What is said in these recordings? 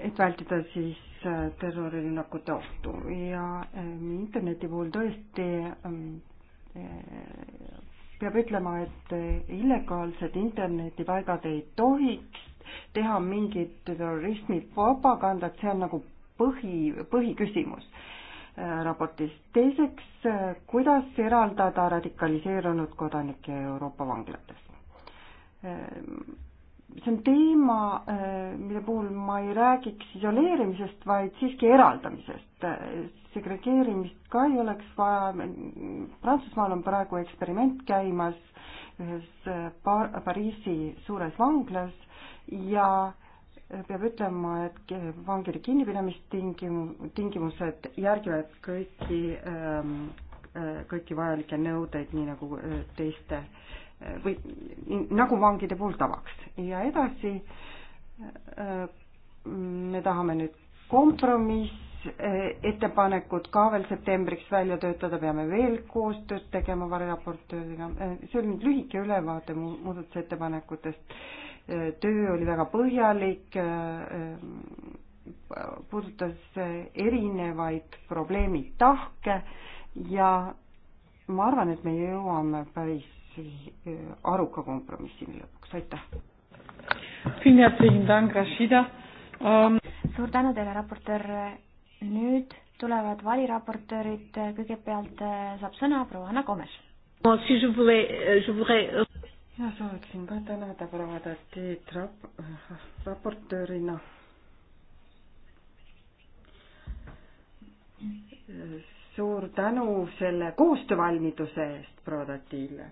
et vältida siis äh, terrorirünnakute ohtu ja äh, interneti puhul tõesti ähm, äh, peab ütlema, et illegaalsed internetipaigad ei tohiks teha mingit terrorismi propagandat, see on nagu põhi, põhiküsimus raportis. teiseks, kuidas eraldada radikaliseerunud kodanikke Euroopa vanglatest? see on teema, äh, mille puhul ma ei räägiks isoleerimisest, vaid siiski eraldamisest. segregeerimist ka ei oleks vaja, Prantsusmaal on praegu eksperiment käimas ühes äh, Par-, Pariisi suures vanglas ja äh, peab ütlema, et vangide kinnipidamistingim-, tingimused järgivad kõiki, ähm, kõiki vajalikke nõudeid, nii nagu teiste äh, või nagu vangide puhul tavaks ja edasi me tahame nüüd kompromissettepanekud ka veel septembriks välja töötada, peame veel koostööd tegema vareraportööriga, see oli nüüd lühike ülevaade mu muudatusettepanekutest, töö oli väga põhjalik, puudutas erinevaid probleemi tahke ja ma arvan, et me jõuame päris E, aruka kompromissini lõpuks, aitäh. Ähm, suur tänu teile, raportöör. nüüd tulevad valiraportöörid, kõigepealt äh, saab sõna proua Anna Komes. Euh, mina sooviksin ka tänada proua Tatit rap-, äh, raportöörina suur tänu selle koostöövalmiduse eest Prodatile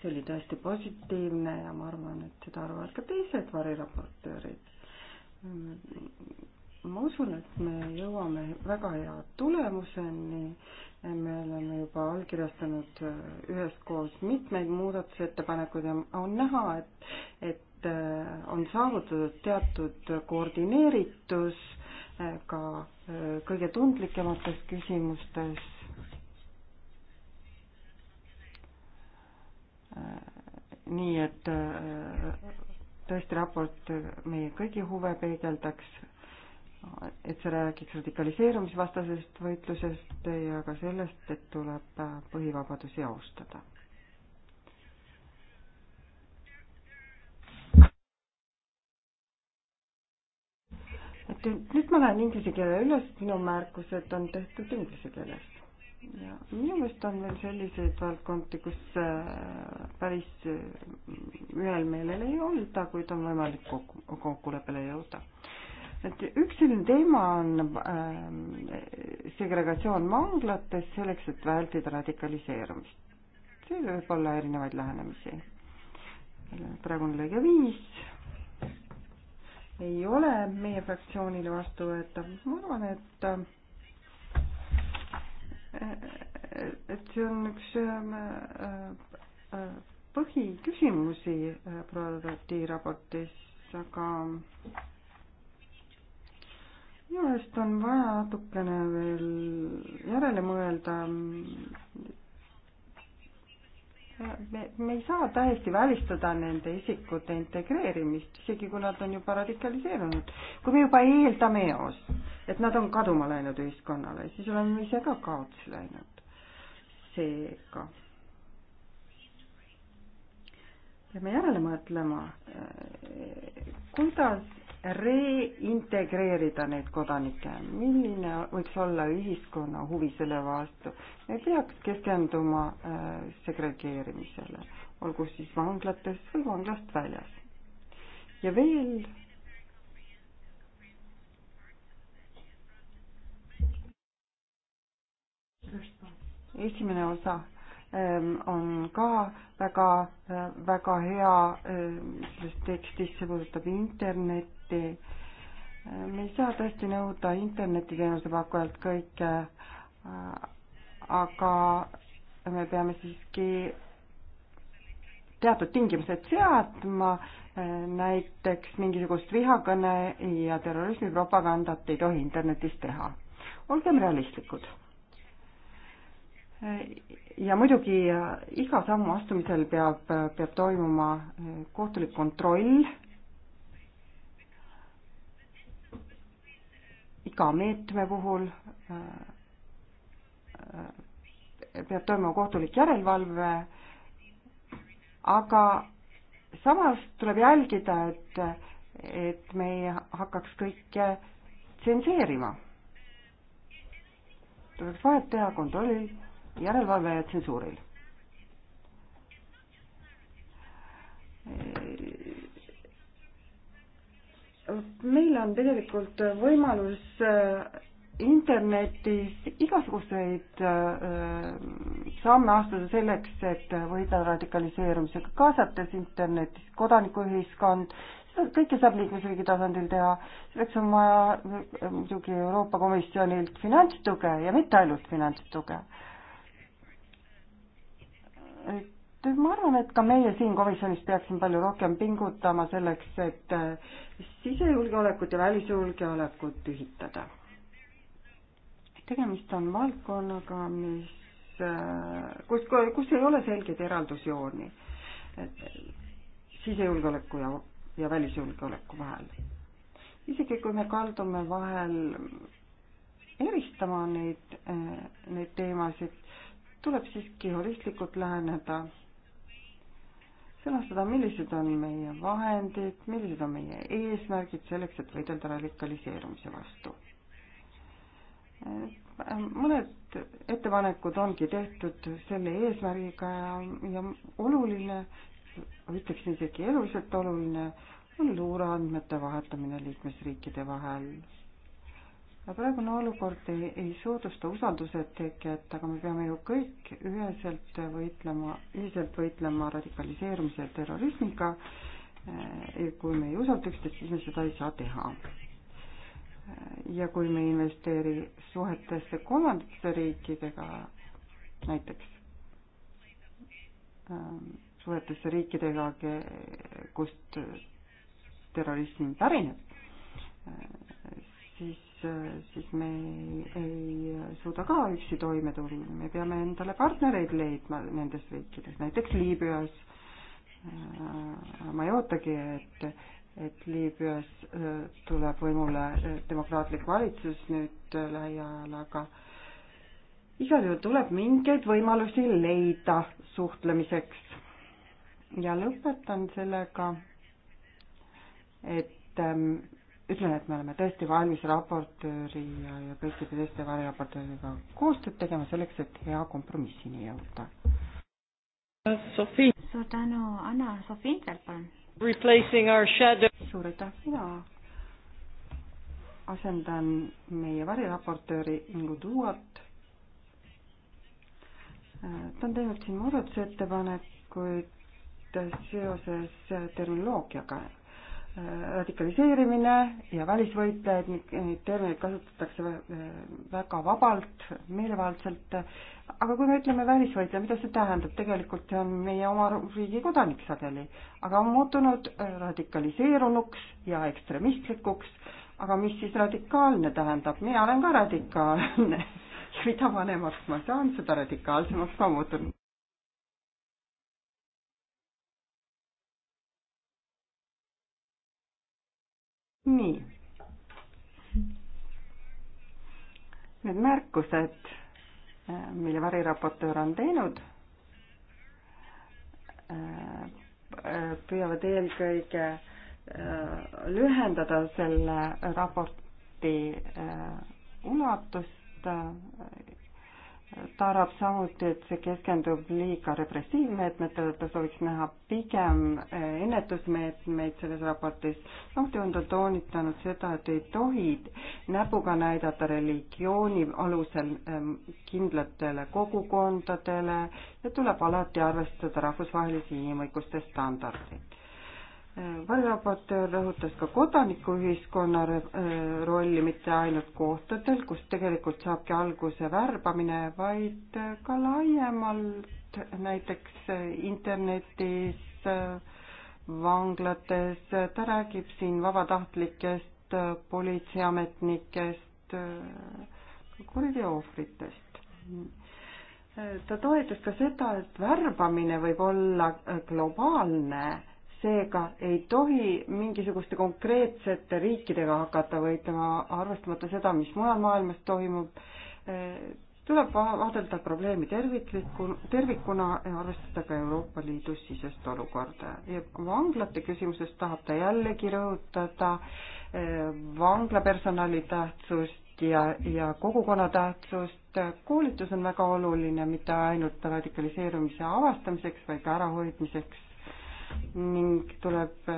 see oli tõesti positiivne ja ma arvan, et seda arvavad ka teised variraportöörid. ma usun, et me jõuame väga hea tulemuseni. me oleme juba allkirjastanud üheskoos mitmeid muudatusettepanekuid ja on näha, et, et on saavutatud teatud koordineeritus ka kõige tundlikemates küsimustes nii, et äh, tõesti raport äh, meie kõigi huve peegeldaks, et see räägiks radikaliseerumisvastasest võitlusest ja ka sellest, et tuleb äh, põhivabadusi austada. et nüüd ma lähen inglise keele üles, minu märkused on tehtud inglise keeles ja minu meelest on veel selliseid valdkondi, kus äh, päris äh, ühel meelel ei olda, kuid on võimalik kokku, kokkuleppele jõuda. et üks selline teema on äh, segregatsioon vanglates selleks, et vältida radikaliseerumist. seal võib olla erinevaid lähenemisi. meil on praegune lõige viis, ei ole meie fraktsioonile vastuvõetav, ma arvan, et äh, et see on üks äh, äh, põhiküsimusi äh, Prodati raportis, aga minu arust on vaja natukene veel järele mõelda, me, me ei saa täiesti välistada nende isikute integreerimist, isegi kui nad on juba radikaliseerunud. kui me juba eeldame eos, et nad on kaduma läinud ühiskonnale, siis oleme ise ka kaotsi läinud. seega peame järele mõtlema, eh, kuidas reintegreerida neid kodanikke, milline võiks olla ühiskonna huvi selle vastu? me ei peaks keskenduma äh, segregeerimisele, olgu siis vanglates või vanglast väljas. ja veel esimene osa Ehm, on ka väga, äh, väga hea äh, selles tekstis, see puudutab internetti. Ehm, me ei saa tõesti nõuda internetiteenuse pakkujalt kõike, äh, aga me peame siiski teatud tingimused seadma, näiteks mingisugust vihakõne ja terrorismipropagandat ei tohi internetis teha. olgem realistlikud ja muidugi äh, iga sammu astumisel peab, äh, peab toimuma äh, kohtulik kontroll. iga meetme puhul peab toimuma kohtulik järelevalve, aga samas tuleb jälgida, et, et me ei hakkaks kõike tsenseerima. tuleks vahet teha kontrolli järelevalve ja tsensuuril. meil on tegelikult võimalus äh, internetis igasuguseid äh, samme astuda selleks, et võida radikaliseerumisega, kaasates internetis kodanikuühiskond, seda kõike saab liikmesriigi tasandil teha, selleks on vaja äh, muidugi Euroopa Komisjonilt finantstuge ja mitte ainult finantstuge ma arvan, et ka meie siin komisjonis peaksime palju rohkem pingutama selleks, et äh, sisejulgeolekut ja välisjulgeolekut ühitada. tegemist on valdkonnaga, mis, äh, kus, kus ei ole selgeid eraldusjooni äh, sisejulgeoleku ja, ja välisjulgeoleku vahel. isegi kui me kaldume vahel eristama neid, neid teemasid tuleb siiski holistlikult läheneda, sõnastada, millised on meie vahendid, millised on meie eesmärgid selleks, et võidelda radikaliseerumise vastu. mõned ettepanekud ongi tehtud selle eesmärgiga ja, ja oluline, ütleksin isegi eluliselt oluline, on luureandmete vahetamine liikmesriikide vahel praegune olukord ei, ei soodusta usalduse teket, aga me peame ju kõik üheselt võitlema, ühiselt võitlema radikaliseerumise ja terrorismiga. Eh, kui me ei usalda üksteist, siis me seda ei saa teha. Eh, ja kui me ei investeeri suhetesse kolmandate riikidega, näiteks ehm, suhetesse riikidega, kust terrorism pärineb, eh, siis me ei, ei suuda ka üksi toime tulla, me peame endale partnereid leidma nendes riikides, näiteks Liibüas. Äh, ma ei ootagi, et, et Liibüas äh, tuleb võimule äh, demokraatlik valitsus nüüd lähiajal, aga igal juhul tuleb mingeid võimalusi leida suhtlemiseks. ja lõpetan sellega, et ähm, ütlen, et me oleme tõesti valmis raportööri ja, ja kõikide teiste variraportööridega koostööd tegema selleks, et hea kompromissini jõuda. Sofi. suur tänu, Anna, Sofi Indrek, palun. Replacing our shadow. suur aitäh, mina asendan meie variraportööri Ingu Tuuat. ta on teinud siin muudatusettepanekuid seoses terminoloogiaga radikaliseerimine ja välisvõitlejad, neid termineid kasutatakse väga vabalt, meelevaldselt, aga kui me ütleme välisvõitleja, mida see tähendab, tegelikult see on meie oma riigi kodanik sageli, aga on muutunud äh, radikaliseerunuks ja ekstremistlikuks, aga mis siis radikaalne tähendab, mina olen ka radikaalne mida vanemaks ma saan, seda radikaalsemaks ma muutun. nii. Need märkused, äh, mille variraportöör on teinud, äh, äh, püüavad eelkõige lühendada selle raporti ulatust ta arvab samuti, et see keskendub liiga repressiivmeetmetele, ta sooviks näha pigem eh, ennetusmeetmeid selles raportis. samuti on ta toonitanud seda, et ei tohi näpuga näidata religiooni alusel ehm, kindlatele kogukondadele ja tuleb alati arvestada rahvusvahelisi inimõiguste standardeid variraportöör rõhutas ka kodanikuühiskonna äh, rolli mitte ainult kohtadel, kus tegelikult saabki alguse värbamine, vaid ka laiemalt näiteks äh, internetis, äh, vanglates, ta räägib siin vabatahtlikest politseiametnikest, kuriteo ohvritest ta toetas ka seda, et värbamine võib olla globaalne seega ei tohi mingisuguste konkreetsete riikidega hakata võitlema, arvestamata seda, mis mujal maailmas toimub. tuleb vaadelda probleemi tervikliku, tervikuna ja arvestada ka Euroopa Liidu sisest olukorda. ja vanglate küsimuses tahab ta jällegi rõhutada eh, vanglapersonali tähtsust ja, ja kogukonna tähtsust. koolitus on väga oluline mitte ainult radikaliseerumise avastamiseks, vaid ka ärahoidmiseks ning tuleb äh,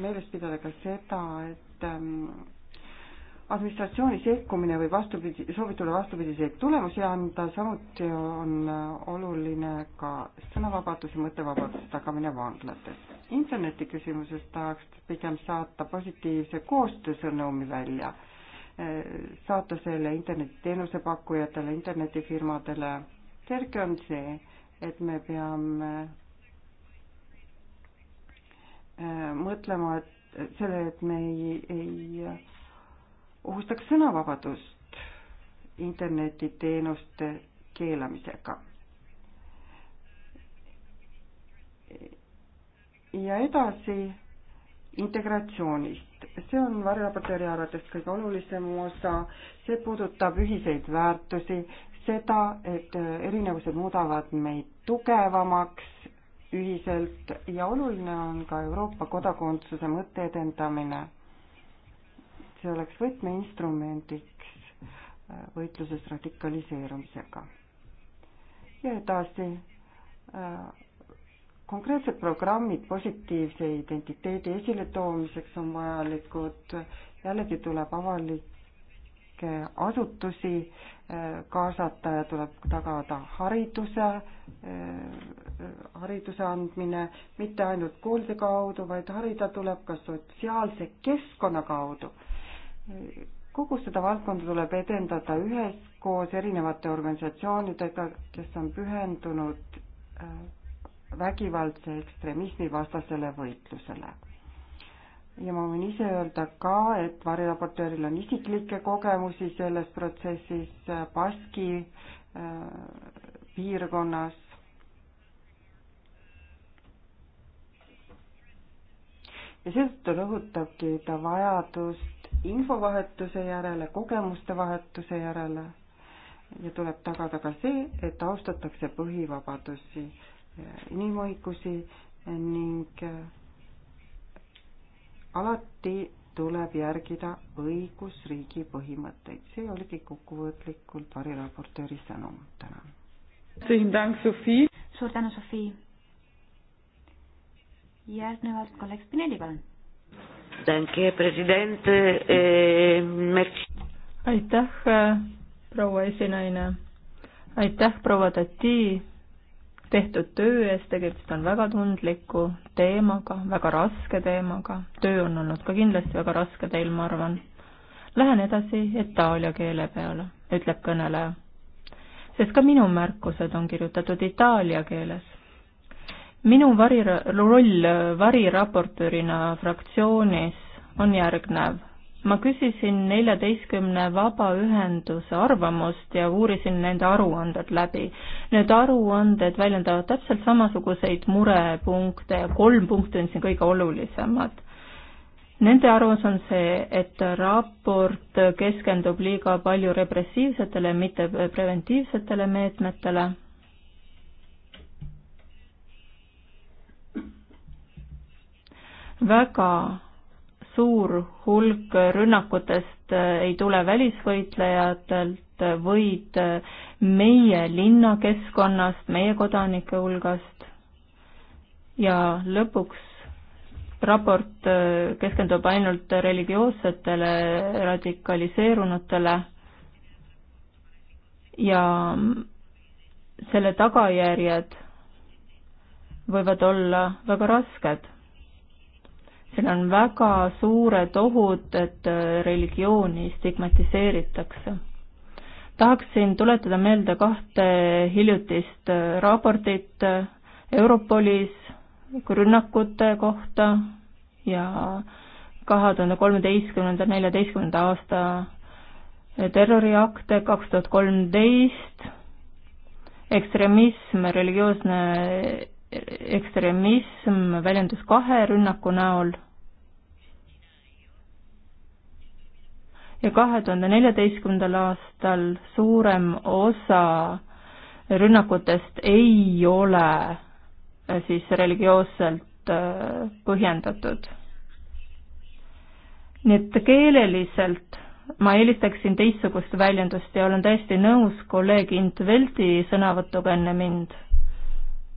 meeles pidada ka seda, et ähm, administratsiooni sekkumine võib vastupidi, soovitule vastupidiseid tulemusi anda, samuti on äh, oluline ka sõnavabadus ja mõttevabaduse tagamine vanglates. interneti küsimuses tahaks pigem saata positiivse koostöösõnumi välja, äh, saata selle internetiteenuse pakkujatele, internetifirmadele. selge on see, et me peame mõtlema selle, et me ei, ei ohustaks sõnavabadust internetiteenuste keelamisega. ja edasi integratsioonist, see on variraportööri arvates kõige olulisem osa, see puudutab ühiseid väärtusi, seda, et äh, erinevused muudavad meid tugevamaks, ühiselt ja oluline on ka Euroopa kodakondsuse mõtte edendamine. see oleks võtmeinstrumendiks äh, võitluses radikaliseerumisega. ja edasi, äh, konkreetsed programmid positiivse identiteedi esiletoomiseks on vajalikud, jällegi tuleb avalik asutusi äh, kaasata ja tuleb tagada hariduse, äh, hariduse andmine mitte ainult koolide kaudu, vaid harida tuleb ka sotsiaalse keskkonna kaudu. kogu seda valdkonda tuleb edendada üheskoos erinevate organisatsioonidega, kes on pühendunud äh, vägivaldse ekstremismi vastasele võitlusele ja ma võin ise öelda ka, et variraportööril on isiklikke kogemusi selles protsessis äh, Baski äh, piirkonnas. ja seetõttu rõhutabki ta vajadust infovahetuse järele, kogemuste vahetuse järele ja tuleb tagada ka see, et austatakse põhivabadusi, äh, inimõigusi ning alati tuleb järgida õigusriigi põhimõtteid. see oligi kokkuvõtlikult variraportööri sõnum. tänan. suur tänu, Sofii. järgnevalt kolleeg Spinelli, palun. Eh, aitäh, eh, proua esinaine. aitäh, proua Tati tehtud töö eest, tegemist on väga tundliku teemaga, väga raske teemaga, töö on olnud ka kindlasti väga raske teil, ma arvan. Lähen edasi itaalia keele peale, ütleb kõneleja, sest ka minu märkused on kirjutatud itaalia keeles. minu vari, roll variraportöörina fraktsioonis on järgnev ma küsisin neljateistkümne vabaühenduse arvamust ja uurisin nende aruanded läbi. Need aruanded väljendavad täpselt samasuguseid murepunkte ja kolm punkti on siin kõige olulisemad. Nende arvamus on see, et raport keskendub liiga palju repressiivsetele, mitte preventiivsetele meetmetele väga suur hulk rünnakutest äh, ei tule välisvõitlejatelt, äh, vaid äh, meie linnakeskkonnast, meie kodanike hulgast. ja lõpuks raport keskendub ainult religioossetele radikaliseerunutele ja selle tagajärjed võivad olla väga rasked siin on väga suured ohud, et äh, religiooni stigmatiseeritakse. tahaksin tuletada meelde kahte hiljutist äh, raportit äh, Europolis rünnakute kohta ja kahe tuhande kolmeteistkümnenda, neljateistkümnenda aasta terroriakte, kaks tuhat kolmteist, ekstremism, religioosne ekstremism väljendus kahe rünnaku näol ja kahe tuhande neljateistkümnendal aastal suurem osa rünnakutest ei ole äh, siis religioosselt äh, põhjendatud. nii et keeleliselt ma eelistaksin teistsugust väljendust ja olen täiesti nõus kolleeg Int Veldi sõnavõtuga enne mind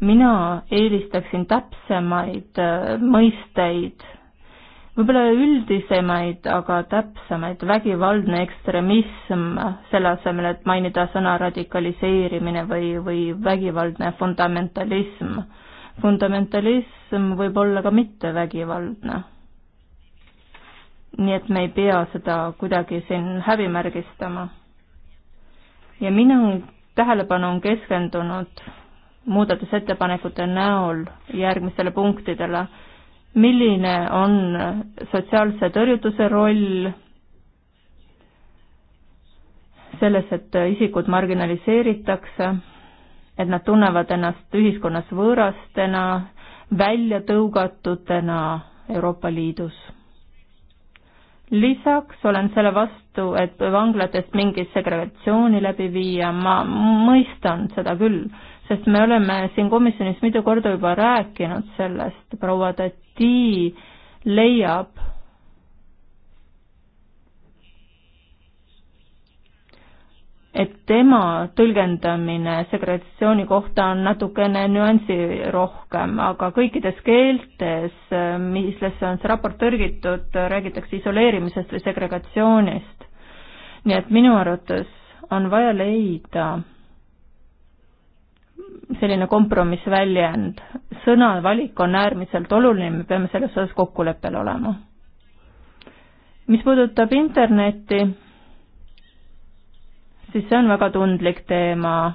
mina eelistaksin täpsemaid äh, mõisteid, võib-olla üldisemaid, aga täpsemaid, vägivaldne ekstremism, selle asemel, et mainida sõna radikaliseerimine või, või vägivaldne fundamentalism. fundamentalism võib olla ka mittevägivaldne. nii et me ei pea seda kuidagi siin häbimärgistama. ja minu tähelepanu on keskendunud muudatusettepanekute näol järgmistele punktidele. milline on sotsiaalse tõrjutuse roll selles, et isikud marginaliseeritakse, et nad tunnevad ennast ühiskonnas võõrastena, väljatõugatutena Euroopa Liidus lisaks olen selle vastu, et vanglatest mingit segregatsiooni läbi viia, ma mõistan seda küll, sest me oleme siin komisjonis mitu korda juba rääkinud sellest, proua Tati leiab, et tema tõlgendamine segregatsiooni kohta on natukene nüansirohkem, aga kõikides keeltes, millesse on see raport tõrgitud, räägitakse isoleerimisest või segregatsioonist. nii et minu arvates on vaja leida selline kompromissväljend. sõnavalik on äärmiselt oluline, me peame selles osas kokkuleppel olema. mis puudutab Internetti, siis see on väga tundlik teema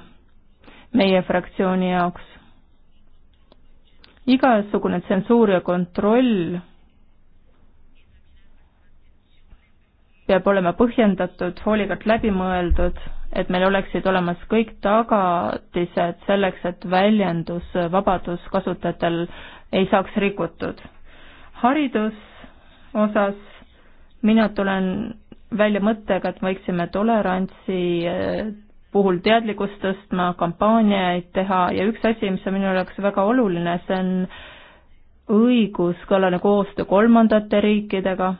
meie fraktsiooni jaoks. igasugune tsensuur ja kontroll peab olema põhjendatud, hoolikalt läbi mõeldud et meil oleksid olemas kõik tagatised selleks, et väljendusvabadus kasutajatel ei saaks rikutud. hariduse osas mina tulen välja mõttega, et võiksime tolerantsi eh, puhul teadlikkust tõstma, kampaaniaid teha ja üks asi, mis on minu jaoks väga oluline, see on õiguskallane koostöö kolmandate riikidega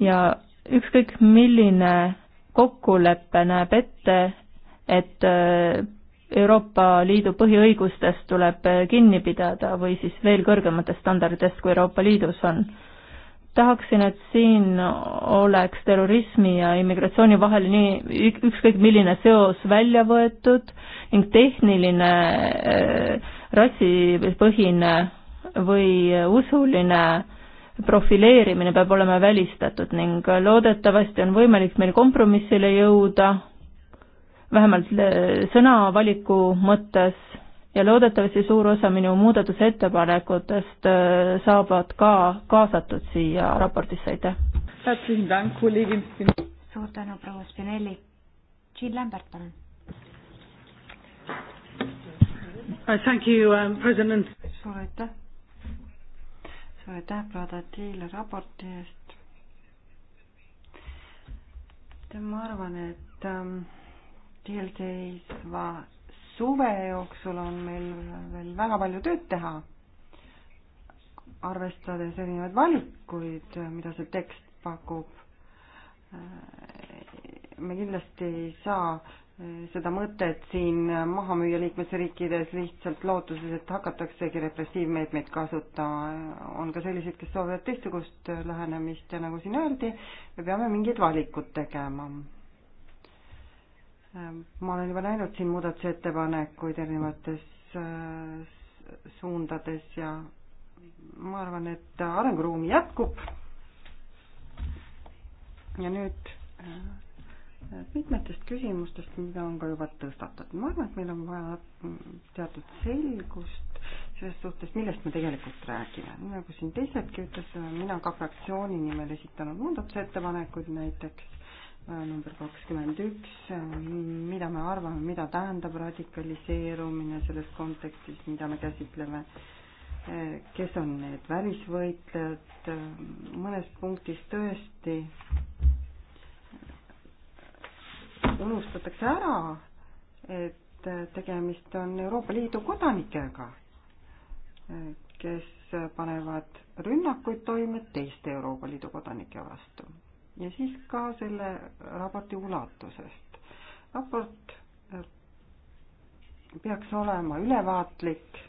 ja ükskõik milline kokkulepe näeb ette, et äh, Euroopa Liidu põhiõigustest tuleb äh, kinni pidada või siis veel kõrgematest standarditest, kui Euroopa Liidus on. tahaksin, et siin oleks terrorismi ja immigratsiooni vahel nii ükskõik milline seos välja võetud ning tehniline äh, rassipõhine või usuline profileerimine peab olema välistatud ning loodetavasti on võimalik meil kompromissile jõuda, vähemalt äh, sõnavaliku mõttes, ja loodetavasti suur osa minu muudatusettepanekutest äh, saavad ka kaasatud siia raportisse, aitäh! suur tänu, proua Spinelli! Jean Lambert, palun! Uh, um, suur aitäh! suur aitäh Pradatiile raporti eest. ma arvan, et ähm, eelseisva suve jooksul on meil veel väga palju tööd teha, arvestades erinevaid valikuid, mida see tekst pakub. Äh, me kindlasti ei saa seda mõtet siin maha müüa liikmesriikides lihtsalt lootuses, et hakataksegi repressiivmeetmeid kasutama. on ka selliseid, kes soovivad teistsugust lähenemist ja nagu siin öeldi, me peame mingid valikud tegema. ma olen juba näinud siin muudatusettepanekuid erinevates äh, suundades ja ma arvan, et arenguruumi jätkub. ja nüüd äh, mitmetest küsimustest, mida on ka juba tõstatatud. ma arvan, et meil on vaja teatud selgust selles suhtes, millest me tegelikult räägime. nagu siin teisedki ütlesid, olen mina ka fraktsiooni nimel esitanud muudatusettepanekuid näiteks äh, number kakskümmend üks, äh, mida me arvame, mida tähendab radikaliseerumine selles kontekstis, mida me käsitleme, äh, kes on need välisvõitlejad, mõnes punktis tõesti unustatakse ära, et tegemist on Euroopa Liidu kodanikega, kes panevad rünnakuid toime teiste Euroopa Liidu kodanike vastu. ja siis ka selle raporti ulatusest. raport peaks olema ülevaatlik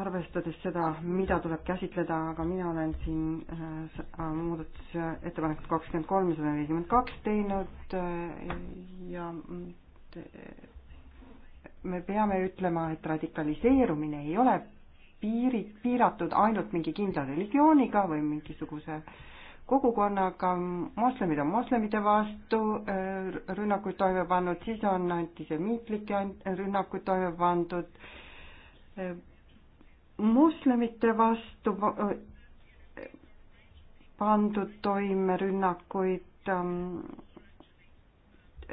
arvestades seda, mida tuleb käsitleda, aga mina olen siin äh, muudatusettepanekut kakskümmend kolm, sada nelikümmend kaks teinud äh, ja äh, me peame ütlema, et radikaliseerumine ei ole piiri, piiratud ainult mingi kindla religiooniga või mingisuguse kogukonnaga, moslemid on moslemide vastu rünnakuid toime pannud, siis on antisemiitlikke rünnakuid toime pandud moslemite vastu pandud toime rünnakuid. Ähm,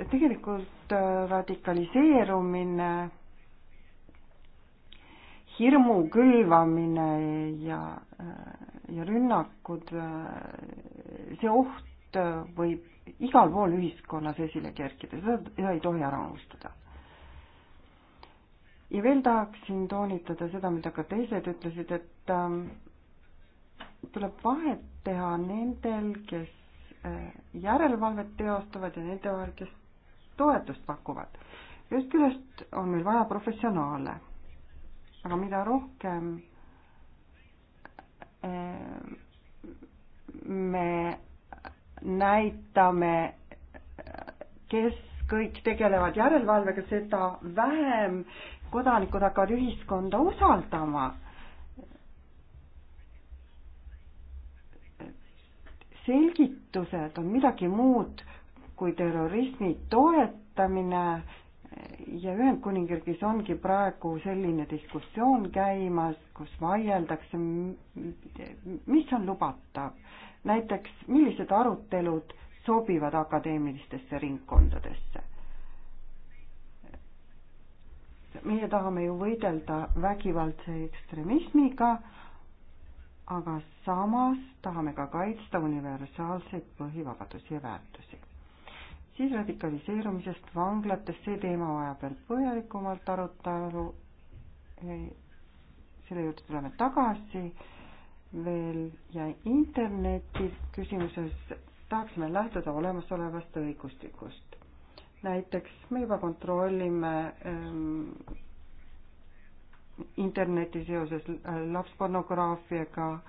tegelikult äh, radikaliseerumine, hirmu külvamine ja, äh, ja rünnakud, äh, see oht võib igal pool ühiskonnas esile kerkida, seda ei tohi ära unustada ja veel tahaksin toonitada seda, mida ka teised ütlesid, et ähm, tuleb vahet teha nendel, kes äh, järelevalvet teostavad ja nende vahel, kes toetust pakuvad. ühest küljest on meil vaja professionaale, aga mida rohkem äh, me näitame, äh, kes kõik tegelevad järelevalvega, seda vähem äh, kodanikud hakkavad ühiskonda usaldama. selgitused on midagi muud kui terrorismi toetamine ja Ühendkuningriigis ongi praegu selline diskussioon käimas, kus vaieldakse, mis on lubatav. näiteks, millised arutelud sobivad akadeemilistesse ringkondadesse meie tahame ju võidelda vägivaldse ekstremismiga, aga samas tahame ka kaitsta universaalseid põhivabadusi ja väärtusi. siis radikaliseerumisest vanglates, see teema vajab veel põhjalikumalt arutelu. selle juurde tuleme tagasi veel ja interneti küsimuses tahaksime lähtuda olemasolevast õigustikust näiteks me juba kontrollime ähm, interneti seoses äh, lapspornograafiaga äh,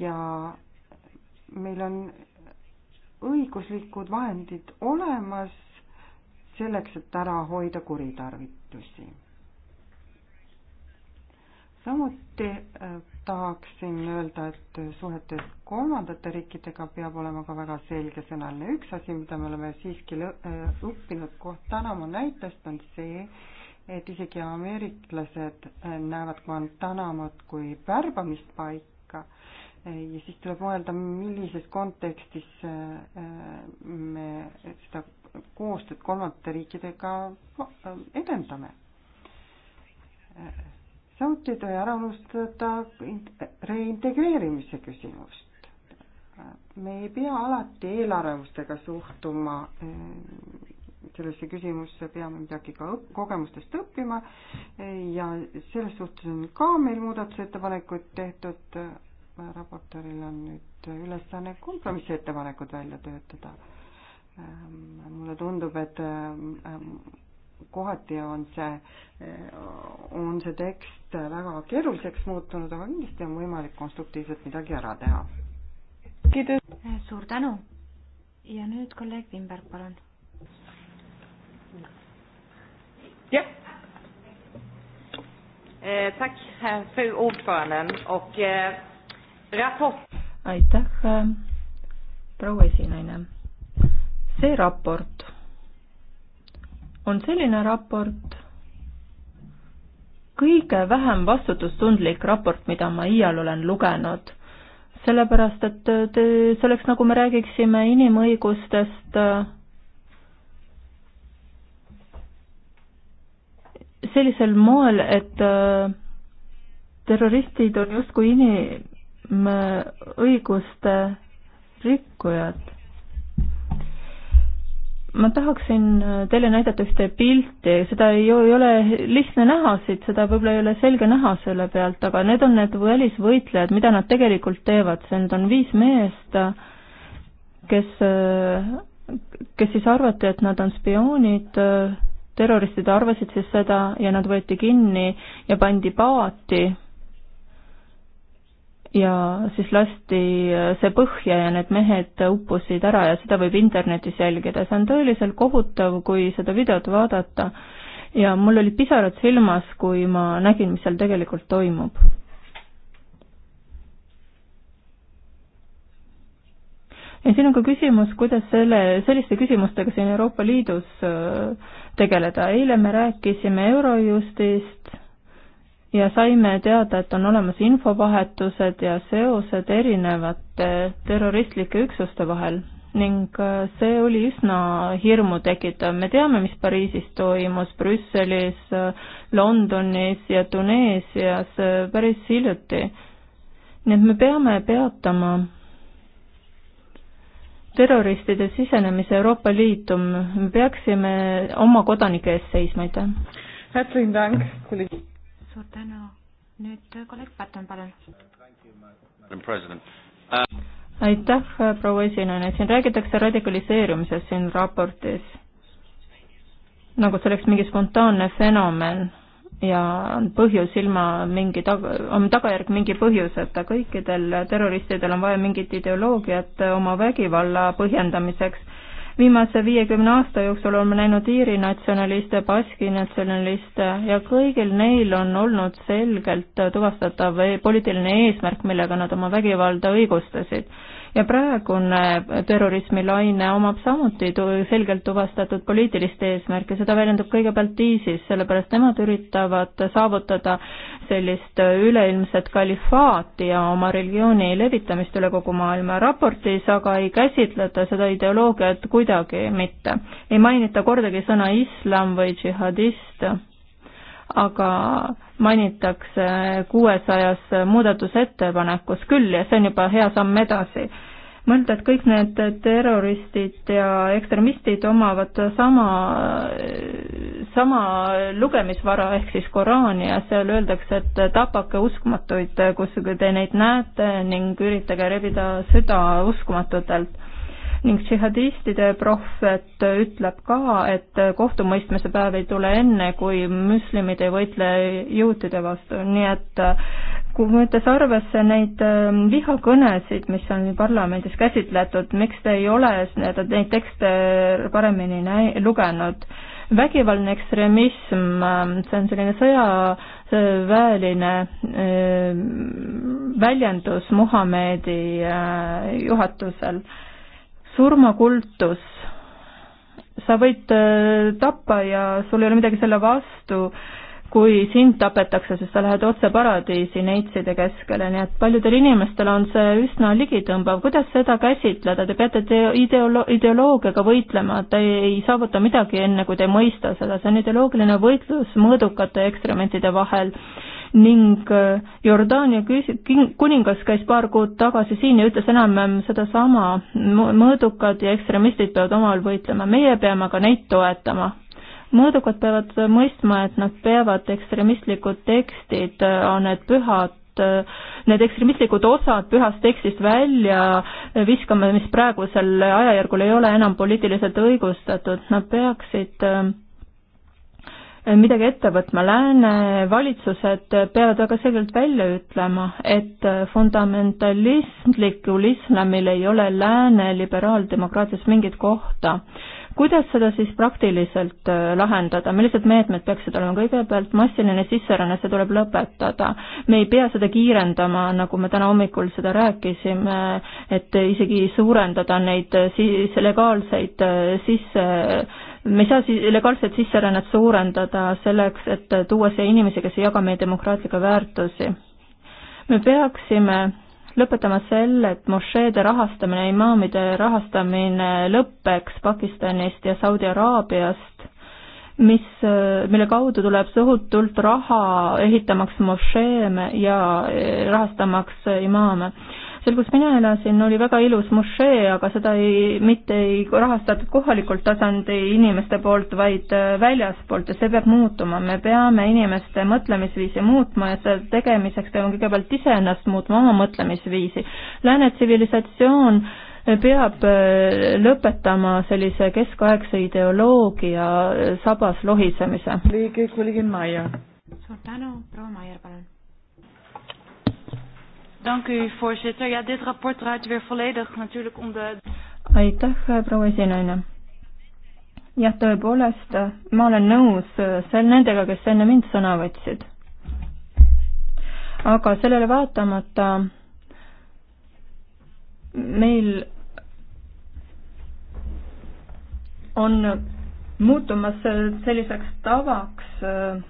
ja meil on õiguslikud vahendid olemas selleks, et ära hoida kuritarvitusi. samuti äh, tahaksin öelda, et suhetes kolmandate riikidega peab olema ka väga selgesõnaline. üks asi, mida me oleme siiski äh, õppinud koht Panama näitest, on see, et isegi ameeriklased äh, näevad Guantanamat kui värbamispaika ja siis tuleb mõelda, millises kontekstis äh, me seda koostööd kolmandate riikidega edendame samuti ei tohi ära unustada reintegreerimise küsimust. me ei pea alati eelarvamustega suhtuma eh, sellesse küsimusse, peame midagi ka õpp, kogemustest õppima eh, ja selles suhtes on ka meil muudatusettepanekuid tehtud, raportööril on nüüd ülesanne kompromissettepanekud välja töötada. Ehm, mulle tundub, et ehm, kohati on see, on see tekst väga keeruliseks muutunud, aga kindlasti on võimalik konstruktiivselt midagi ära teha. suur tänu ja nüüd kolleeg Vimberg, palun. jah. Eh, Tack, eh, fru ordföranden och eh, rapport. aitäh, proua esinaine. see raport on selline raport kõige vähem vastutustundlik raport, mida ma iial olen lugenud. sellepärast, et te, see oleks nagu me räägiksime inimõigustest sellisel moel, et äh, terroristid on justkui inimõiguste rikkujad ma tahaksin äh, teile näidata ühte pilti, seda ei, ei ole lihtne näha siit, seda võib-olla ei ole selge näha selle pealt, aga need on need välisvõitlejad, mida nad tegelikult teevad, see, need on viis meest, kes, äh, kes siis arvati, et nad on spioonid, äh, terroristid arvasid siis seda ja nad võeti kinni ja pandi paati ja siis lasti äh, see põhja ja need mehed uppusid ära ja seda võib internetis jälgida, see on tõeliselt kohutav, kui seda videot vaadata. ja mul olid pisarad silmas, kui ma nägin, mis seal tegelikult toimub. ja siin on ka küsimus, kuidas selle, selliste küsimustega siin Euroopa Liidus äh, tegeleda, eile me rääkisime Eurojustist ja saime teada, et on olemas infovahetused ja seosed erinevate terroristlike üksuste vahel ning äh, see oli üsna hirmutekitav. me teame, mis Pariisis toimus, Brüsselis, äh, Londonis ja Tuneesias äh, päris hiljuti. nii et me peame peatama terroristide sisenemise Euroopa Liitu, me peaksime oma kodanike eest seisma, aitäh! suur tänu. nüüd äh, kolleeg Patton, palun. Uh, aitäh, äh, proua esinejana, siin räägitakse radikaliseerumisest siin raportis. nagu see oleks mingi spontaanne fenomen ja on põhjus ilma mingi tag-, on tagajärg mingi põhjuseta, kõikidel terroristidel on vaja mingit ideoloogiat äh, oma vägivalla põhjendamiseks viimase viiekümne aasta jooksul oleme näinud Iiri natsionaliste, Baski natsionaliste ja kõigil neil on olnud selgelt tuvastatav poliitiline eesmärk, millega nad oma vägivalda õigustasid ja praegune terrorismilaine omab samuti selgelt tuvastatud poliitilist eesmärki, seda väljendub kõigepealt ISIS, sellepärast nemad üritavad saavutada sellist üleilmset kalifaati ja oma religiooni levitamist üle kogu maailma. raportis aga ei käsitleta seda ideoloogiat kuidagi mitte. ei mainita kordagi sõna islam või džihadist aga mainitakse kuuesajas muudatusettepanekus küll ja see on juba hea samm edasi. mõelda, et kõik need terroristid ja ekstremistid omavad sama, sama lugemisvara ehk siis Koraani ja seal öeldakse, et tapake uskumatuid, kus te neid näete ning üritage rebida süda uskumatutelt ning džihadistide prohvet ütleb ka, et kohtumõistmise päev ei tule enne, kui moslemid ei võitle juutide vastu, nii et kui võttes arvesse neid ähm, vihakõnesid, mis on parlamendis käsitletud, miks te ei ole neid, neid tekste paremini näi-, lugenud? vägivaldne ekstremism, ähm, see on selline sõjaväeline ähm, väljendus Muhamedi äh, juhatusel surmakultus. sa võid äh, tappa ja sul ei ole midagi selle vastu, kui sind tapetakse, sest sa lähed otse paradiisi neitside keskele, nii et paljudel inimestel on see üsna ligitõmbav, kuidas seda käsitleda, te peate te ideolo-, ideoloogiaga võitlema, te ei saavuta midagi enne, kui te ei mõista seda, see on ideoloogiline võitlus mõõdukate ekstrementide vahel ning äh, Jordaania kuningas käis paar kuud tagasi siin ja ütles enam-vähem sedasama, mõõdukad ja ekstremistid peavad omavahel võitlema, meie peame aga neid toetama. mõõdukad peavad mõistma, et nad peavad ekstremistlikud tekstid, äh, need pühad, äh, need ekstremistlikud osad pühast tekstist välja viskama, mis praegusel ajajärgul ei ole enam poliitiliselt õigustatud, nad peaksid äh, Äh, midagi ette võtma. Lääne valitsused peavad väga selgelt välja ütlema, et äh, fundamentalistlikul islamil ei ole lääne liberaaldemokraatias mingit kohta. kuidas seda siis praktiliselt äh, lahendada, millised meetmed peaksid olema? kõigepealt massiline sisseränne, see tuleb lõpetada. me ei pea seda kiirendama, nagu me täna hommikul seda rääkisime, et isegi suurendada neid siis legaalseid sisse me ei saa siis legaalset sisserännet suurendada selleks, et tuua siia inimesi, kes ei jaga meie demokraatlikke väärtusi. me peaksime lõpetama selle, et mošeede rahastamine, imaamide rahastamine lõpeks Pakistanist ja Saudi Araabiast, mis, mille kaudu tuleb tohutult raha ehitamaks mošeeme ja rahastamaks imaame seal, kus mina elasin, oli väga ilus mošee, aga seda ei, mitte ei rahastatud kohalikult tasandi inimeste poolt, vaid äh, väljaspoolt ja see peab muutuma. me peame inimeste mõtlemisviisi muutma ja selle tegemiseks peame kõigepealt iseennast muutma, oma mõtlemisviisi. Lääne tsivilisatsioon äh, peab äh, lõpetama sellise keskaegse ideoloogia sabas lohisemise. kolleeg Maier. suur tänu, proua Maier, palun. Dank u, voorzitter. Ja, dit rapport draait weer volledig natuurlijk om de... aitäh, proua esinaine. jah, tõepoolest, ma olen nõus eh, seal nendega, kes enne mind sõna võtsid. aga sellele vaatamata meil on muutumas selliseks tavaks, eh,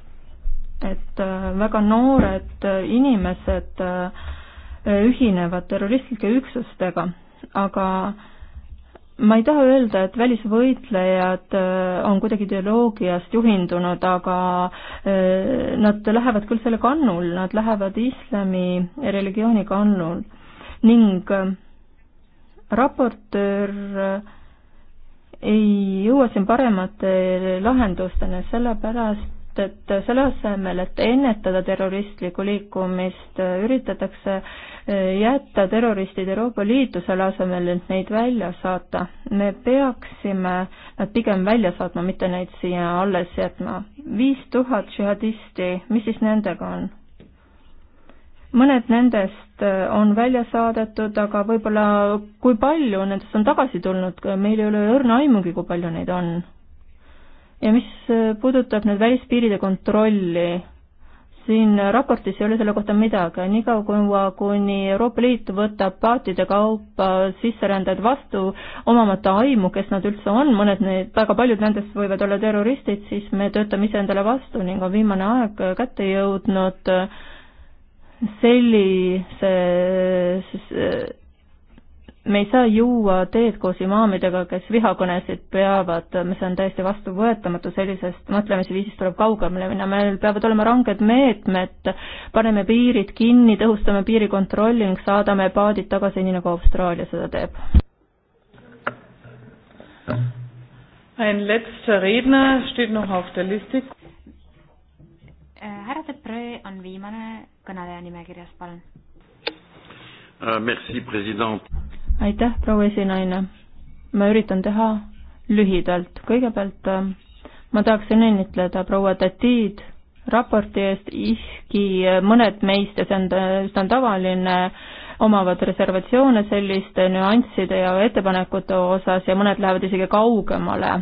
et eh, väga noored inimesed äh, Äh, ühinevad terroristlike üksustega, aga ma ei taha öelda, et välisvõitlejad äh, on kuidagi ideoloogiast juhindunud, aga äh, nad lähevad küll selle kannul, nad lähevad islami religiooni kannul ning raportöör ei jõua siin paremate lahendusteni, sellepärast sellepärast et selle asemel, et ennetada terroristlikku liikumist, üritatakse eh, jätta terroristid Euroopa Liitu, selle asemel, et neid välja saata. me peaksime nad pigem välja saatma, mitte neid siia alles jätma. viis tuhat džihadisti, mis siis nendega on? mõned nendest eh, on välja saadetud, aga võib-olla kui palju nendest on tagasi tulnud, meil ei ole õrna aimugi, kui palju neid on ja mis äh, puudutab nüüd välispiiride kontrolli, siin raportis ei ole selle kohta midagi, niikaua kui, kuni Euroopa Liit võtab paatide kaupa sisserändajad vastu, omamata aimu, kes nad üldse on, mõned need, väga paljud nendest võivad olla terroristid, siis me töötame iseendale vastu ning on viimane aeg kätte jõudnud sellise me ei saa juua teed koos imaamidega, kes vihakõnesid peavad, see on täiesti vastuvõetamatu, sellisest mõtlemisviisist tuleb kaugemale minna, meil peavad olema ranged meetmed, paneme piirid kinni, tõhustame piirikontrolli ning saadame paadid tagasi, nii nagu Austraalia seda teeb. Ein letzter Redner steht noch auf der Liste. Äh, härra Depree on viimane kõneleja nimekirjas, palun. Äh, merci, president aitäh, proua esinaine. ma üritan teha lühidalt. kõigepealt äh, ma tahaksin õnnitleda proua Tatid raporti eest, ihkki äh, mõned meist, ja see on, see on tavaline, omavad reservatsioone selliste nüansside ja ettepanekute osas ja mõned lähevad isegi kaugemale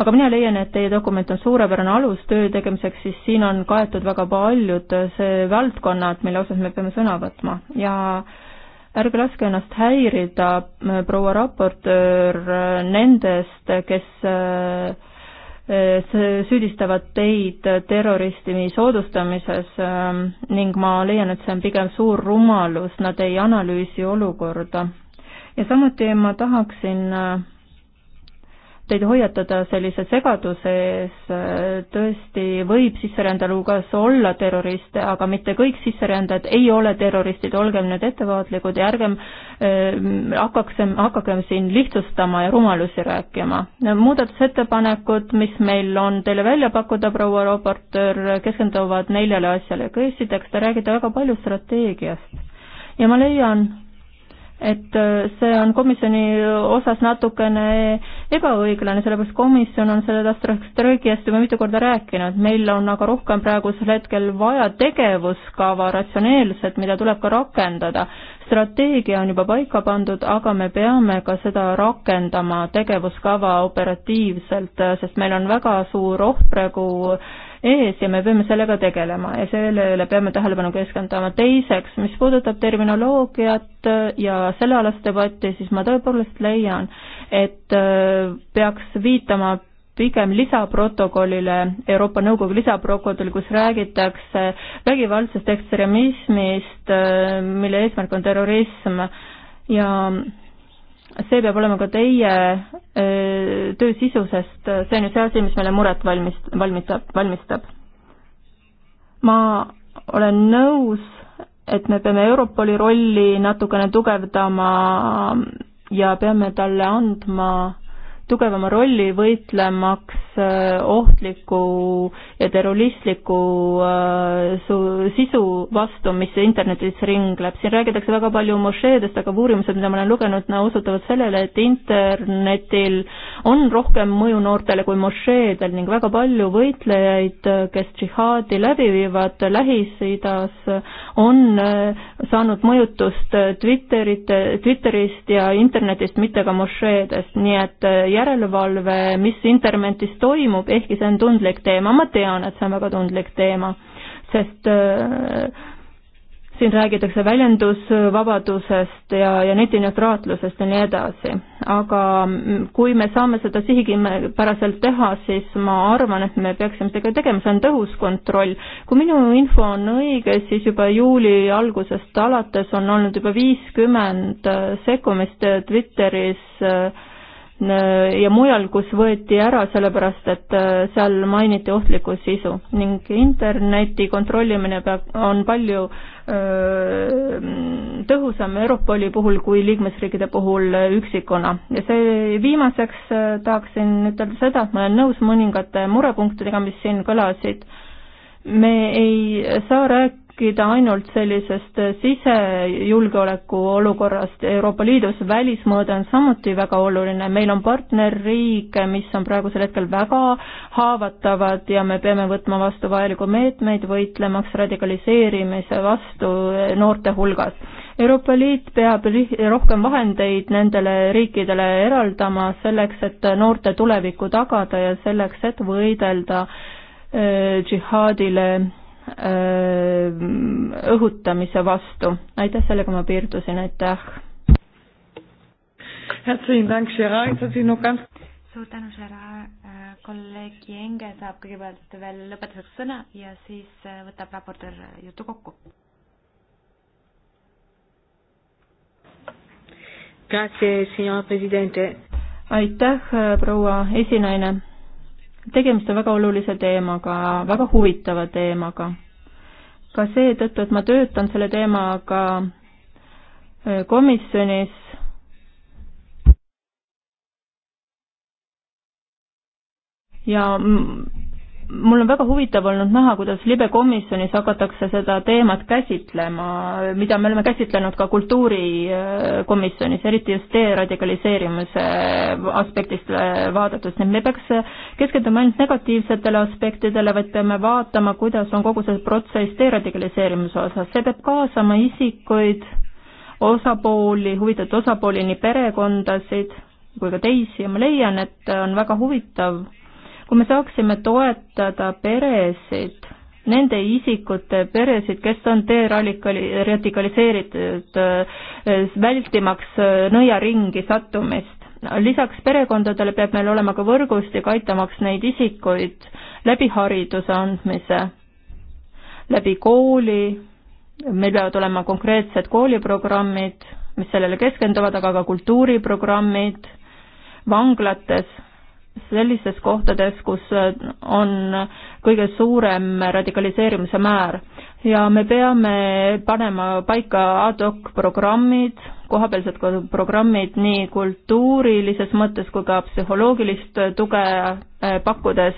aga mina leian, et teie dokument on suurepärane alus töö tegemiseks, siis siin on kaetud väga paljud äh, see valdkonnad, mille osas me peame sõna võtma ja äh, ärge laske ennast häirida, proua raportöör, nendest, kes süüdistavad teid terrorismi soodustamises ning ma leian, et see on pigem suur rumalus, nad ei analüüsi olukorda. ja samuti ma tahaksin teid hoiatada sellise segaduse ees, tõesti võib sisserändajal hulgas olla terroriste, aga mitte kõik sisserändajad ei ole terroristid, olgem nüüd ettevaatlikud ja ärgem äh, ehm, hakkaksem, hakakem siin lihtsustama ja rumalusi rääkima. muudatusettepanekud, mis meil on teile välja pakkuda, proua raportöör, keskenduvad neljale asjale. esiteks, te räägite väga palju strateegiast ja ma leian, et äh, see on komisjoni osas natukene ebaõiglane, sellepärast komisjon on sellest strateegiast juba mitu korda rääkinud, meil on aga rohkem praegusel hetkel vaja tegevuskava ratsionaalselt, mida tuleb ka rakendada. strateegia on juba paika pandud, aga me peame ka seda rakendama, tegevuskava operatiivselt, äh, sest meil on väga suur oht praegu äh, ees ja me peame sellega tegelema ja selle üle peame tähelepanu keskenduma. teiseks, mis puudutab terminoloogiat äh, ja sellealast debatti, siis ma tõepoolest leian, et äh, peaks viitama pigem lisaprotokollile, Euroopa Nõukogu lisaprotokolli, kus räägitakse vägivaldsest ekstremismist, äh, mille eesmärk on terrorism ja see peab olema ka teie äh, töö sisu, sest äh, see on ju see asi, mis meile muret valmist-, valmistab, valmistab. ma olen nõus, et me peame Europoli rolli natukene tugevdama ja peame talle andma tugevama rolli võitlemaks äh, ohtliku ja terroristliku äh, sisu vastu, mis internetis ringleb. siin räägitakse väga palju mošeedest, aga uurimused, mida ma olen lugenud, osutavad sellele, et internetil on rohkem mõju noortele kui mošeedel ning väga palju võitlejaid, äh, kes džihaadi läbi viivad Lähis-Idas, on saanud mõjutust Twitterit, Twitterist ja internetist, mitte ka mošeedest, nii et järelevalve, mis internetis toimub, ehkki see on tundlik teema, ma tean, et see on väga tundlik teema, sest äh, siin räägitakse väljendusvabadusest ja, ja netineutraatlusest ja nii edasi. aga kui me saame seda sihipäraselt teha, siis ma arvan, et me peaksime seda ka tegema, see on tõhus kontroll. kui minu info on õige, siis juba juuli algusest alates on olnud juba viiskümmend sekkumist Twitteris äh, Äh, ja mujal, kus võeti ära, sellepärast et äh, seal mainiti ohtlikku sisu ning interneti kontrollimine peab, on palju öö, äh, tõhusam Europoli puhul kui liikmesriikide puhul üksikuna. ja see viimaseks tahaksin ütelda seda, et ma olen nõus mõningate murepunktidega, mis siin kõlasid. me ei saa rääk-, rääkida ainult sellisest sisejulgeoleku olukorrast Euroopa Liidus, välismõõde on samuti väga oluline, meil on partnerriike, mis on praegusel hetkel väga haavatavad ja me peame võtma vastu vajaliku meetmeid, võitlemaks radikaliseerimise vastu noorte hulgas. Euroopa Liit peab rohkem vahendeid nendele riikidele eraldama selleks, et noorte tulevikku tagada ja selleks, et võidelda äh, džihaadile Äh, õhutamise vastu. aitäh, sellega ma piirdusin, aitäh. suur tänu, Gerard. Äh, kolleeg Jenge saab kõigepealt veel lõpetuseks sõna ja siis äh, võtab raportöör jutu kokku. aitäh, proua esinaine tegemist on väga olulise teemaga, väga huvitava teemaga. ka seetõttu, et ma töötan selle teemaga äh, komisjonis, ja mul on väga huvitav olnud näha, kuidas libe komisjonis hakatakse seda teemat käsitlema, mida me oleme käsitlenud ka kultuurikomisjonis, eriti just deradikaliseerimise aspektist äh, vaadates, nii et me ei peaks keskenduma ainult negatiivsetele aspektidele, vaid peame vaatama, kuidas on kogu see protsess deradikaliseerimise osas, see peab kaasama isikuid, osapooli, huvitatud osapooli, nii perekondasid kui ka teisi ja ma leian, et on väga huvitav kui me saaksime toetada peresid, nende isikute peresid, kes on deradikali-, radikaliseeritud, vältimaks nõiaringi sattumist. lisaks perekondadele peab meil olema ka võrgustik, aitamaks neid isikuid läbi hariduse andmise, läbi kooli, meil peavad olema konkreetsed kooliprogrammid, mis sellele keskenduvad, aga ka kultuuriprogrammid, vanglates sellistes kohtades, kus äh, on kõige suurem radikaliseerimise määr ja me peame panema paika ad hoc programmid, kohapealsed programmid nii kultuurilises mõttes kui ka psühholoogilist tuge äh, pakkudes.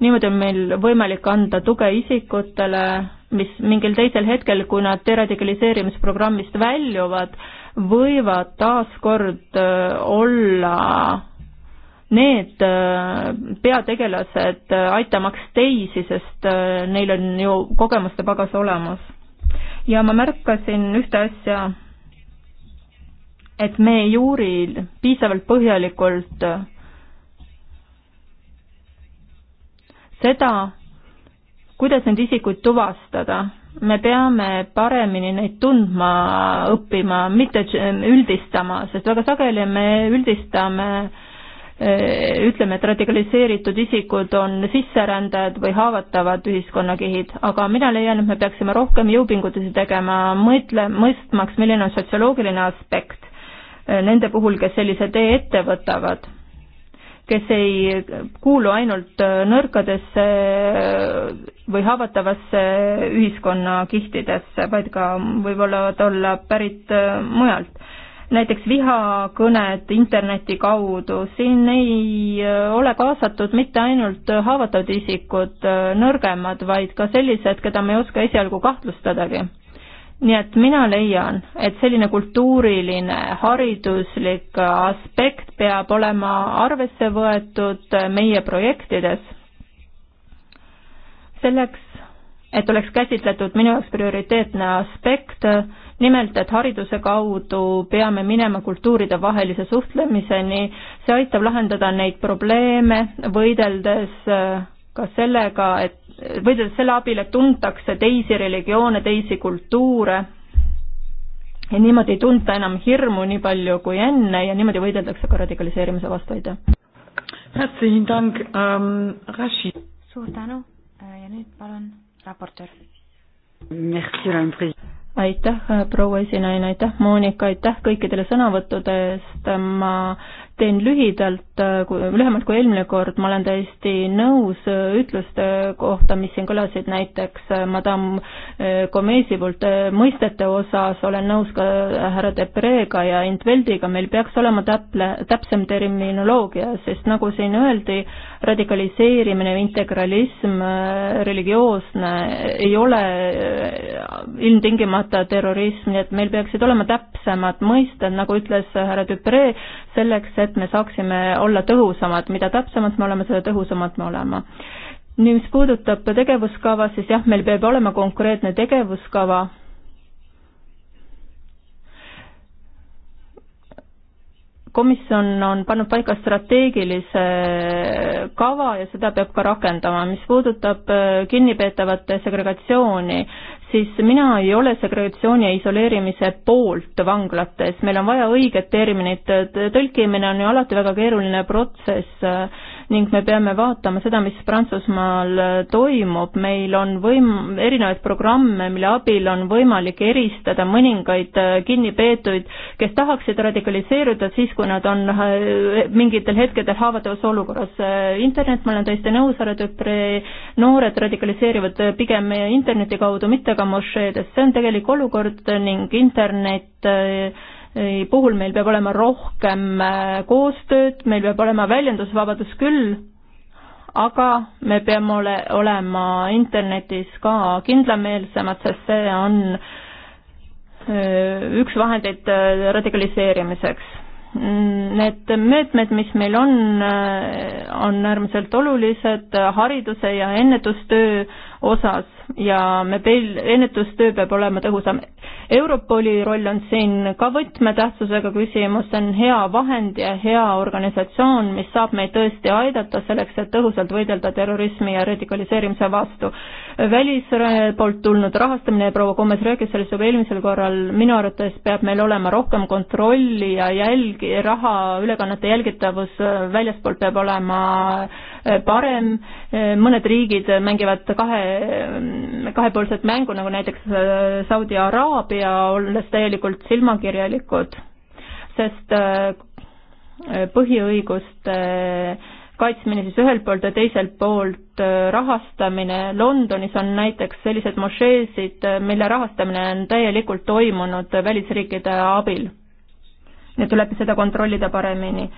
niimoodi on meil võimalik anda tuge isikutele, mis mingil teisel hetkel, kui nad deradikaliseerimisprogrammist väljuvad, võivad taaskord äh, olla need äh, peategelased äh, aitamaks teisi, sest neil on ju kogemuste pagas olemas. ja ma märkasin ühte asja, et me ei uuri piisavalt põhjalikult seda, kuidas need isikud tuvastada me peame paremini neid tundma õppima, mitte üldistama, sest väga sageli me üldistame eh, ütleme, et radikaliseeritud isikud on sisserändajad või haavatavad ühiskonnakihid, aga mina leian, et me peaksime rohkem jõupingutusi tegema, mõtle, mõistmaks, milline on sotsioloogiline aspekt eh, nende puhul, kes sellise tee ette võtavad kes ei kuulu ainult äh, nõrkadesse äh, või haavatavasse ühiskonnakihtidesse, vaid ka võib-olla olla pärit äh, mujalt. näiteks vihakõned interneti kaudu, siin ei ole kaasatud mitte ainult haavatavad isikud, nõrgemad, vaid ka sellised, keda me ei oska esialgu kahtlustadagi nii et mina leian, et selline kultuuriline, hariduslik aspekt peab olema arvesse võetud meie projektides. selleks, et oleks käsitletud minu jaoks prioriteetne aspekt, nimelt, et hariduse kaudu peame minema kultuuride vahelise suhtlemiseni, see aitab lahendada neid probleeme, võideldes ka sellega, et võideldes selle abil, et tuntakse teisi religioone, teisi kultuure ja niimoodi ei tunta enam hirmu nii palju kui enne ja niimoodi võideldakse ka radikaliseerimise vastu, aitäh. Ähm, suur tänu äh, ja nüüd palun raportöör. aitäh, äh, proua esinaine, aitäh, Monika, aitäh kõikidele sõnavõttude eest, ma teen lühidalt, äh, lühemalt kui eelmine kord, ma olen täiesti nõus äh, ütluste kohta, mis siin kõlasid, näiteks äh, Madame Gomezi poolt mõistete osas olen nõus ka härra Depreega ja Intveldiga, meil peaks olema täple, täpsem terminoloogia, sest nagu siin öeldi, radikaliseerimine, integralism, religioosne ei ole ilmtingimata terrorism, nii et meil peaksid olema täpsemad mõisted, nagu ütles härra Depre, selleks, et me saaksime olla tõhusamad, mida täpsemad me oleme, seda tõhusamad me oleme. nüüd, mis puudutab tegevuskava, siis jah, meil peab olema konkreetne tegevuskava, komisjon on pannud paika strateegilise kava ja seda peab ka rakendama. mis puudutab kinnipeetavate segregatsiooni, siis mina ei ole segregatsiooni ja isoleerimise poolt vanglates, meil on vaja õiget terminit, tõlkimine on ju alati väga keeruline protsess ning me peame vaatama seda, mis Prantsusmaal toimub, meil on võim-, erinevaid programme, mille abil on võimalik eristada mõningaid äh, kinnipeetuid, kes tahaksid radikaliseeruda siis, kui nad on äh, mingitel hetkedel haavatavas olukorras. Äh, internet, ma olen täiesti nõus, härra Tüpre, noored radikaliseerivad pigem interneti kaudu, mitte ka mošeedes, see on tegelik olukord ning internet puhul meil peab olema rohkem äh, koostööd, meil peab olema väljendusvabadus küll, aga me peame ole, olema internetis ka kindlameelsemad, sest see on äh, üks vahendeid äh, radikaliseerimiseks. Mm, need meetmed, mis meil on, on äärmiselt olulised, hariduse ja ennetustöö osas ja me peil-, ennetustöö peab olema tõhusam. Europoli roll on siin ka võtmetähtsusega küsimus, see on hea vahend ja hea organisatsioon, mis saab meid tõesti aidata selleks, et tõhusalt võidelda terrorismi ja radikaliseerimise vastu. välispoolt tulnud rahastamine, proua Gomes rääkis sellest juba eelmisel korral, minu arvates peab meil olema rohkem kontrolli ja jälgi, raha ülekannete jälgitavus äh, väljaspoolt peab olema parem, mõned riigid mängivad kahe, kahepoolset mängu, nagu näiteks äh, Saudi Araabia, olles täielikult silmakirjalikud, sest äh, põhiõiguste kaitsmine siis ühelt poolt ja teiselt poolt äh, rahastamine, Londonis on näiteks sellised mošeesid, mille rahastamine on täielikult toimunud välisriikide abil. nii et tuleb seda kontrollida paremini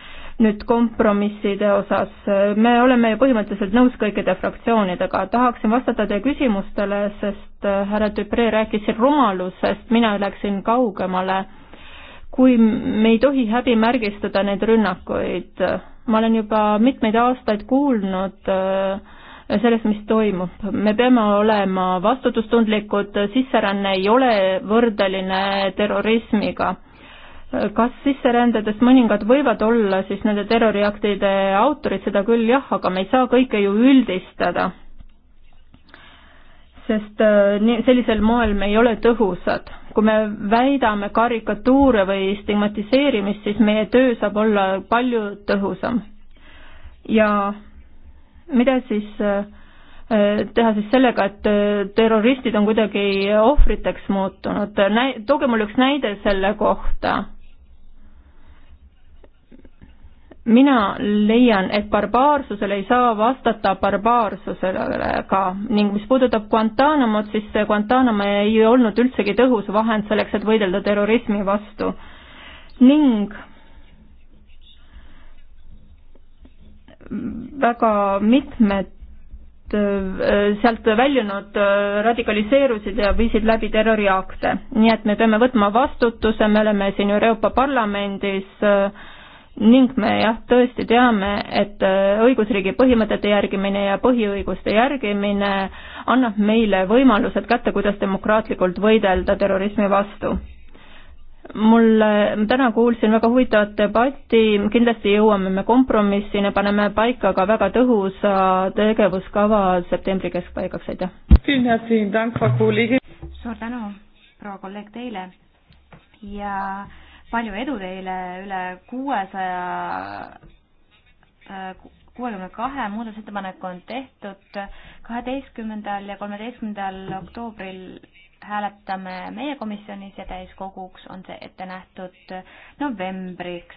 nüüd kompromisside osas, me oleme ju põhimõtteliselt nõus kõikide fraktsioonidega, tahaksin vastata teie küsimustele, sest härra Dupree rääkis siin rumalusest, mina läksin kaugemale. kui me ei tohi häbimärgistada neid rünnakuid, ma olen juba mitmeid aastaid kuulnud äh, sellest, mis toimub, me peame olema vastutustundlikud, sisseränne ei ole võrdeline terrorismiga kas sisserändajatest mõningad võivad olla siis nende terroriaktide autorid, seda küll jah, aga me ei saa kõike ju üldistada. sest äh, nii, sellisel moel me ei ole tõhusad. kui me väidame karikatuure või stigmatiseerimist, siis meie töö saab olla palju tõhusam. ja mida siis äh, teha siis sellega, et äh, terroristid on kuidagi ohvriteks muutunud, näi-, tooge mulle üks näide selle kohta mina leian, et barbaarsusele ei saa vastata barbaarsusele ka ning mis puudutab Guantanamot, siis Guantanamo ei olnud üldsegi tõhus vahend selleks, et võidelda terrorismi vastu. ning väga mitmed äh, sealt väljunud äh, radikaliseerusid ja viisid läbi terroriakte. nii et me peame võtma vastutuse, me oleme siin Euroopa Parlamendis äh, ning me jah, tõesti teame, et äh, õigusriigi põhimõtete järgimine ja põhiõiguste järgimine annab meile võimalused kätte, kuidas demokraatlikult võidelda terrorismi vastu. mul, äh, täna kuulsin väga huvitavat debatti, kindlasti jõuame me kompromissini, paneme paika ka väga tõhusa tegevuskava septembri keskpaigaks, aitäh! suur tänu, proua kolleeg, teile ja palju edu teile üle kuuesaja äh, kuuekümne kahe muudatusettepanek on tehtud. kaheteistkümnendal ja kolmeteistkümnendal oktoobril hääletame meie komisjonis ja täiskoguks on see ette nähtud novembriks.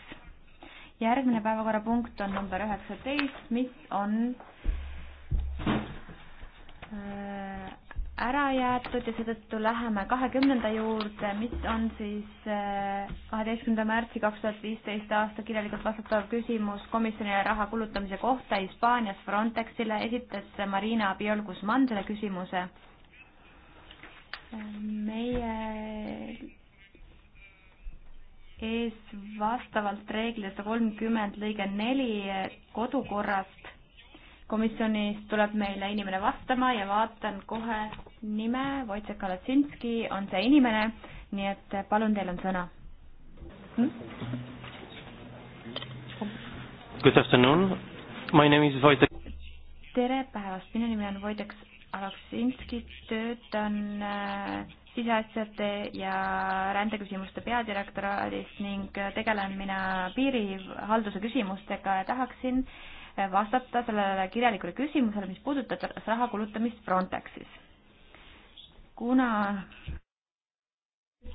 järgmine päevakorrapunkt on number üheksateist, mis on äh, ära jäetud ja seetõttu läheme kahekümnenda juurde, mis on siis äh, kaheteistkümnenda märtsi kaks tuhat viisteist aasta kirjalikult vastatav küsimus komisjonile raha kulutamise kohta Hispaanias Frontexile, esitas Marina Abiol Guzman selle küsimuse. meie ees vastavalt reeglile sada kolmkümmend lõige neli kodukorrast komisjonist tuleb meile inimene vastama ja vaatan kohe nime, Wojciech Kalatsinski on see inimene, nii et palun, teil on sõna hm?. Good afternoon, my name is Wojtek. tere päevast, minu nimi on Wojtek Alaksinski, töötan äh, siseasjade ja rändeküsimuste peadirektoraadis ning äh, tegelen mina piirihalduse küsimustega ja tahaksin äh, vastata sellele kirjalikule küsimusele, mis puudutab raha kulutamist Frontexis. kuna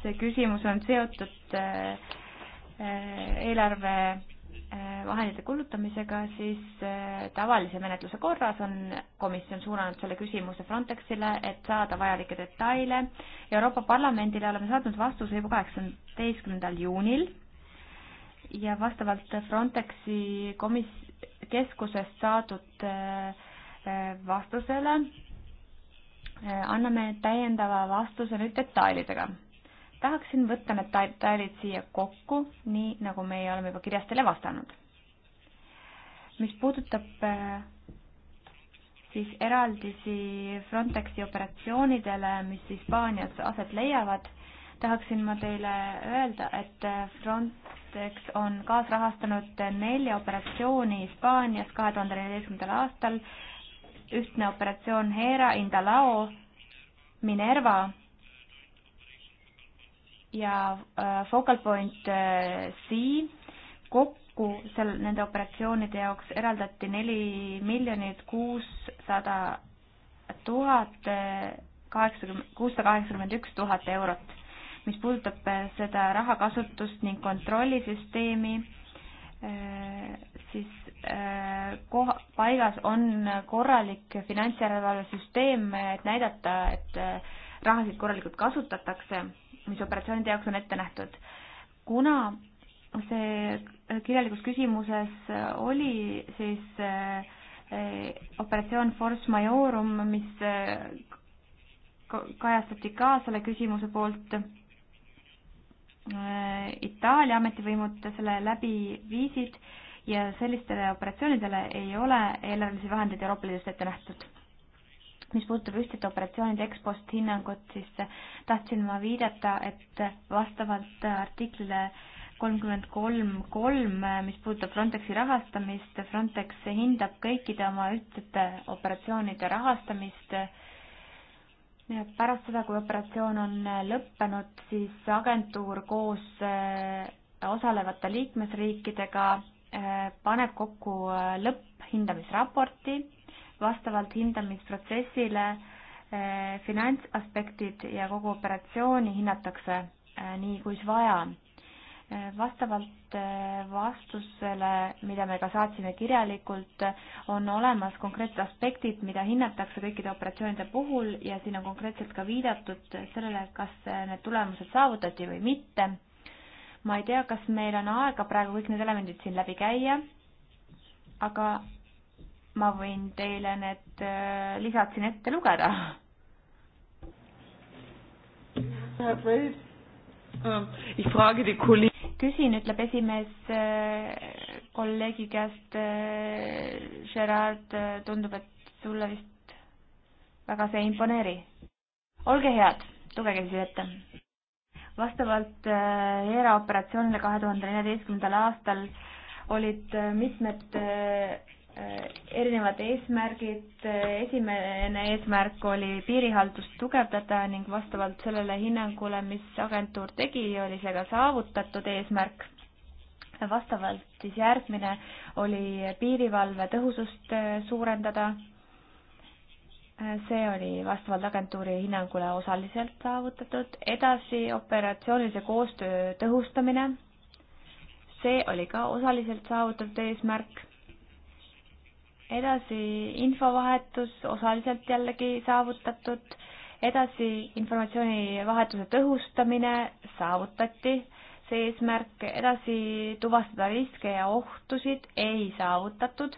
see küsimus on seotud eh, eelarve eh, vahendite kulutamisega, siis eh, tavalise menetluse korras on komisjon suunanud selle küsimuse Frontexile, et saada vajalikke detaile. Euroopa Parlamendile oleme saatnud vastuse juba kaheksateistkümnendal juunil ja vastavalt Frontexi komis-, keskusest saadud eh, eh, vastusele eh, anname täiendava vastuse nüüd detailidega. tahaksin võtta need detailid siia kokku, nii nagu meie oleme juba kirjas teile vastanud. mis puudutab siis eraldisi Frontexi operatsioonidele, mis Hispaanias aset leiavad, tahaksin ma teile öelda, et Frontex on kaasrahastanud nelja operatsiooni Hispaanias kahe tuhande neljateistkümnendal aastal, ühtne operatsioon Hera, Indalao, Minerva ja äh, Focal Point äh, C kokku seal nende operatsioonide jaoks eraldati neli miljonit kuussada tuhat äh, kaheksakümmend, kuussada kaheksakümmend üks tuhat eurot mis puudutab äh, seda rahakasutust ning kontrollisüsteemi, äh, siis äh, koha, paigas on korralik finantsjärelevalvesüsteem, et näidata, et rahasid korralikult kasutatakse, mis operatsioonide jaoks on ette nähtud. kuna see kirjalikus küsimuses oli, siis operatsioon Force Majorum, mis kajastati ka selle küsimuse poolt Äh, Itaalia ametivõimud selle läbi viisid ja sellistele operatsioonidele ei ole eelarvelisi vahendeid Euroopa Liidust ette nähtud. mis puudutab ühtsete operatsioonide ekspost hinnangut, siis tahtsin ma viidata, et vastavalt artiklile kolmkümmend kolm kolm, mis puudutab Frontexi rahastamist, Frontex hindab kõikide oma ühtsete operatsioonide rahastamist äh, pärast seda, kui operatsioon on äh, lõppenud, siis agentuur koos äh, osalevate liikmesriikidega äh, paneb kokku lõpphindamisraporti vastavalt hindamisprotsessile finantsaspektid ja kogu operatsiooni hinnatakse nii, kuis vaja vastavalt eh, vastusele, mida me ka saatsime kirjalikult, on olemas konkreetsed aspektid, mida hinnatakse kõikide operatsioonide puhul ja siin on konkreetselt ka viidatud sellele, kas need tulemused saavutati või mitte. ma ei tea, kas meil on aega praegu kõik need elemendid siin läbi käia, aga ma võin teile need eh, lisad siin ette lugeda. Ähm, ich frage die Kollegen küsin, ütleb esimees äh, kolleegi käest, äh, Gerard, äh, tundub, et sulle vist väga see ei imponeeri. olge head, lugege siis ette. vastavalt ERA operatsioonile kahe tuhande neljateistkümnendal aastal olid mitmed Äh, erinevad eesmärgid, äh, esimene eesmärk oli piirihaldust tugevdada ning vastavalt sellele hinnangule, mis agentuur tegi, oli see ka saavutatud eesmärk. vastavalt siis järgmine oli piirivalve tõhusust äh, suurendada. see oli vastavalt agentuuri hinnangule osaliselt saavutatud, edasi operatsioonilise koostöö tõhustamine. see oli ka osaliselt saavutatud eesmärk edasi infovahetus, osaliselt jällegi saavutatud, edasi informatsioonivahetuse tõhustamine, saavutati see eesmärk, edasi tuvastada riske ja ohtusid, ei saavutatud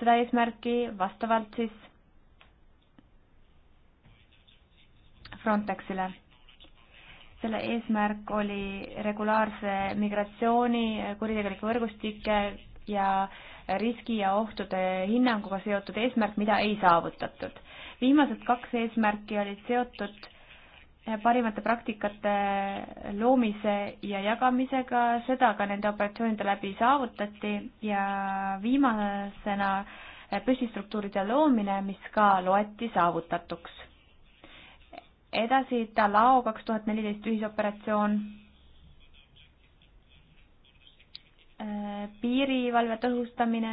seda eesmärki vastavalt siis Frontexile. selle eesmärk oli regulaarse migratsiooni, kuritegelike võrgustike ja äh, riski ja ohtude hinnanguga seotud eesmärk, mida ei saavutatud. viimased kaks eesmärki olid seotud parimate praktikate loomise ja jagamisega, seda ka nende operatsioonide läbi saavutati ja viimasena püsistruktuuride loomine, mis ka loeti saavutatuks. edasi Talao kaks tuhat neliteist ühisoperatsioon piirivalve tõhustamine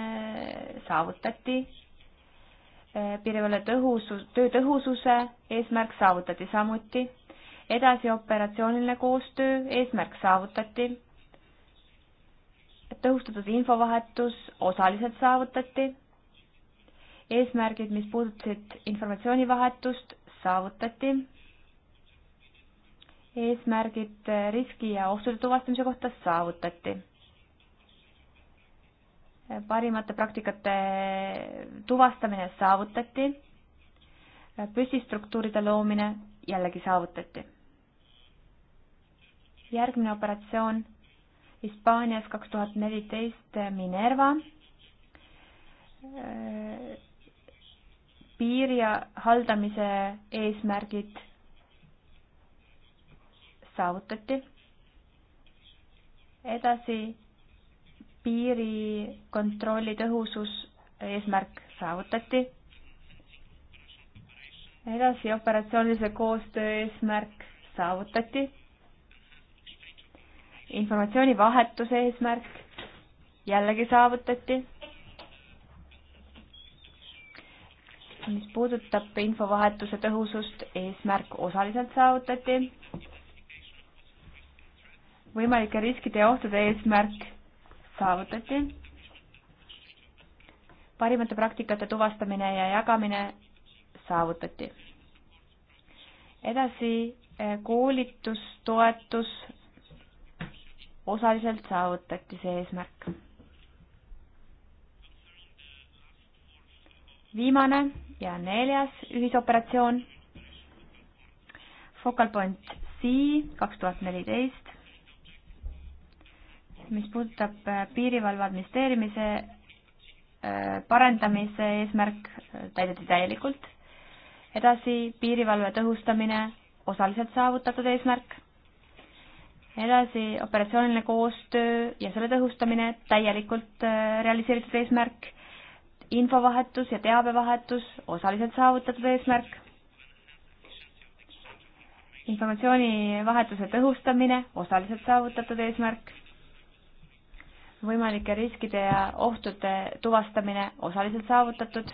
saavutati, piirivalve tõhusus, töö tõhususe eesmärk saavutati samuti, edasi operatsiooniline koostöö eesmärk saavutati, tõhustatud infovahetus osaliselt saavutati, eesmärgid, mis puudutasid informatsioonivahetust, saavutati eesmärgid riski ja ohtude tuvastamise kohta saavutati parimate praktikate tuvastamine saavutati, püsistruktuuride loomine jällegi saavutati. järgmine operatsioon Hispaanias kaks tuhat neliteist Minerva piiri haldamise eesmärgid saavutati. edasi piirikontrolli tõhusus eesmärk saavutati. edasi operatsioonilise koostöö eesmärk saavutati. informatsioonivahetuse eesmärk jällegi saavutati. mis puudutab infovahetuse tõhusust, eesmärk osaliselt saavutati. võimalike riskide ja ohtude eesmärk saavutati. parimate praktikate tuvastamine ja jagamine saavutati. edasi eh, koolitustoetus osaliselt saavutati see eesmärk. viimane ja neljas ühisoperatsioon Focal Point C kaks tuhat neliteist mis puudutab äh, piirivalve administreerimise äh, parendamise eesmärk, äh, täideti täielikult. edasi piirivalve tõhustamine, osaliselt saavutatud eesmärk. edasi operatsiooniline koostöö ja selle tõhustamine, täielikult realiseeritud eesmärk. infovahetus ja teabevahetus, osaliselt saavutatud eesmärk informatsioonivahetuse tõhustamine, osaliselt saavutatud eesmärk võimalike riskide ja ohtude tuvastamine osaliselt saavutatud.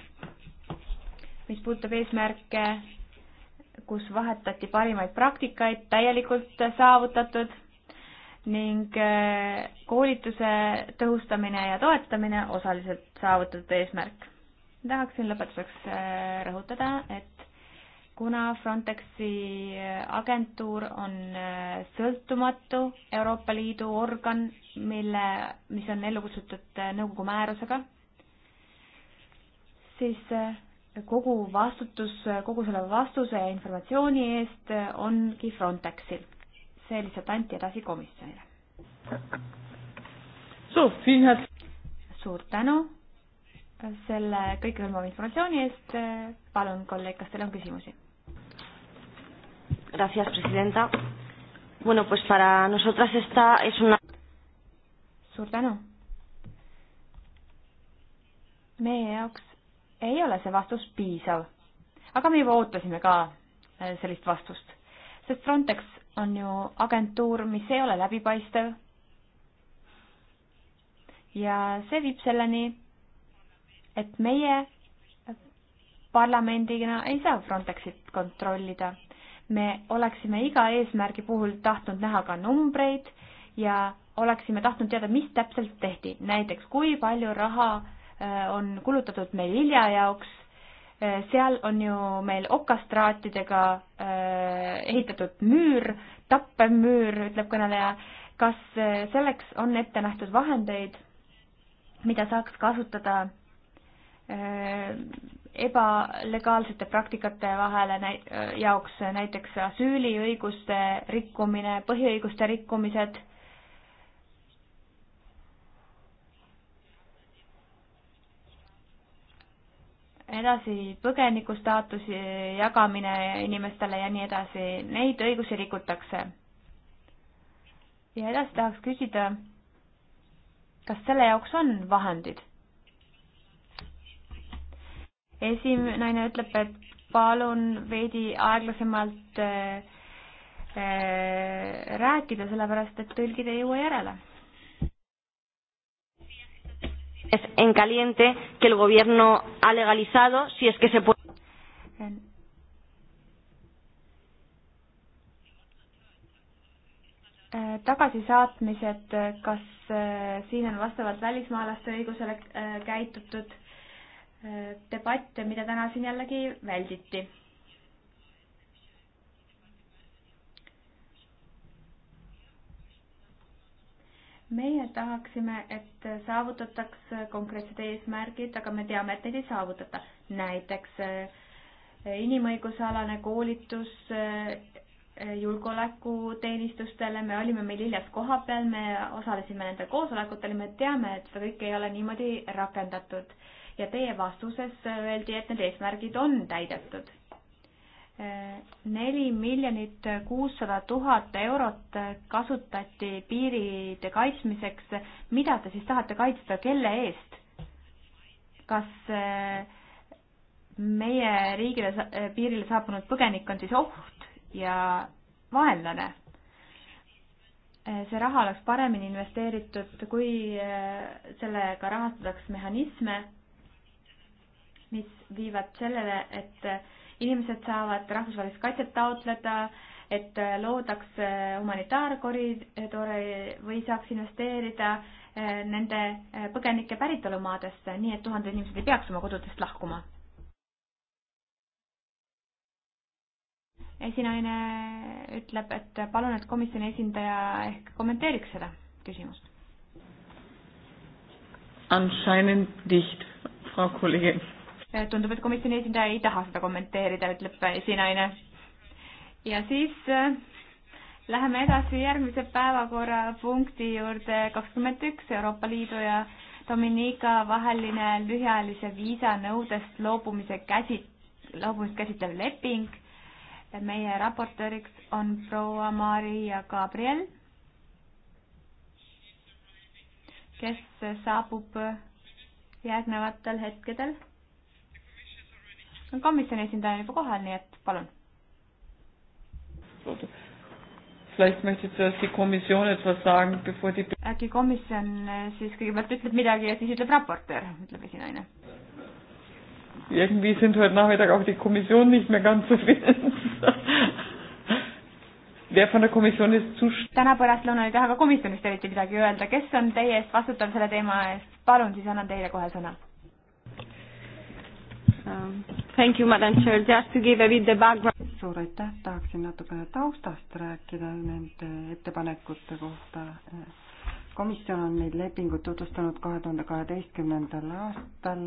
mis puudutab eesmärke, kus vahetati parimaid praktikaid, täielikult saavutatud ning äh, koolituse tõhustamine ja toetamine osaliselt saavutatud eesmärk. tahaksin lõpetuseks äh, rõhutada, et kuna Frontexi agentuur on äh, sõltumatu Euroopa Liidu organ, mille, mis on ellu kutsutud äh, nõukogu määrusega, siis äh, kogu vastutus kogu selle vastuse ja informatsiooni eest ongi Frontexil. see lihtsalt anti edasi komisjonile. suur tänu selle kõikehõlmava informatsiooni eest. palun, kolleeg, kas teil on küsimusi? Gracias, presidenta. Bueno, pues para nosotras esta es una. suur tänu. meie jaoks ei ole see vastus piisav, aga me juba ootasime ka äh, sellist vastust, sest Frontex on ju agentuur, mis ei ole läbipaistev. ja see viib selleni, et meie parlamendina ei saa Frontexit kontrollida me oleksime iga eesmärgi puhul tahtnud näha ka numbreid ja oleksime tahtnud teada, mis täpselt tehti, näiteks kui palju raha äh, on kulutatud meil vilja jaoks, äh, seal on ju meil okastraatidega äh, ehitatud müür, tappemüür, ütleb kõneleja, kas selleks on ette nähtud vahendeid, mida saaks kasutada ebalegaalsete praktikate vahele näi-, jaoks näiteks asüüliõiguste rikkumine, põhiõiguste rikkumised, edasi põgenikustaatusi jagamine inimestele ja nii edasi, neid õigusi rikutakse. ja edasi tahaks küsida, kas selle jaoks on vahendid esimene ütleb, et palun veidi aeglasemalt äh, äh, rääkida, sellepärast et tõlgid ei jõua järele. Es en caliente que el gobierno ha legalizado si es que se puede. Äh, tagasisaatmised, kas äh, siin on vastavalt välismaalaste õigusele äh, käitutud debatt, mida täna siin jällegi välditi. meie tahaksime, et saavutataks konkreetsed eesmärgid, aga me teame, et neid ei saavutata. näiteks eh, inimõigusealane koolitus eh, julgeolekuteenistustele, me olime meil hiljas kohapeal, me osalesime nende koosolekutel ja me teame, et seda kõike ei ole niimoodi rakendatud ja teie vastuses öeldi, et need eesmärgid on täidetud. neli miljonit kuussada tuhat eurot kasutati piiride kaitsmiseks. mida te siis tahate kaitsta, kelle eest? kas eh, meie riigile, eh, piirile saabunud põgenik on siis oht ja vaenlane? Eh, see raha oleks paremini investeeritud, kui sellega rahastataks mehhanisme mis viivad sellele, et inimesed saavad rahvusvahelist kaitset taotleda, et loodaks humanitaarkoridore või saaks investeerida eh, nende eh, põgenike päritolumaadesse, nii et tuhanded inimesed ei peaks oma kodudest lahkuma. esinaine ütleb, et palun, et komisjoni esindaja ehk kommenteeriks seda küsimust. Anscheinend nicht, Frau Kollegin Eh, tundub, et komisjoni esindaja ei taha seda kommenteerida, ütleb esinaine. ja siis eh, läheme edasi järgmise päevakorrapunkti juurde, kakskümmend üks Euroopa Liidu ja Dominica vaheline lühiajalise viisa nõudest loobumise käsi, loobumist käsitlev leping. meie raportööriks on proua Maria Gabriel, kes saabub järgnevatel hetkedel komisjoni esindaja on juba kohal, nii et palun. äkki komisjon äh, siis kõigepealt ütleb midagi ja siis ütleb raportöör, ütleb esinaine. Irgendwie sind heute Nachmittag auch die Kommission nicht mehr ganz so viel. Wer von der Kommission ist zuständig? täna pärastlõunal ei taha ka komisjonist eriti midagi öelda, kes on teie eest vastutav selle teema eest, palun, siis annan teile kohe sõna Um, thank you, madam chair, just to give a bit the background. suur aitäh, tahaksin natukene taustast rääkida nende ettepanekute kohta. komisjon on neid lepinguid tutvustanud kahe tuhande kaheteistkümnendal aastal,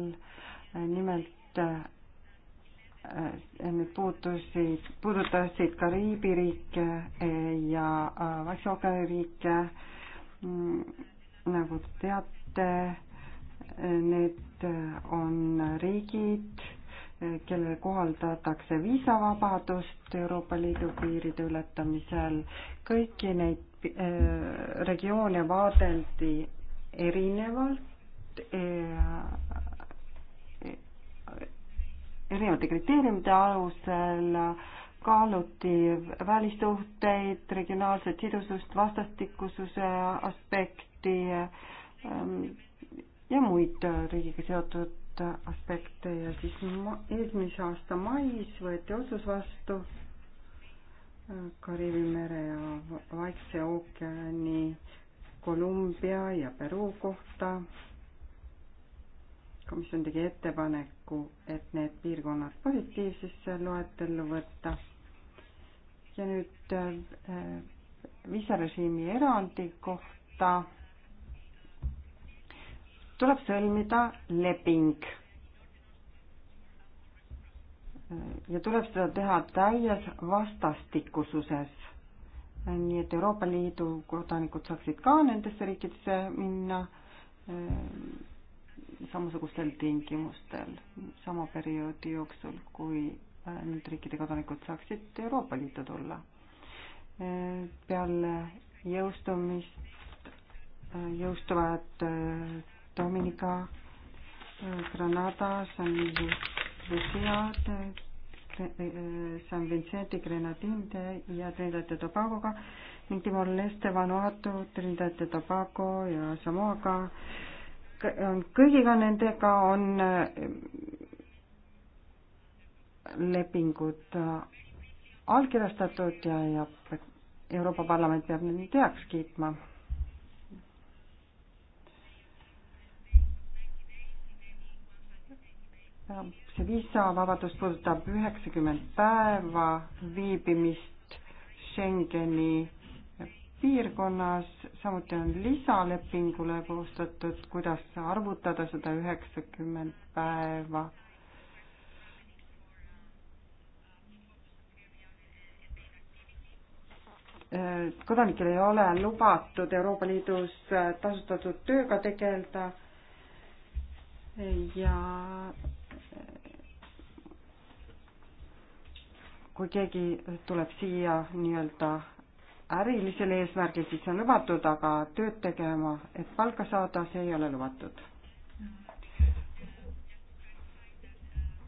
nimelt eh, need puutusid, puudutasid Kariibi riike eh, ja eh, Vaikse ookeani riike, mm, nagu te teate, need on riigid, kellele kohaldatakse viisavabadust Euroopa Liidu piiride ületamisel. kõiki neid eh, regioone vaadeldi erinevalt, eh, erinevate kriteeriumide alusel kaaluti välissuhteid, regionaalset sidusust, vastastikususe aspekti, eh, ja muid äh, riigiga seotud äh, aspekte ja siis eelmise aasta mais võeti otsus vastu äh, Kariibi mere ja Vaikse ookeani Kolumbia ja Peruu kohta. komisjon tegi ettepaneku, et need piirkonnad positiivsesse loetellu võtta. ja nüüd viisarežiimi erandi kohta tuleb sõlmida leping. ja tuleb seda teha täies vastastikususes. nii et Euroopa Liidu kodanikud saaksid ka nendesse riikidesse minna eh, samasugustel tingimustel sama perioodi jooksul, kui eh, need riikide kodanikud saaksid Euroopa Liitu tulla. Eh, peale jõustumist jõustuvad Dominika eh, Granada, San Lucia, eh, San Vincenti Grenadinde ja Trinidad ja Tobagoga ning Timor-Leste, Vanuatu, Trinidad ja Tobago ja Samoaga. on kõigiga nendega on eh, lepingud allkirjastatud ja, ja Euroopa Parlament peab need heaks kiitma see viisavabadus puudutab üheksakümmend päeva viibimist Schengeni piirkonnas, samuti on lisalepingule koostatud, kuidas arvutada seda üheksakümmend päeva. kodanikel ei ole lubatud Euroopa Liidus tasustatud tööga tegeleda ja kui keegi tuleb siia nii-öelda ärilisel eesmärgil, siis see on lubatud, aga tööd tegema, et palka saada, see ei ole lubatud.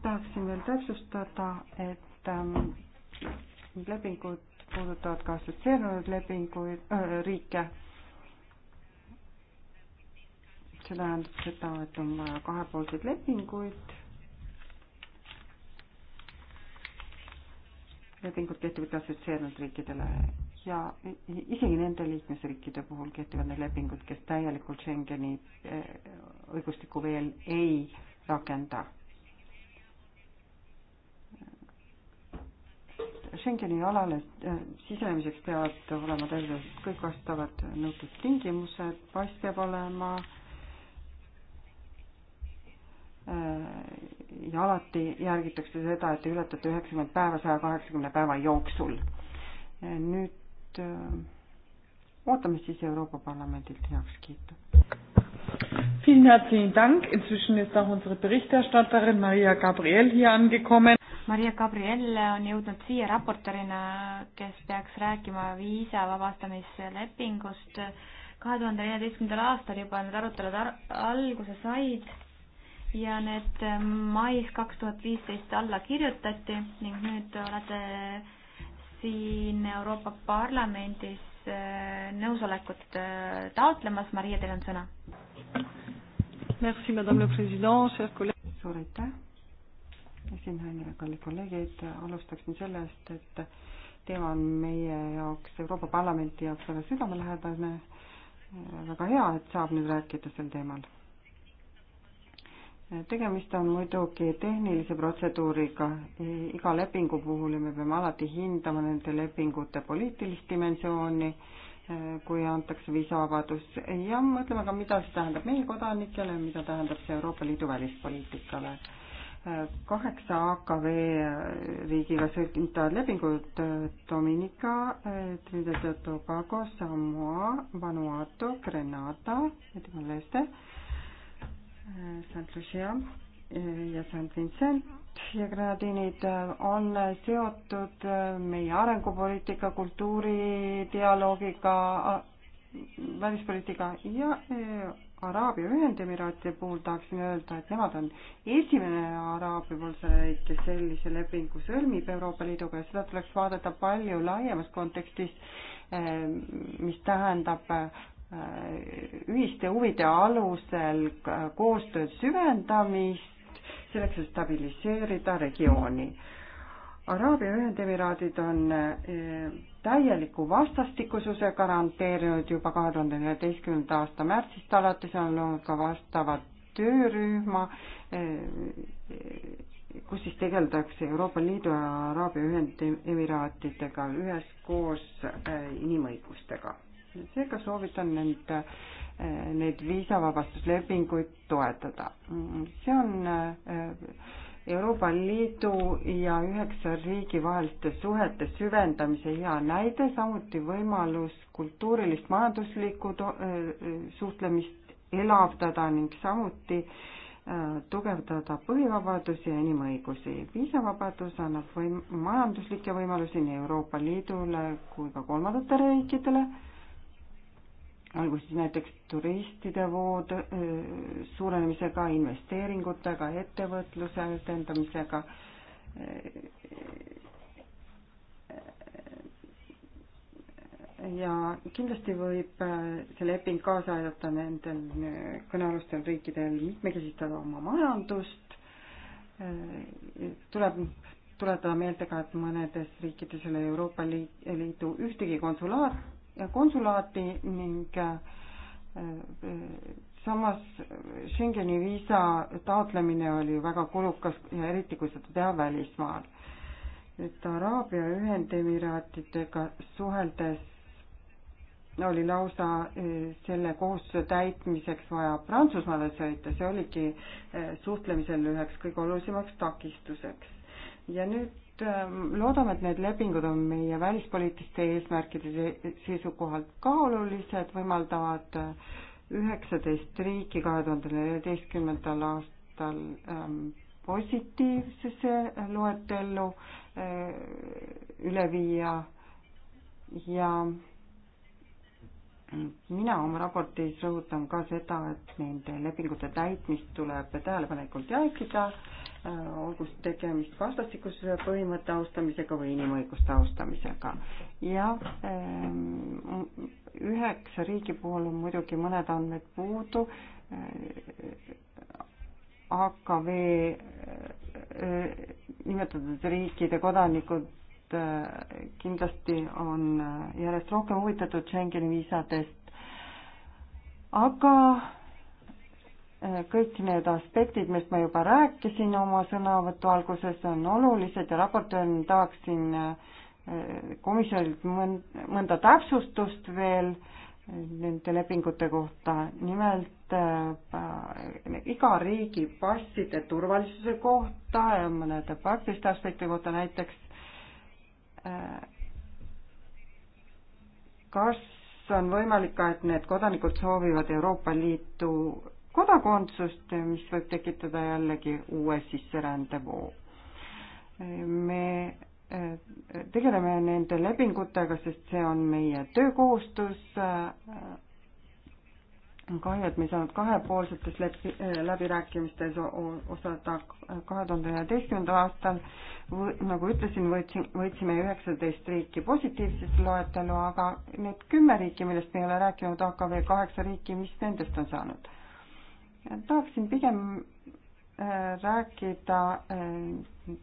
tahaksin veel täpsustada, et ähm, lepingud puudutavad ka assotsieerunud lepinguid äh,, riike. see tähendab seda, et on vaja kahepoolseid lepinguid lepingud kehtivad ka assotsieerunud riikidele ja isegi nende liikmesriikide puhul kehtivad need lepingud, kes täielikult Schengeni eh, õigustikku veel ei rakenda. Schengeni alale eh, sisenemiseks peavad olema täidetud kõik vastavad nõutud tingimused, pass peab olema äh, ja alati järgitakse seda, et te ületate üheksakümmend päeva saja kaheksakümne päeva jooksul. nüüd äh, ootame siis Euroopa Parlamendilt heakskiitu. Vielen herzlichen Dank. Inzwischen ist auch unsere Berichterstatterin Maria Gabriel hier angekommen. Maria Gabrielle on jõudnud siia raportorina, kes peaks rääkima viisa vabastamislepingust. kahe tuhande neljateistkümnendal aastal juba need arutelud alguse said ja need äh, mais kaks tuhat viisteist alla kirjutati ning nüüd olete siin Euroopa Parlamendis äh, nõusolekut äh, taotlemas. Maria, teil on sõna. Merci, madame le president, chers collègues. suur aitäh, esinaine, kallid kolleegid, alustaksin sellest, et teema on meie jaoks, Euroopa Parlamenti jaoks väga südamelähedane. väga hea, et saab nüüd rääkida sel teemal tegemist on muidugi tehnilise protseduuriga e, iga lepingu puhul ja me peame alati hindama nende lepingute poliitilist dimensiooni, e, kui antakse viisavabadus ja mõtleme ka, mida see tähendab meie kodanikele, mida tähendab see Euroopa Liidu välispoliitikale. E, kaheksa AKV riigiga sõlmitavad lepingud Dominica, Trinidad ja Tobago, Samoa, Vanuatu, Grenada ja Timor-Leste Eh, Saint-Lucia eh, ja Saint-Vincent ja Grenadiinid eh, on seotud meie arengupoliitika, kultuuridialoogiga, välispoliitika ja Araabia Ühendemiraatide puhul tahaksin öelda, et nemad on esimene Araabia poolsareid, kes sellise lepingu sõlmib Euroopa Liiduga ja seda tuleks vaadata palju laiemas kontekstis, mis tähendab Äh, ühiste huvide alusel koostöö süvendamist selleks, et stabiliseerida regiooni. Araabia Ühendemiraadid on äh, täieliku vastastikususe garanteerinud juba kahe tuhande neljateistkümnenda aasta märtsist alates, on loonud ka vastava töörühma, äh, kus siis tegeldakse Euroopa Liidu ja Araabia Ühendemiraatidega üheskoos inimõigustega seega soovitan nüüd äh, neid viisavabastuslepinguid toetada. see on äh, Euroopa Liidu ja üheksa riigi vaheliste suhete süvendamise hea näide, samuti võimalus kultuurilist majanduslikku äh, suhtlemist elavdada ning samuti tugevdada põhivabadusi ja inimõigusi. viisavabadus annab võim-, majanduslikke võimalusi nii Euroopa Liidule kui ka kolmandatele riikidele olgu siis näiteks turistide vood suurenemisega, investeeringutega, ettevõtluse edendamisega. ja kindlasti võib see leping kaasa aidata nendel kõnealustel riikidel mitmekesistada oma majandust. tuleb tuletada meelde ka, et mõnedes riikides ei ole Euroopa Liidu ühtegi konsulaat konsulaati ning äh, samas Schengeni viisa taotlemine oli väga kulukas ja eriti, kui seda teha välismaal. nüüd Araabia Ühendemiraatidega suheldes oli lausa äh, selle kohustuse täitmiseks vaja Prantsusmaale sõita, see oligi äh, suhtlemisel üheks kõige olulisemaks takistuseks. ja nüüd Ähm, loodame, et need lepingud on meie välispoliitiliste eesmärkide seisukohalt ka olulised, võimaldavad äh, üheksateist riiki kahe tuhande neljateistkümnendal aastal ähm, positiivsesse loetellu äh, üle viia ja mina oma raportis rõhutan ka seda, et nende lepingute täitmist tuleb tähelepanelikult jälgida Äh, olgu tegemist vastastikuse põhimõtte austamisega või inimõiguste austamisega. ja ähm, üheksa riigi puhul on muidugi mõned andmed puudu, äh, AKV äh, nimetatud riikide kodanikud kindlasti on järjest rohkem huvitatud Schengeni viisadest, aga Äh, kõik need aspektid, millest ma juba rääkisin oma sõnavõtu alguses, on olulised ja raportöörina tahaksin äh, komisjonilt mõnda täpsustust veel äh, nende lepingute kohta, nimelt äh, iga riigi passide turvalisuse kohta ja mõnede praktiliste aspekti kohta näiteks äh,. kas on võimalik ka, et need kodanikud soovivad Euroopa Liitu kodakondsust, mis võib tekitada jällegi uue sisserändevoo. me eh, tegeleme nende lepingutega, sest see on meie töökohustus. kahju, et me ei saanud kahepoolsetes läbi, eh, läbirääkimistes osaleda kahe tuhande üheteistkümnendal aastal. nagu ütlesin, võtsin, võitsime üheksateist riiki positiivsesse loetelu, aga need kümme riiki, millest me ei ole rääkinud, AKV kaheksa riiki, mis nendest on saanud? tahaksin pigem äh, rääkida äh,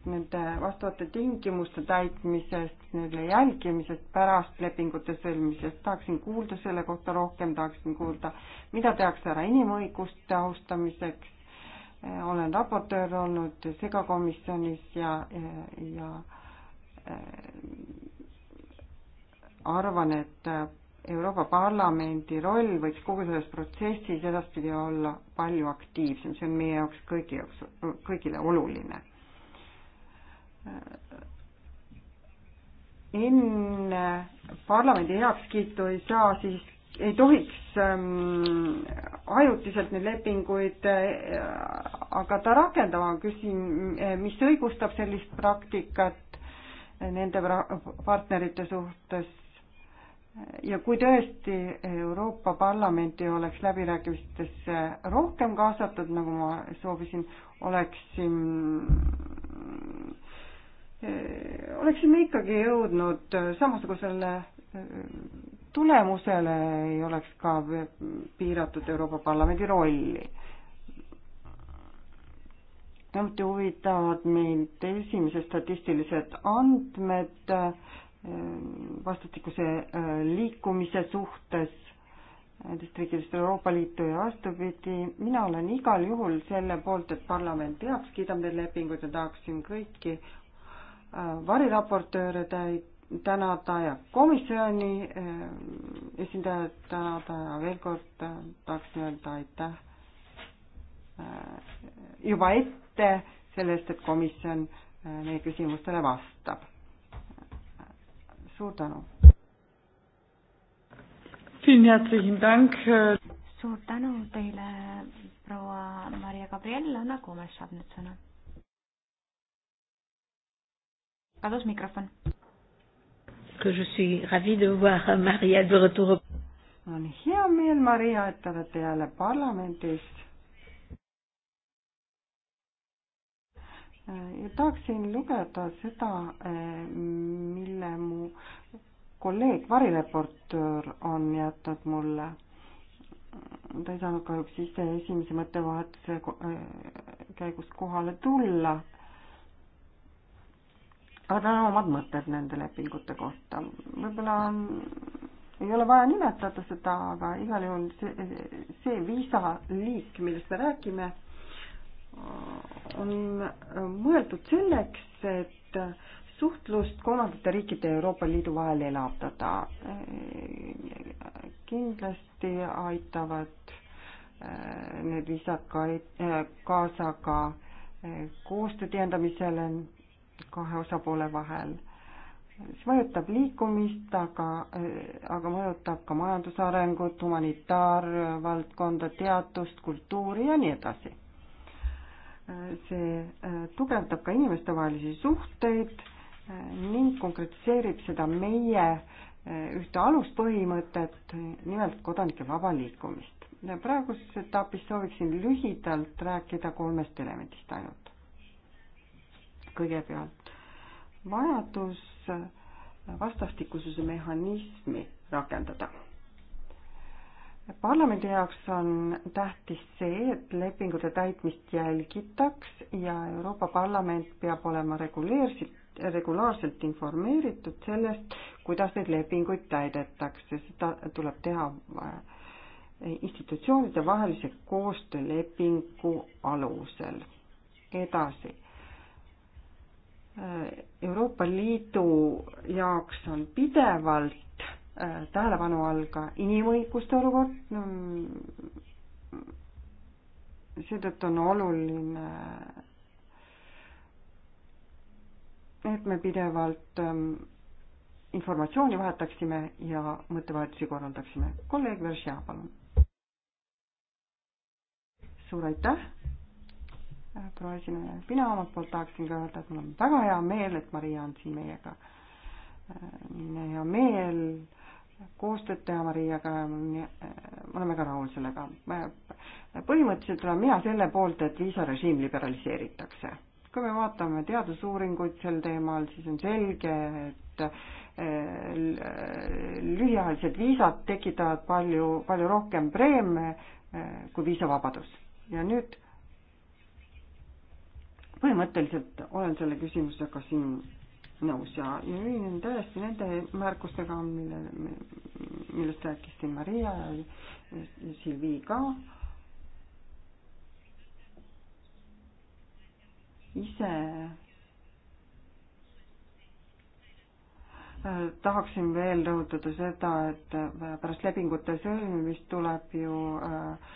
nende vastavate tingimuste täitmisest, nende jälgimisest pärast lepingute sõlmisest, tahaksin kuulda selle kohta rohkem, tahaksin kuulda, mida tehakse ära inimõiguste austamiseks. Äh, olen raportöör olnud segakomisjonis ja, ja, ja arvan, et Euroopa Parlamendi roll võiks kogu selles protsessis edaspidi olla palju aktiivsem, see on meie jaoks kõigi jaoks, kõigile oluline. enne parlamendi heakskiitu ei saa siis, ei tohiks ähm, ajutiselt neid lepinguid äh, hakata rakendama, küsin, äh, mis õigustab sellist praktikat nende partnerite suhtes, ja kui tõesti Euroopa Parlamenti oleks läbirääkimistesse rohkem kaasatud, nagu ma soovisin, oleksin, oleksime ikkagi jõudnud samasugusele tulemusele, ei oleks ka piiratud Euroopa Parlamendi rolli. samuti huvitavad mind esimesed statistilised andmed äh, vastastikuse äh, liikumise suhtes nendest riikidest Euroopa Liitu ja vastupidi. mina olen igal juhul selle poolt, et parlament heaks kiidab need lepingud ja tahaksin kõiki äh, variraportööre tänada ja komisjoni äh, esindajad tänada ja veel kord tahaksin öelda aitäh juba ette selle eest, et komisjon meie küsimustele vastab suur tänu. Äh, suur tänu teile, proua Maria Gabriel, Anna Kuumes saab nüüd sõna. kadus mikrofon. on hea meel, Maria, et te olete jälle parlamendis ja tahaksin lugeda seda, eh, mille mu kolleeg, varireportöör on jätnud mulle. ta ei saanud kahjuks ise esimese mõttevahetuse eh, käigus kohale tulla. aga tal on omad mõtted nende lepingute kohta. võib-olla on, ei ole vaja nimetada seda, aga igal juhul see, see viisaliik, millest me räägime on äh, mõeldud selleks, et suhtlust kolmandate riikide ja Euroopa Liidu vahel elavdada. kindlasti aitavad äh, need viisakaid äh, kaasa ka koostöö tihendamisele kahe osapoole vahel. see mõjutab liikumist, aga, aga mõjutab ka majandusarengut, humanitaarvaldkonda, teadust, kultuuri ja nii edasi see äh, tugevdab ka inimestevahelisi suhteid äh, ning konkretiseerib seda meie äh, ühte aluspõhimõtet, nimelt kodanike vaba liikumist. praeguses etapis sooviksin lühidalt rääkida kolmest elemendist ainult. kõigepealt vajadus vastastikususe mehhanismi rakendada parlamendi jaoks on tähtis see, et lepingute täitmist jälgitaks ja Euroopa Parlament peab olema reguleeritud regulaarselt informeeritud sellest, kuidas neid lepinguid täidetakse, seda tuleb teha äh, institutsioonide vahelise koostöölepingu alusel. edasi äh, Euroopa Liidu jaoks on pidevalt Äh, tähelepanu all ka inimõiguste olukord. seetõttu on oluline, et me pidevalt ähm, informatsiooni vahetaksime ja mõttevahetusi korraldaksime. kolleeg Veržja, palun. suur aitäh, äh, proua esineja. mina omalt poolt tahaksin ka öelda, et mul on väga hea meel, et Maria on siin meiega. mul äh, on hea meel koostööd teha Mariaga, äh, me oleme ka rahul sellega. põhimõtteliselt olen mina selle poolt, et viisarežiim liberaliseeritakse. kui me vaatame teadusuuringuid sel teemal, siis on selge, et äh, lühiajalised viisad tekitavad palju, palju rohkem preemia äh, kui viisavabadus. ja nüüd põhimõtteliselt olen selle küsimusega siin nõus ja, ja ühinen täiesti nende märkustega, mille, millest rääkis siin Maria ja, ja Silvi ka. ise äh, tahaksin veel rõhutada seda, et äh, pärast lepingute sõlmimist tuleb ju äh,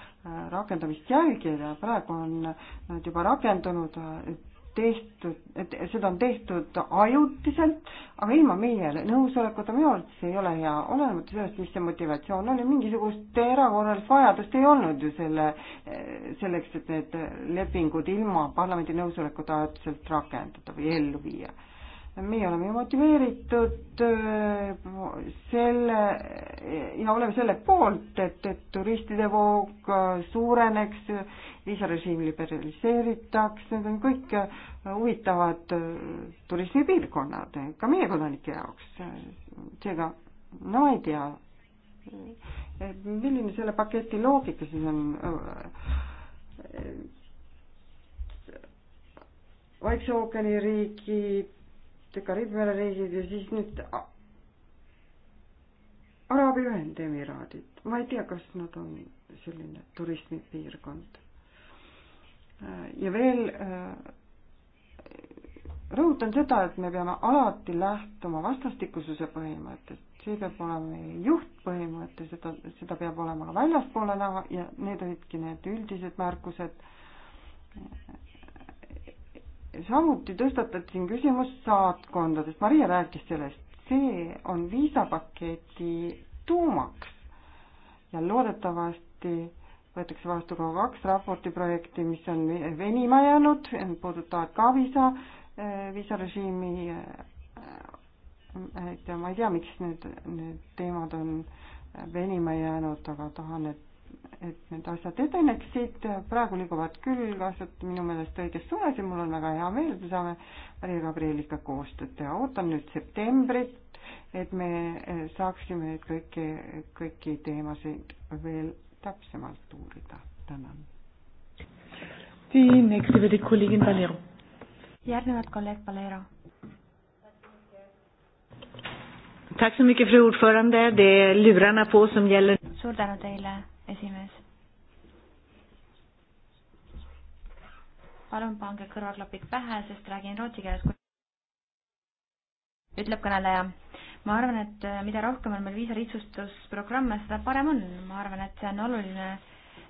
rakendamist jälgida, praegu on nad juba rakendunud, et tehtud, seda on tehtud ajutiselt, aga ilma meie nõusolekuta minu arvates ei ole hea, olenemata sellest, mis see motivatsioon oli, mingisugust erakorralist vajadust ei olnud ju selle, selleks, et need lepingud ilma parlamendi nõusolekuta ajutiselt rakendada või ellu viia meie oleme ju motiveeritud äh, selle ja oleme selle poolt, et, et turistide voog äh, suureneks, viisarežiim liberaliseeritaks, need on kõik äh, huvitavad turismipiirkonnad ka meie kodanike jaoks. seega no ma ei tea, milline selle paketi loogika siis on Vaikse ookeani riigid, Kariibi mere riigid ja siis nüüd Araabia Ühendemiraadid. ma ei tea, kas nad on selline turismipiirkond. Äh, ja veel äh, rõhutan seda, et me peame alati lähtuma vastastikususe põhimõttest. see peab olema meie juhtpõhimõte, seda, seda peab olema ka väljaspoole näha ja need olidki need üldised märkused samuti tõstatati siin küsimus saatkondadest, Maria rääkis sellest, see on viisapaketi tuumaks ja loodetavasti võetakse vastu ka kaks raporti projekti, mis on venima jäänud, puudutavad ka viisa, eh, viisarežiimi. Eh, et ja ma ei tea, miks need, need teemad on venima jäänud, aga tahan, et et need asjad edeneksid, praegu liiguvad küll asjad minu meelest õiges suunas ja mul on väga hea meel, et me saame Maria Gabrieliga koostööd teha, ootan nüüd septembrit, et me eh, saaksime kõiki, kõiki teemasid veel täpsemalt uurida, tänan. järgnevalt kolleeg Valero. Tack så mycket fru ordförande, det är lurarna på som gäller. suur tänu teile esimees. palun pange kõrvaklapid pähe, sest räägin rootsi keeles, ütleb kõneleja. ma arvan, et äh, mida rohkem on meil viisarihtsustusprogramme, seda parem on. ma arvan, et see on oluline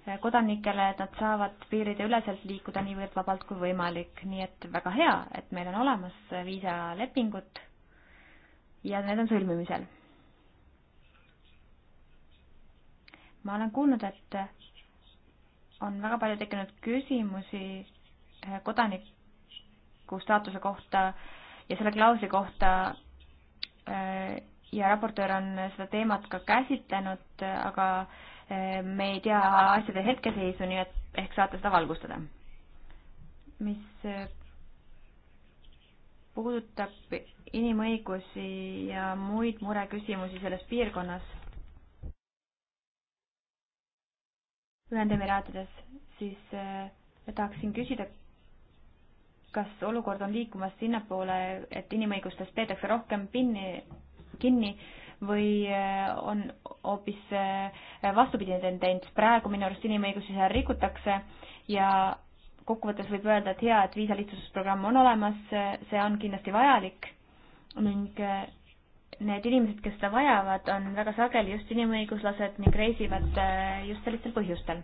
äh, kodanikele, et nad saavad piirideüleselt liikuda niivõrd vabalt kui võimalik, nii et väga hea, et meil on olemas äh, viisalepingud ja need on sõlmimisel ma olen kuulnud, et on väga palju tekkinud küsimusi eh, kodaniku staatuse kohta ja selle klausli kohta eh, ja raportöör on seda teemat ka käsitlenud, aga eh, me ei tea asjade hetkeseisu, nii et ehk saate seda valgustada. mis puudutab inimõigusi ja muid mureküsimusi selles piirkonnas Ühendemiraatides, siis äh, tahaksin küsida, kas olukord on liikumas sinnapoole, et inimõigustest peetakse rohkem pinni, kinni või äh, on hoopis äh, vastupidine tendents, praegu minu arust inimõigusi seal rikutakse ja kokkuvõttes võib öelda, et hea, et viisalihtsusprogramm on olemas, see on kindlasti vajalik ning need inimesed, kes seda vajavad, on väga sageli just inimõiguslased ning reisivad äh, just sellistel põhjustel.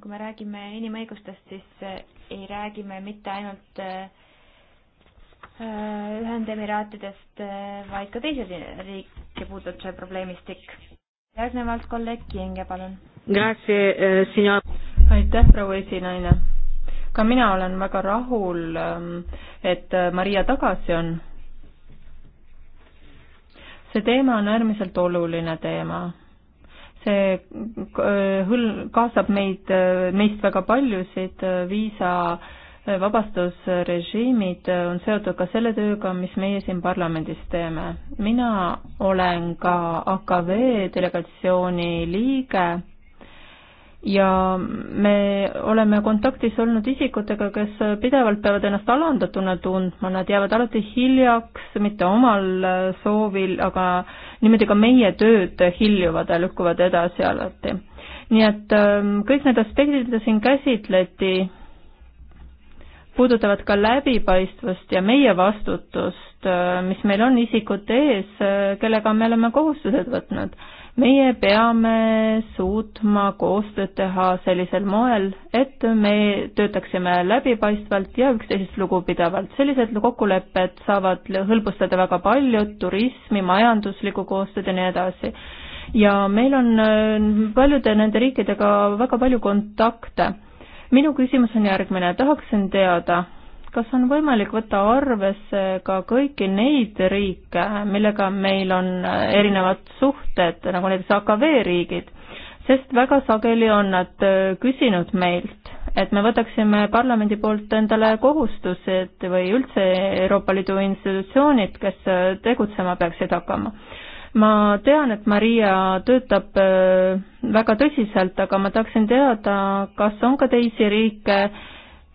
kui me räägime inimõigustest, siis äh, ei räägi me mitte ainult äh, Ühendemiraatidest, vaid ka teised riike puudutab see probleemistik. järgnevalt kolleeg Kienge, palun. aitäh, proua esinaine. ka mina olen väga rahul, ähm, et Maria tagasi on see teema on äärmiselt oluline teema. see äh, hõl-, kaasab meid, äh, meist väga paljusid, äh, viisa vabastusrežiimid on seotud ka selle tööga, mis meie siin parlamendis teeme. mina olen ka AKV delegatsiooni liige ja me oleme kontaktis olnud isikutega, kes pidevalt peavad ennast alandatuna tundma, nad jäävad alati hiljaks, mitte omal soovil, aga niimoodi ka meie tööd hiljuvad ja lükkuvad edasi alati. nii et ähm, kõik need aspektid, mida siin käsitleti, puudutavad ka läbipaistvust ja meie vastutust, äh, mis meil on isikute ees, äh, kellega me oleme kohustused võtnud meie peame suutma koostööd teha sellisel moel, et me töötaksime läbipaistvalt ja üksteisest lugupidavalt. sellised kokkulepped saavad hõlbustada väga paljud turismi, majanduslikku koostööd ja nii edasi. ja meil on äh, paljude nende riikidega väga palju kontakte. minu küsimus on järgmine, tahaksin teada, kas on võimalik võtta arvesse ka kõiki neid riike, millega meil on erinevad suhted, nagu näiteks AKV riigid, sest väga sageli on nad küsinud meilt, et me võtaksime parlamendi poolt endale kohustused või üldse Euroopa Liidu institutsioonid, kes tegutsema peaksid hakkama ma tean, et Maria töötab äh, väga tõsiselt, aga ma tahaksin teada, kas on ka teisi riike,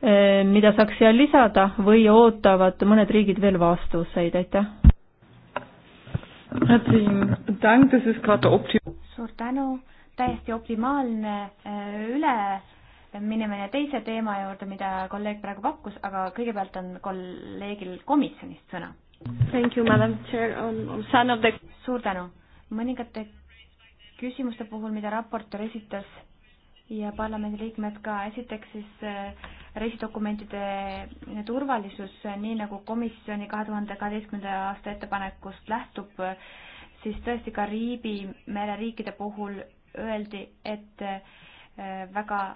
Eh, mida saaks siia lisada või ootavad mõned riigid veel vastuseid, aitäh? suur tänu, täiesti optimaalne eh, üleminemine teise teema juurde, mida kolleeg praegu pakkus, aga kõigepealt on kolleegil komisjonist sõna. The... suur tänu, mõningate küsimuste puhul, mida raportöör esitas ja parlamendiliikmed ka. esiteks siis äh, reisidokumentide turvalisus, nii nagu komisjoni kahe tuhande kaheteistkümnenda aasta ettepanekust lähtub, siis tõesti ka Riibi mereriikide puhul öeldi, et äh, väga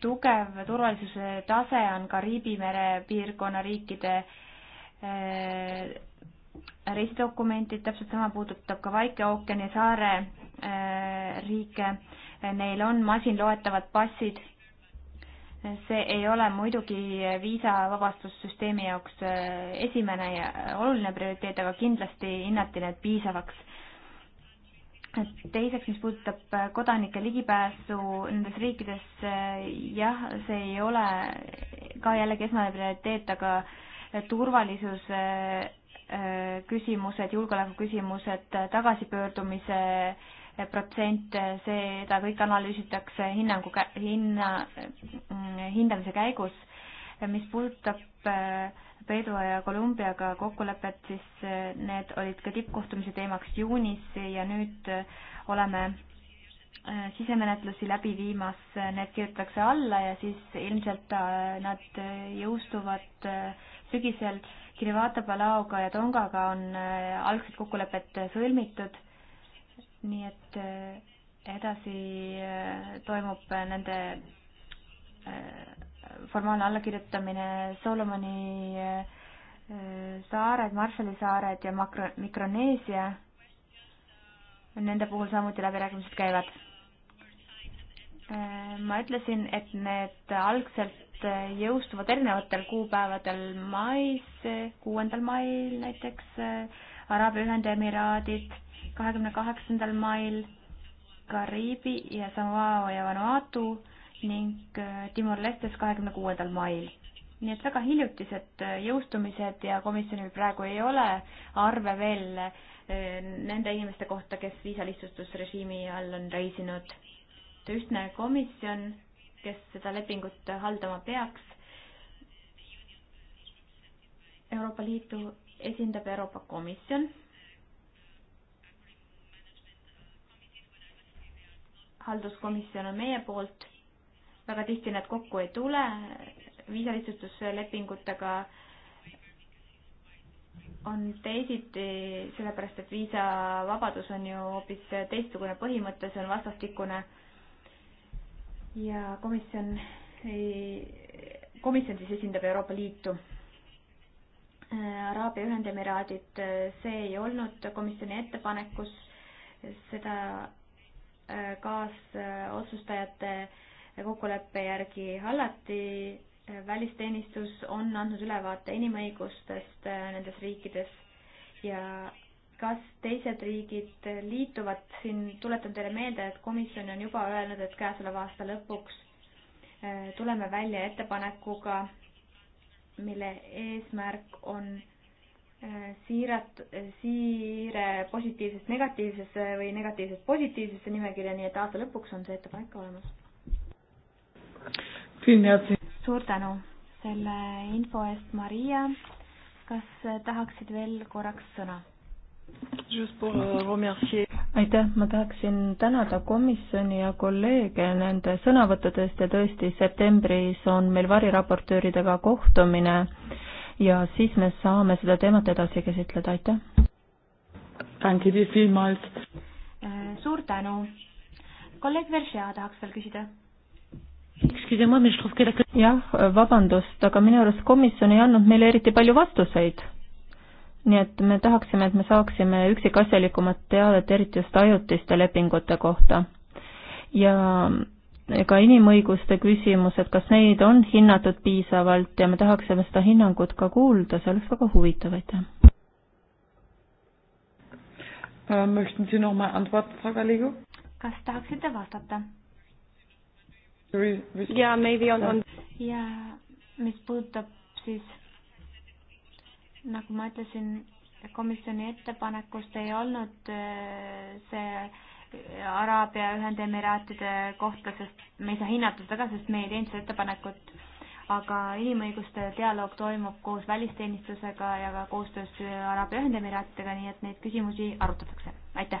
tugev turvalisuse tase on ka Riibi mere piirkonna riikide äh, reisidokumentid, täpselt sama puudutab ka Vaikse ookeani saare riike neil on masinloetavad passid. see ei ole muidugi viisavabastussüsteemi jaoks äh, esimene ja oluline prioriteet, aga kindlasti hinnati need piisavaks teiseks, mis puudutab äh, kodanike ligipääsu nendes riikides, äh, jah, see ei ole ka jällegi esmane prioriteet, aga turvalisuse küsimused, julgeoleku küsimused, tagasipöördumise äh, protsent, seda kõike analüüsitakse hinnangu, hinna, mm, hindamise käigus. mis puudutab äh, Peedu ja Kolumbiaga kokkulepet, siis äh, need olid ka tippkohtumise teemaks juunis ja nüüd äh, oleme sisemenetlusi läbi viimas, need kirjutatakse alla ja siis ilmselt nad jõustuvad sügisel. Kirivata, Palaoga ja Tongaga on algsed kokkulepped sõlmitud nii et eh, edasi eh, toimub eh, nende formaalne allakirjutamine Solomoni saared, Marshalli saared ja Makro-, Mikroneesia. Nende puhul samuti läbirääkimised käivad. ma ütlesin, et need algselt jõustuvad erinevatel kuupäevadel mais, kuuendal mail näiteks, Araabia Ühendemiraadid kahekümne kaheksandal mail Kariibi ja Samoa ja Vanuatu ning äh, Timor-Lestes kahekümne kuuendal mail. nii et väga hiljutised äh, jõustumised ja komisjonil praegu ei ole arve veel äh, nende inimeste kohta, kes viisalihtsustusrežiimi all on reisinud. ühtne komisjon, kes seda lepingut haldama peaks, Euroopa Liitu esindab Euroopa Komisjon halduskomisjon on meie poolt, väga tihti need kokku ei tule, viisalihtsustuslepingutega on teisiti, sellepärast et viisavabadus on ju hoopis teistsugune põhimõte, see on vastastikune ja komisjon ei, komisjon siis esindab Euroopa Liitu. Araabia Ühendemiraadid, see ei olnud komisjoni ettepanekus, seda kaasotsustajate kokkuleppe järgi hallati. välisteenistus on andnud ülevaate inimõigustest nendes riikides ja kas teised riigid liituvad siin, tuletan teile meelde, et komisjon on juba öelnud, et käesoleva aasta lõpuks eh, tuleme välja ettepanekuga, mille eesmärk on siirat-, siire positiivsest negatiivsesse või negatiivsest positiivsesse nimekirja, nii et aasta lõpuks on see ettepanek ka olemas. suur tänu selle info eest, Maria. kas tahaksid veel korraks sõna? Euh, aitäh, ma tahaksin tänada komisjoni ja kolleege nende sõnavõttudest ja tõesti septembris on meil variraportööridega kohtumine ja siis me saame seda teemat edasi käsitleda, aitäh! Äh, suur tänu! kolleeg Veržea tahaks veel küsida jah, vabandust, aga minu arust komisjon ei andnud meile eriti palju vastuseid. nii et me tahaksime, et me saaksime üksikasjalikumat teavet, eriti just ajutiste lepingute kohta. ja ka inimõiguste küsimused, kas neid on hinnatud piisavalt ja me tahaksime seda hinnangut ka kuulda, see oleks väga huvitav, aitäh. Ähm, möchten Sie noch mal antworten, Frau Gallego? Kas tahaksite vastata? jaa, maybe on, on. ja mis puudutab siis, nagu ma ütlesin, komisjoni ettepanekust ei olnud äh, see Araabia Ühendemiraatide kohta, sest me ei saa hinnata seda ka, sest me ei teinud seda ettepanekut, aga inimõiguste dialoog toimub koos välisteenistusega ja ka koostöös Araabia Ühendemiraatidega, nii et neid küsimusi arutatakse. aitäh!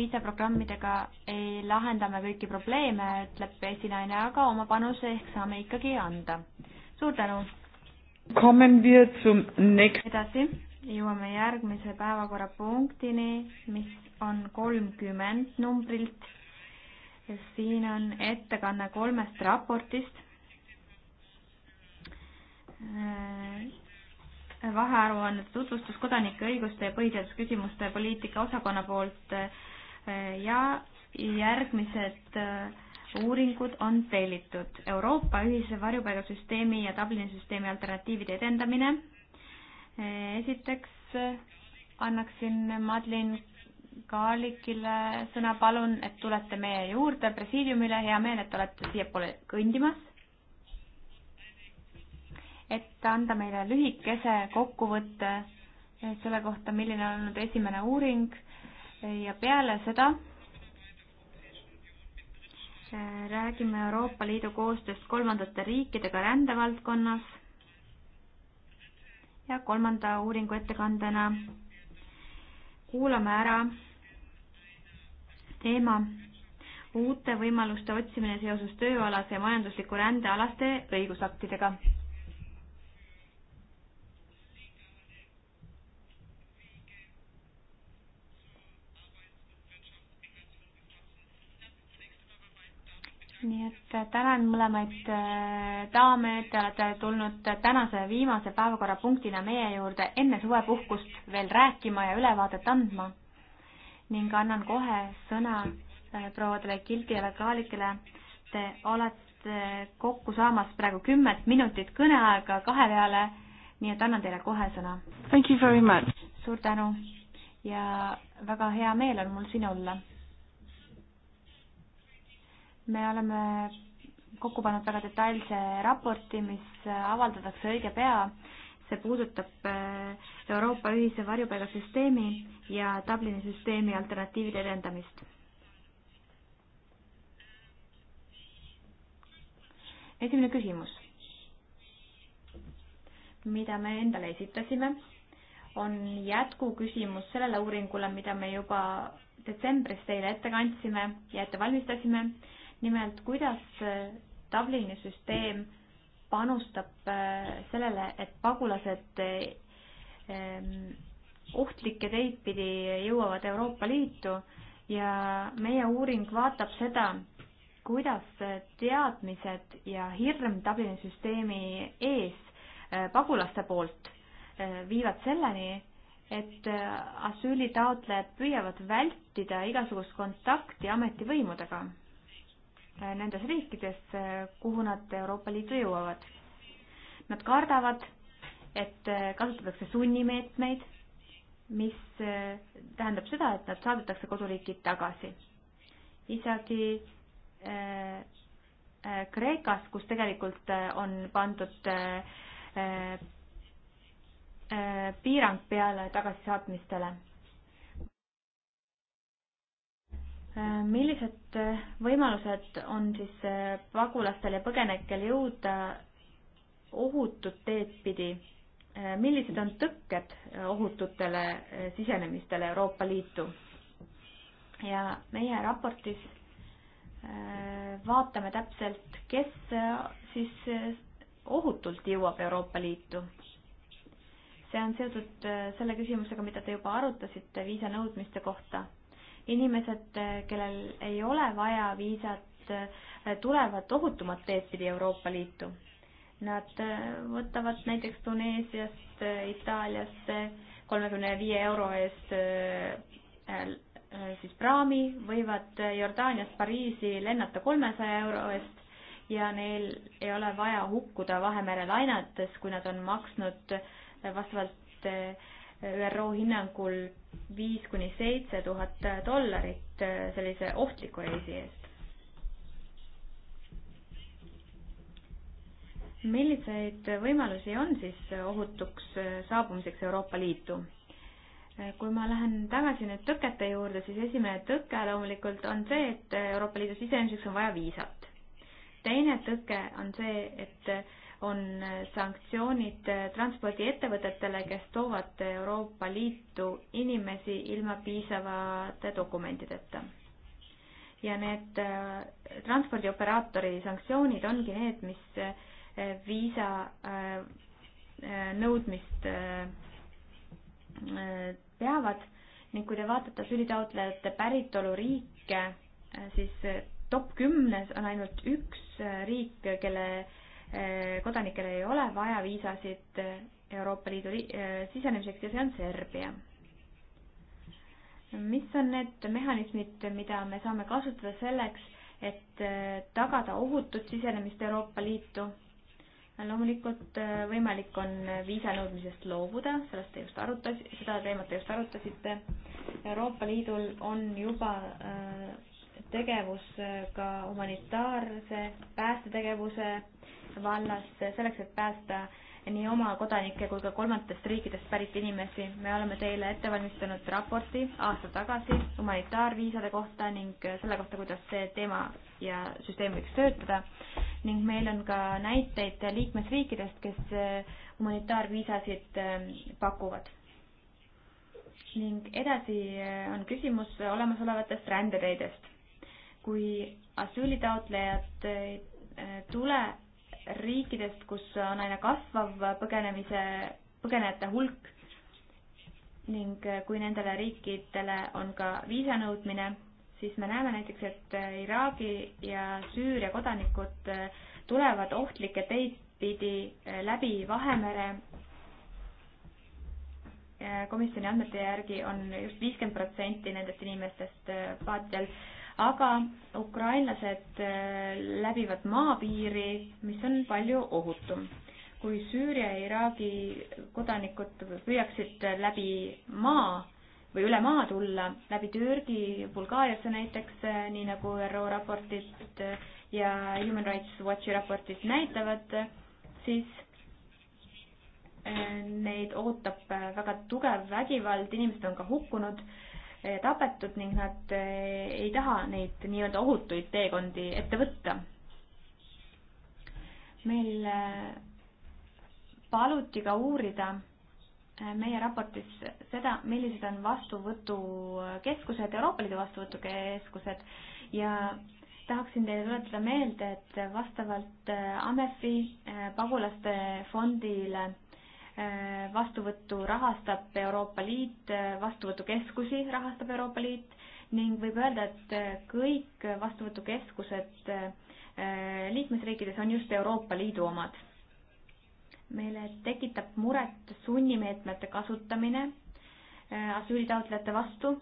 viisaprogrammidega ei lahenda me kõiki probleeme, ütleb esinaine, aga oma panuse ehk saame ikkagi anda. suur tänu! edasi jõuame järgmise päevakorrapunktini, mis on kolmkümmend numbrilt. siin on ettekanne kolmest raportist. Äh, vahearuannete tutvustus kodanike õiguste ja põhiseadusküsimuste poliitika osakonna poolt äh, ja järgmised äh, uuringud on tellitud. Euroopa ühise varjupaigasüsteemi ja Dublini süsteemi alternatiivide edendamine. esiteks annaksin Madlin Kaalikile sõna, palun, et tulete meie juurde presiidiumile, hea meel, et olete siiapoole kõndimas. et anda meile lühikese kokkuvõtte selle kohta, milline on olnud esimene uuring ja peale seda räägime Euroopa Liidu koostööst kolmandate riikidega rändevaldkonnas ja kolmanda uuringu ettekandena kuulame ära teema uute võimaluste otsimine seoses tööalase ja majandusliku rände alaste õigusaktidega nii et äh, tänan mõlemaid äh, daame, te olete tulnud tänase viimase päevakorrapunktina meie juurde enne suvepuhkust veel rääkima ja ülevaadet andma. ning annan kohe sõna äh, prouadele Kilgile ja Kaalikile. Te olete kokku saamas praegu kümmet minutit kõneaega kahe peale, nii et annan teile kohe sõna. suur tänu ja väga hea meel on mul siin olla me oleme kokku pannud väga detailse raporti, mis avaldatakse õige pea. see puudutab äh, Euroopa ühise varjupaigasüsteemi ja Dublini süsteemi alternatiivide edendamist. esimene küsimus, mida me endale esitasime, on jätkuküsimus sellele uuringule, mida me juba detsembris teile ette kandsime ja ette valmistasime nimelt, kuidas Dublini süsteem panustab äh, sellele, et pagulased ähm, ohtlikke teid pidi jõuavad Euroopa Liitu ja meie uuring vaatab seda, kuidas teadmised ja hirm Dublini süsteemi ees äh, pagulaste poolt äh, viivad selleni, et asüülitaotlejad püüavad vältida igasugust kontakti ametivõimudega Äh, nendes riikides, äh, kuhu nad Euroopa Liitu jõuavad. Nad kardavad, et äh, kasutatakse sunnimeetmeid, mis tähendab seda, et nad saadetakse koduriiki tagasi. isegi Kreekas, kus tegelikult on pandud piirang peale tagasisaatmistele millised äh, võimalused on siis äh, pagulastel ja põgenikel jõuda ohutut teed pidi? Äh, millised on tõkked ohututele sisenemistele Euroopa Liitu? ja meie raportis vaatame täpselt, kes siis ohutult jõuab Euroopa Liitu. see on seotud selle küsimusega, mida te juba arutasite viisanõudmiste kohta inimesed, eh, kellel ei ole vaja viisat, eh, tulevad ohutumat teed pidi Euroopa Liitu. Nad eh, võtavad näiteks Tuneesiast, Itaaliast kolmekümne viie euro eest siis praami, võivad Jordaaniast Pariisi lennata kolmesaja euro eest ja neil ei ole vaja hukkuda Vahemere lainetes, kui nad on maksnud vastavalt ÜRO hinnangul viis kuni seitse tuhat dollarit äh, sellise ohtliku reisi eest. milliseid võimalusi on siis ohutuks äh, saabumiseks Euroopa Liitu? Äh, kui ma lähen tagasi nüüd tõkete juurde, siis esimene tõke loomulikult on see, et Euroopa Liidu sisenemiseks on vaja viisat. teine tõke on see, et on sanktsioonid transpordiettevõtetele, kes toovad Euroopa Liitu inimesi ilma piisavate dokumentideta. ja need äh, transpordioperaatori sanktsioonid ongi need, mis äh, viisa äh, nõudmist peavad ning kui te vaatate asüülitaotlejate päritoluriike, siis top kümnes on ainult üks riik, kelle Äh, kodanikel ei ole vaja viisasid äh, Euroopa Liidu äh, sisenemiseks ja see on Serbia. mis on need mehhanismid, mida me saame kasutada selleks, et tagada ohutut sisenemist Euroopa Liitu? loomulikult võimalik on viisanõudmisest loobuda, sellest te just arutas, seda teemat te just arutasite. Euroopa Liidul on juba tegevus ka humanitaarse päästetegevuse vallas selleks, et päästa nii oma kodanikke kui ka kolmandatest riikidest pärit inimesi. me oleme teile ette valmistanud raporti aasta tagasi humanitaarviisade kohta ning selle kohta, kuidas see teema ja süsteem võiks töötada. ning meil on ka näiteid liikmesriikidest, kes eh, humanitaarviisasid eh, pakuvad. ning edasi eh, on küsimus olemasolevatest rändeteidest. kui asüülitaotlejad ei tule riikidest, kus on aina kasvav põgenemise, põgenejate hulk ning kui nendele riikidele on ka viisanõudmine, siis me näeme näiteks, et Iraagi ja Süüria kodanikud tulevad ohtlikke teid pidi läbi Vahemere komisjoni andmete järgi on just viiskümmend protsenti nendest inimestest paatidel aga ukrainlased äh, läbivad maapiiri, mis on palju ohutum. kui Süüria ja Iraagi kodanikud püüaksid läbi maa või üle maa tulla, läbi Türgi, Bulgaariasse näiteks, äh, nii nagu ÜRO raportid äh, ja Human Rights Watchi raportid näitavad, siis neid ootab väga tugev vägivald, inimesed on ka hukkunud Eh, tapetud ning nad eh, ei taha neid nii-öelda ohutuid teekondi ette võtta. meil eh, paluti ka uurida meie raportis seda, millised on vastuvõtukeskused, Euroopa Liidu vastuvõtukeskused ja tahaksin teile tuletada meelde, et vastavalt AMEF-i pagulaste fondile Äh, vastuvõttu rahastab Euroopa Liit, äh, vastuvõtukeskusi rahastab Euroopa Liit ning võib öelda, et äh, kõik vastuvõtukeskused liikmesriikides on just Euroopa Liidu omad. meile tekitab muret sunnimeetmete kasutamine asüülitaotlejate vastu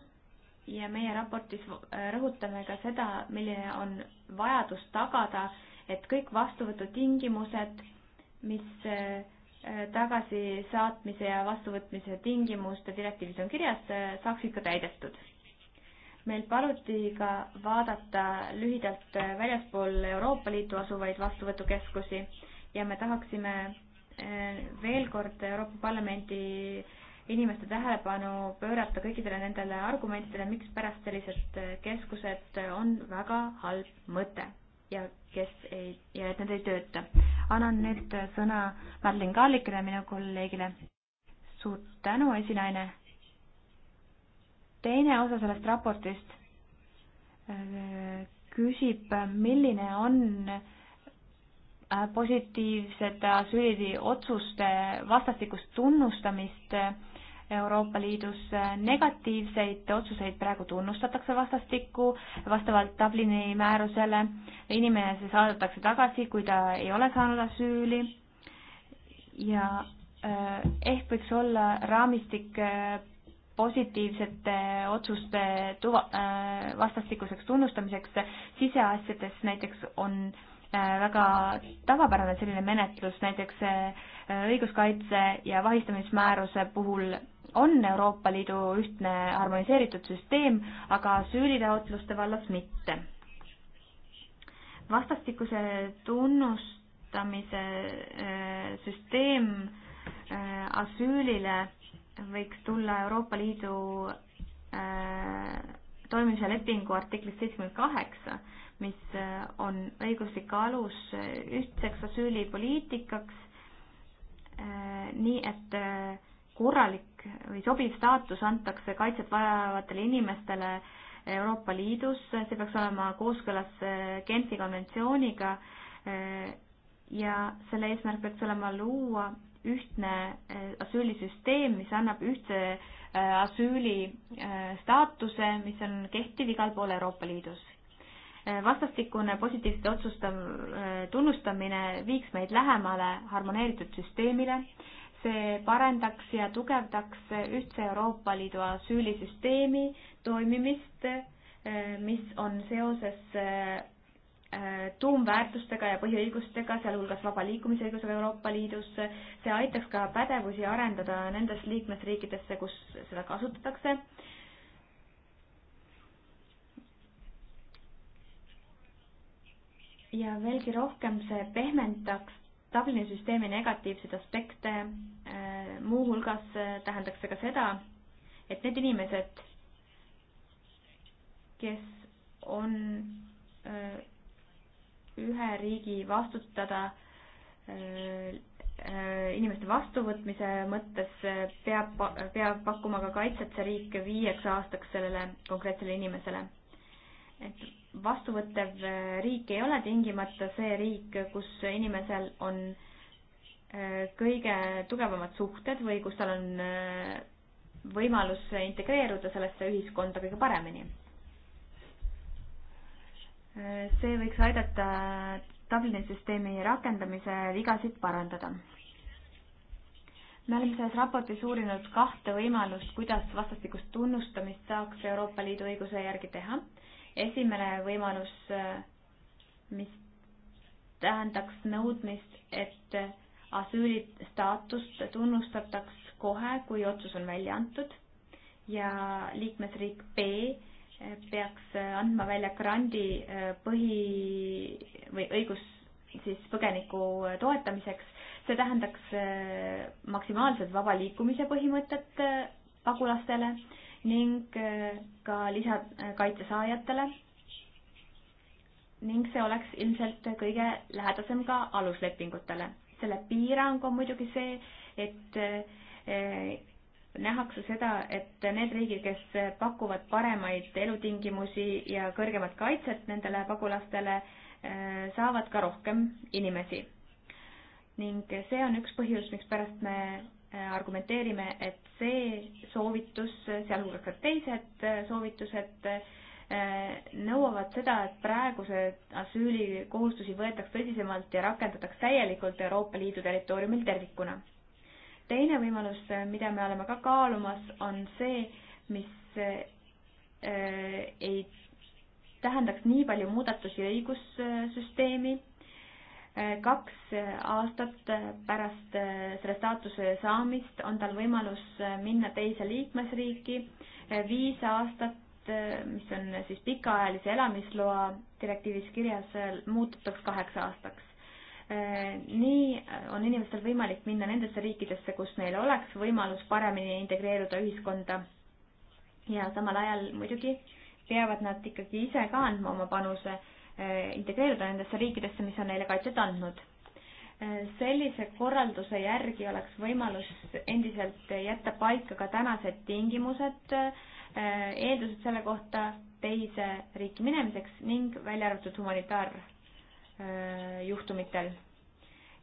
ja meie raportis rõhutame ka seda, milline on vajadus tagada, et kõik vastuvõtutingimused, mis Äh, tagasisaatmise ja vastuvõtmise tingimuste direktiivis on kirjas, äh, saaksid ka täidetud. meil paluti ka vaadata lühidalt äh, väljaspool Euroopa Liitu asuvaid vastuvõtukeskusi ja me tahaksime veel kord Euroopa Parlamendi inimeste tähelepanu pöörata kõikidele nendele argumentidele, mikspärast sellised keskused on väga halb mõte ja kes ei, ja et need ei tööta. annan nüüd sõna Madlen Kallikile, minu kolleegile. suur tänu, esinaine. teine osa sellest raportist äh, küsib, milline on äh, positiivsete asüüli otsuste vastastikust tunnustamist äh, Euroopa Liidus negatiivseid otsuseid praegu tunnustatakse vastastikku vastavalt Dublini määrusele. inimene see saadetakse tagasi, kui ta ei ole saanud asüüli. ja eh, ehk võiks olla raamistik eh, positiivsete otsuste tuva-, eh, vastastikuseks tunnustamiseks siseasjades näiteks on väga tavapärane selline menetlus, näiteks õiguskaitse ja vahistamismääruse puhul on Euroopa Liidu ühtne harmoniseeritud süsteem, aga asüülitaotluste vallas mitte. vastastikuse tunnustamise äh, süsteem äh, asüülile võiks tulla Euroopa Liidu äh, toimimise lepingu artiklist seitsekümmend kaheksa, mis on õiguslik alus ühtseks asüülipoliitikaks, nii et korralik või sobiv staatus antakse kaitset vajavatele inimestele Euroopa Liidus, see peaks olema kooskõlas äh, Genfi konventsiooniga äh, ja selle eesmärk peaks olema luua ühtne äh, asüülisüsteem, mis annab ühtse asüüli staatuse, mis on kehtiv igal pool Euroopa Liidus vastastikune positiivsete otsuste tunnustamine viiks meid lähemale harmoneeritud süsteemile, see parendaks ja tugevdaks ühtse Euroopa Liidu asüülisüsteemi toimimist, eh, mis on seoses eh, tuumväärtustega ja põhiõigustega, sealhulgas vaba liikumisõigusega Euroopa Liidus. see aitaks ka pädevusi arendada nendes liikmesriikidesse, kus seda kasutatakse. ja veelgi rohkem see pehmendaks Dublini süsteemi negatiivseid aspekte, äh, muuhulgas äh, tähendaks see ka seda, et need inimesed, kes on äh, ühe riigi vastutada inimeste vastuvõtmise mõttes, peab, peab pakkuma ka kaitset see riik viieks aastaks sellele konkreetsele inimesele. et vastuvõttev riik ei ole tingimata see riik, kus inimesel on äh, kõige tugevamad suhted või kus tal on äh, võimalus integreeruda sellesse ühiskonda kõige paremini. Äh, see võiks aidata Dublini süsteemi rakendamise vigasid parandada. me oleme selles raportis uurinud kahte võimalust, kuidas vastastikust tunnustamist saaks Euroopa Liidu õiguse järgi teha esimene võimalus, mis tähendaks nõudmist, et asüüli staatust tunnustataks kohe, kui otsus on välja antud ja liikmesriik B peaks andma välja grandi äh, põhi või õigus siis põgeniku äh, toetamiseks. see tähendaks äh, maksimaalselt vaba liikumise põhimõtet pagulastele ning äh, ka lisakaitse saajatele. ning see oleks ilmselt kõige lähedasem ka aluslepingutele. selle piirang on muidugi see, et äh, nähakse seda, et need riigid, kes pakuvad paremaid elutingimusi ja kõrgemat kaitset nendele pagulastele, äh, saavad ka rohkem inimesi. ning see on üks põhjus, mikspärast me argumenteerime, et see soovitus, sealhulgas ka teised äh, soovitused, äh, nõuavad seda, et praegused asüülikohustusi võetaks tõsisemalt ja rakendataks täielikult Euroopa Liidu territooriumil tervikuna. teine võimalus, äh, mida me oleme ka kaalumas, on see, mis ei tähendaks nii palju muudatusi õigussüsteemi kaks aastat pärast selle staatuse saamist on tal võimalus minna teise liikmesriiki, viis aastat, mis on siis pikaajalise elamisloa direktiivis kirjas, muututakse kaheks aastaks. nii on inimestel võimalik minna nendesse riikidesse, kus neil oleks võimalus paremini integreeruda ühiskonda. ja samal ajal muidugi peavad nad ikkagi ise ka andma oma panuse Äh, integreeruda nendesse riikidesse, mis on neile kaitset andnud. Äh, sellise korralduse järgi oleks võimalus endiselt jätta paika ka tänased tingimused, äh, eeldused selle kohta teise riiki minemiseks ning välja arvatud humanitaarjuhtumitel.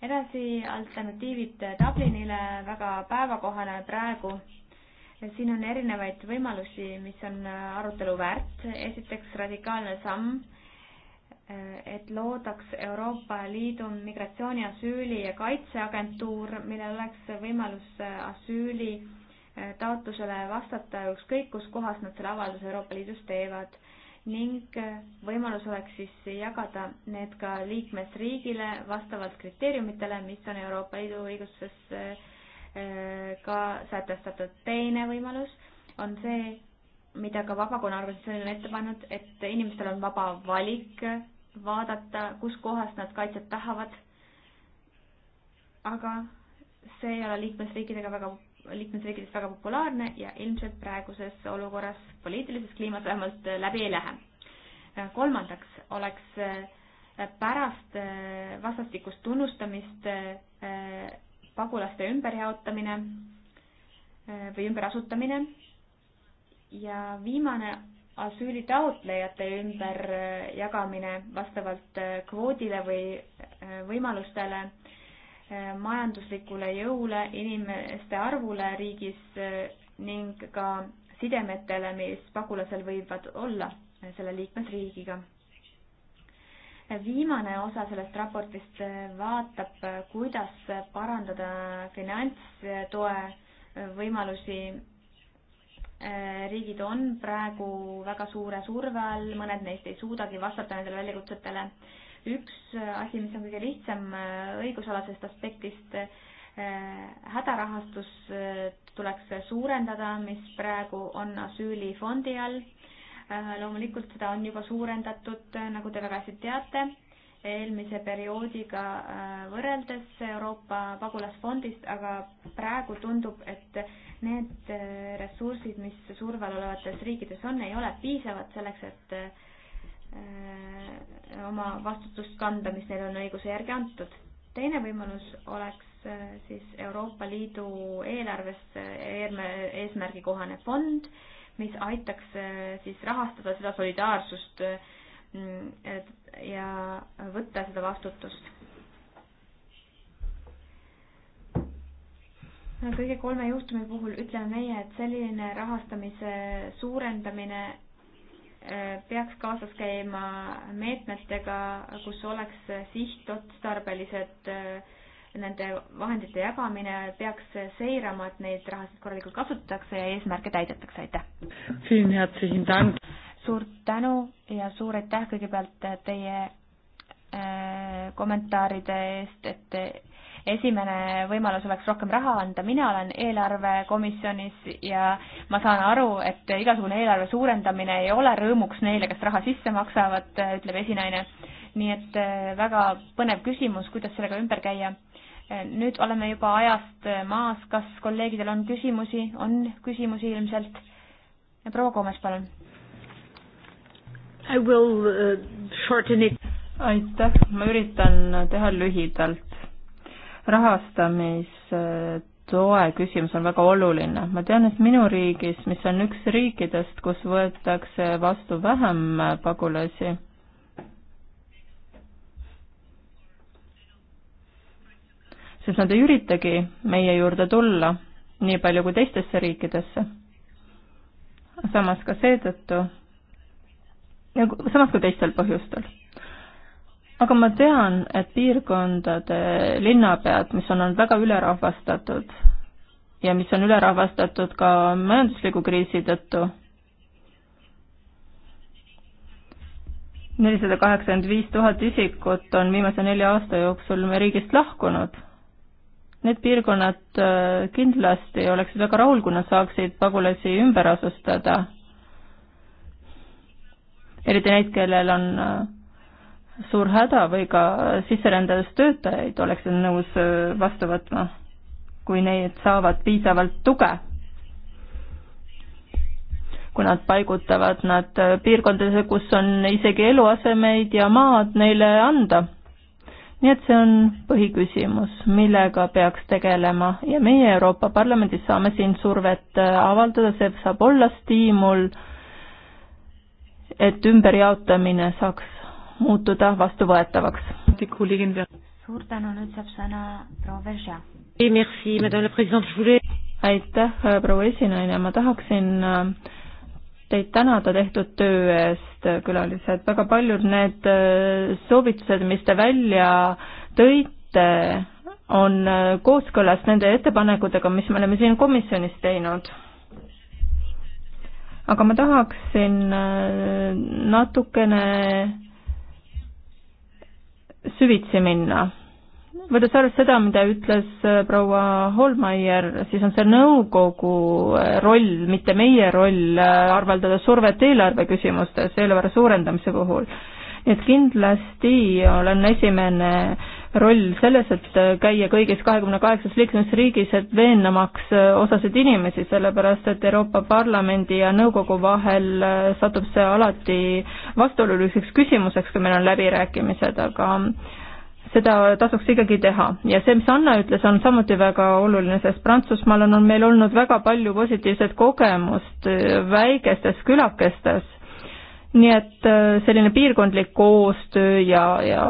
edasi alternatiivid Dublinile, väga päevakohane praegu siin on erinevaid võimalusi, mis on arutelu väärt. esiteks radikaalne samm et loodaks Euroopa Liidu migratsiooni, asüüli ja kaitseagentuur, millel oleks võimalus asüüli äh, taotlusele vastata ükskõik, kus kohas nad selle avalduse Euroopa Liidus teevad ning äh, võimalus oleks siis jagada need ka liikmesriigile vastavalt kriteeriumitele, mis on Euroopa Liidu õiguses äh, ka sätestatud. teine võimalus on see, mida ka vabakonna organisatsioonid on ette pannud, et inimestel on vaba valik vaadata, kus kohas nad kaitset tahavad. aga see ei ole liikmesriikidega väga, liikmesriikides väga populaarne ja ilmselt praeguses olukorras, poliitilises kliimas vähemalt läbi ei lähe. kolmandaks oleks eh, pärast eh, vastastikust tunnustamist eh, pagulaste ümberjaotamine või ümberasutamine ja viimane asüülitaotlejate ümberjagamine äh, vastavalt äh, kvoodile või äh, võimalustele, majanduslikule jõule, inimeste arvule riigis ning ka sidemetele, mis pagulasel võivad olla selle liikmesriigiga. viimane osa sellest raportist vaatab, kuidas parandada finantstoe võimalusi Äh, riigid on praegu väga suure surve all, mõned neist ei suudagi vastata nendele väljakutsetele. üks äh, asi, mis on kõige lihtsam äh, õigusalasest aspektist, hädarahastus tuleks suurendada, mis praegu on asüülifondi all. loomulikult seda on juba suurendatud, nagu te väga hästi teate eelmise perioodiga äh, võrreldes Euroopa pagulasfondist, aga praegu tundub, et need äh, ressursid, mis survel olevates riikides on, ei ole piisavad selleks, et äh, oma vastutust kanda, mis neile on õiguse järgi antud. teine võimalus oleks siis Euroopa Liidu eelarvest eesmärgikohane fond, mis aitaks siis rahastada seda solidaarsust, Mm, ja võtta seda vastutust. kõige kolme juhtumi puhul ütleme meie, et selline rahastamise suurendamine eh, peaks kaasas käima meetmetega, kus oleks sihtotstarbelised eh, nende vahendite jagamine, peaks seirama, et neid rahasid korralikult kasutatakse ja eesmärke täidetakse, aitäh! suur tänu ja suur aitäh kõigepealt teie äh, kommentaaride eest, et esimene võimalus oleks rohkem raha anda, mina olen eelarvekomisjonis ja ma saan aru, et igasugune eelarve suurendamine ei ole rõõmuks neile, kes raha sisse maksavad, ütleb esinaine. nii et äh, väga põnev küsimus, kuidas sellega ümber käia. Äh, nüüd oleme juba ajast maas, kas kolleegidel on küsimusi, on küsimusi ilmselt? proua Koomes, palun I will uh, shorten it. aitäh, ma üritan teha lühidalt. rahastamistoe küsimus on väga oluline. ma tean, et minu riigis, mis on üks riikidest, kus võetakse vastu vähem pagulasi, sest nad ei üritagi meie juurde tulla nii palju kui teistesse riikidesse. samas ka seetõttu, samas kui teistel põhjustel. aga ma tean, et piirkondade linnapead, mis on olnud väga ülerahvastatud ja mis on ülerahvastatud ka majandusliku kriisi tõttu, nelisada kaheksakümmend viis tuhat isikut on viimase nelja aasta jooksul me riigist lahkunud. Need piirkonnad äh, kindlasti oleksid väga rahul, kui nad saaksid pagulasi ümber asustada eriti neid, kellel on äh, suur häda või ka sisserändajast töötajaid oleksin nõus äh, vastu võtma, kui need saavad piisavalt tuge. kui nad paigutavad nad äh, piirkondadesse, kus on isegi eluasemeid ja maad neile anda. nii et see on põhiküsimus, millega peaks tegelema ja meie Euroopa Parlamendis saame siin survet avaldada, see saab olla stiimul äh, et ümberjaotamine saaks muutuda vastuvõetavaks. suur tänu, nüüd saab sõna proua Veržia. aitäh, proua esinaine, ma tahaksin äh, teid tänada tehtud töö eest, äh, külalised, väga paljud need äh, soovitused, mis te välja tõite, on kooskõlas nende ettepanekutega, mis me oleme siin komisjonis teinud aga ma tahaksin äh, natukene süvitsi minna. võttes arvesse seda, mida ütles äh, proua Holmeier, siis on see nõukogu äh, roll, mitte meie roll, arveldada survet eelarve küsimustes, eelarve suurendamise puhul. nii et kindlasti olen esimene äh, roll selles, et äh, käia kõigis kahekümne kaheksas liikmesriigis, et veenamaks äh, osasid inimesi, sellepärast et Euroopa Parlamendi ja nõukogu vahel äh, satub see alati vastuoluliseks küsimuseks, kui meil on läbirääkimised, aga seda tasuks ikkagi teha ja see, mis Anna ütles, on samuti väga oluline, sest Prantsusmaal on, on meil olnud väga palju positiivset kogemust väikestes külakestes nii et äh, selline piirkondlik koostöö ja, ja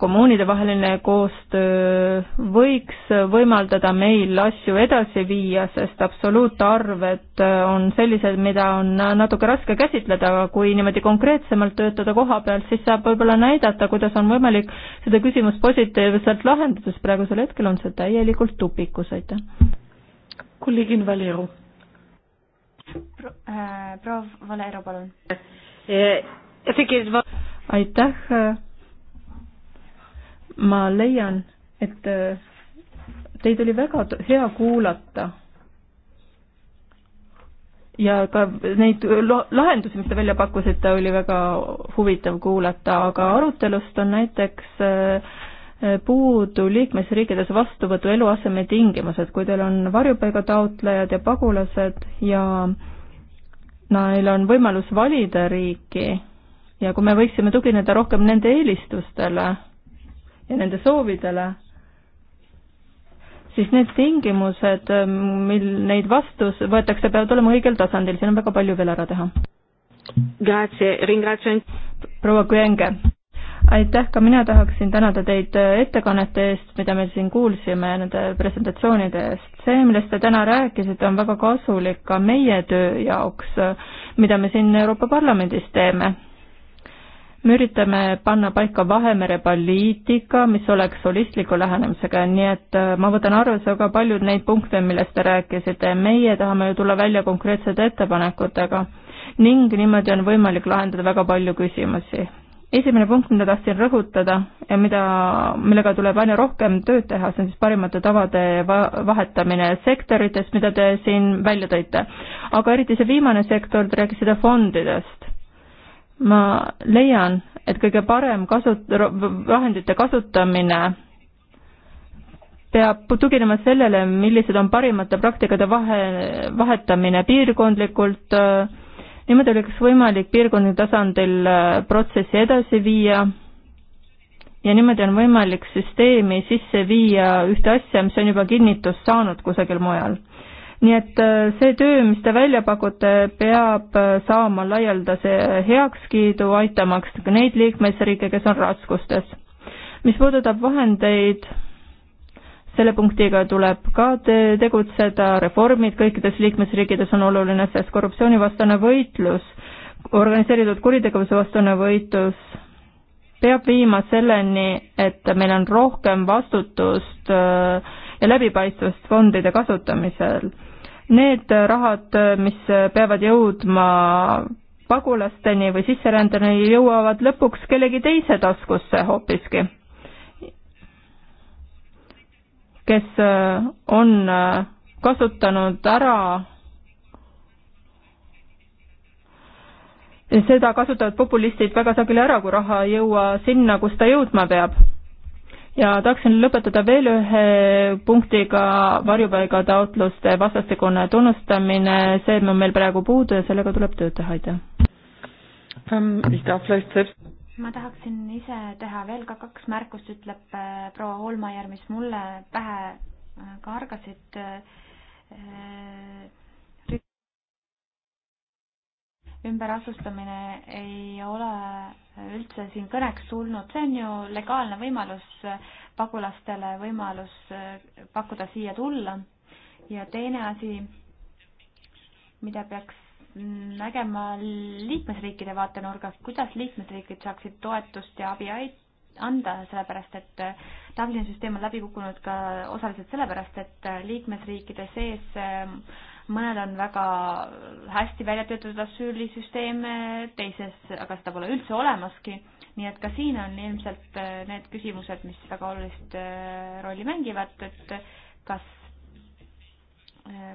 kommuunide vaheline koostöö võiks võimaldada meil asju edasi viia, sest absoluutarved äh, on sellised, mida on natuke raske käsitleda, aga kui niimoodi konkreetsemalt töötada koha peal, siis saab võib-olla näidata, kuidas on võimalik seda küsimust positiivselt lahendada, sest praegusel hetkel on see täielikult tupikus, aitäh. kolleeg Invalero Pro,. Äh, proua äh, Valero, palun Eh, aitäh. ma leian, et eh, teid oli väga hea kuulata. ja ka neid lahendusi, mis te välja pakkusite, oli väga huvitav kuulata, aga arutelust on näiteks eh, puudu liikmesriikides vastuvõtu eluaseme tingimused, kui teil on varjupaigataotlejad ja pagulased ja äh, neil on võimalus valida riiki ja kui me võiksime tugineda rohkem nende eelistustele ja nende soovidele, siis need tingimused, mil neid vastus võetakse, peavad olema õigel tasandil, siin on väga palju veel ära teha. proua Kuenge, aitäh, ka mina tahaksin tänada teid äh, ettekannete eest, mida me siin kuulsime, nende presentatsioonide eest see, millest te täna rääkisite, on väga kasulik ka meie töö jaoks, mida me siin Euroopa Parlamendis teeme. me üritame panna paika Vahemere poliitika, mis oleks holistliku lähenemisega, nii et äh, ma võtan arvesse väga paljud neid punkte, millest te rääkisite, meie tahame ju tulla välja konkreetsete ettepanekutega ning niimoodi on võimalik lahendada väga palju küsimusi esimene punkt, mida tahtsin rõhutada ja mida, millega tuleb aina rohkem tööd teha, see on siis parimate tavade va-, vahetamine sektorites, mida te siin välja tõite. aga eriti see viimane sektor, te rääkisite fondidest. ma leian, et kõige parem kasut-, vahendite kasutamine peab tuginema sellele, millised on parimate praktikade vahe, vahetamine piirkondlikult äh,, niimoodi oleks võimalik piirkonna tasandil äh, protsessi edasi viia ja niimoodi on võimalik süsteemi sisse viia ühte asja, mis on juba kinnitust saanud kusagil mujal. nii et äh, see töö, mis te välja pakute, peab äh, saama laialdase heakskiidu, aitamaks ka neid liikmesriike, kes on raskustes. mis puudutab vahendeid selle punktiga tuleb ka te tegutseda, reformid kõikides liikmesriikides on oluline, sest korruptsioonivastane võitlus, organiseeritud kuritegevuse vastane võitlus peab viima selleni, et meil on rohkem vastutust äh, ja läbipaistvust fondide kasutamisel. Need rahad, mis peavad jõudma pagulasteni või sisserändeni, jõuavad lõpuks kellegi teise taskusse hoopiski kes äh, on äh, kasutanud ära seda kasutavad populistid väga sageli ära, kui raha ei jõua sinna, kus ta jõudma peab. ja tahaksin lõpetada veel ühe punktiga, varjupaigataotluste vastastikune tunnustamine, see on meil praegu puudu ja sellega tuleb tööd teha, aitäh. Ähm, ma tahaksin ise teha veel ka kaks märkust, ütleb äh, proua Holmajärv, mis mulle pähe äh, kargasid. Äh, ümberasustamine ei ole üldse siin kõneks tulnud, see on ju legaalne võimalus pagulastele, võimalus pakkuda siia tulla. ja teine asi, mida peaks nägema liikmesriikide vaatenurgast, kuidas liikmesriigid saaksid toetust ja abi anda, sellepärast et äh, Dublini süsteem on läbi kukkunud ka osaliselt sellepärast, et äh, liikmesriikide sees ähm, mõnel on väga hästi välja töötatud asüülisüsteem, äh, teises aga seda pole üldse olemaski. nii et ka siin on ilmselt need küsimused, mis väga olulist rolli mängivad, et kas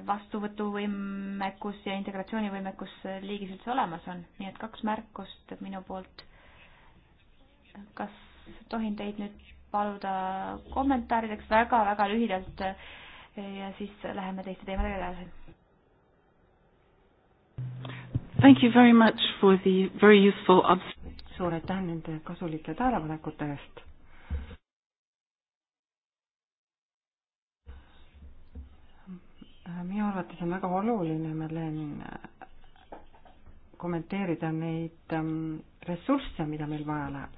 vastuvõtuvõimekus ja integratsioonivõimekus liigis üldse olemas on, nii et kaks märkust minu poolt. kas tohin teid nüüd paluda kommentaarideks väga-väga lühidalt ja siis läheme teiste teemadega edasi? Thank you very much for the very useful suur aitäh nende kasulike tähelepanekute eest minu arvates on väga oluline, Madlen, kommenteerida neid ähm, ressursse, mida meil vaja läheb.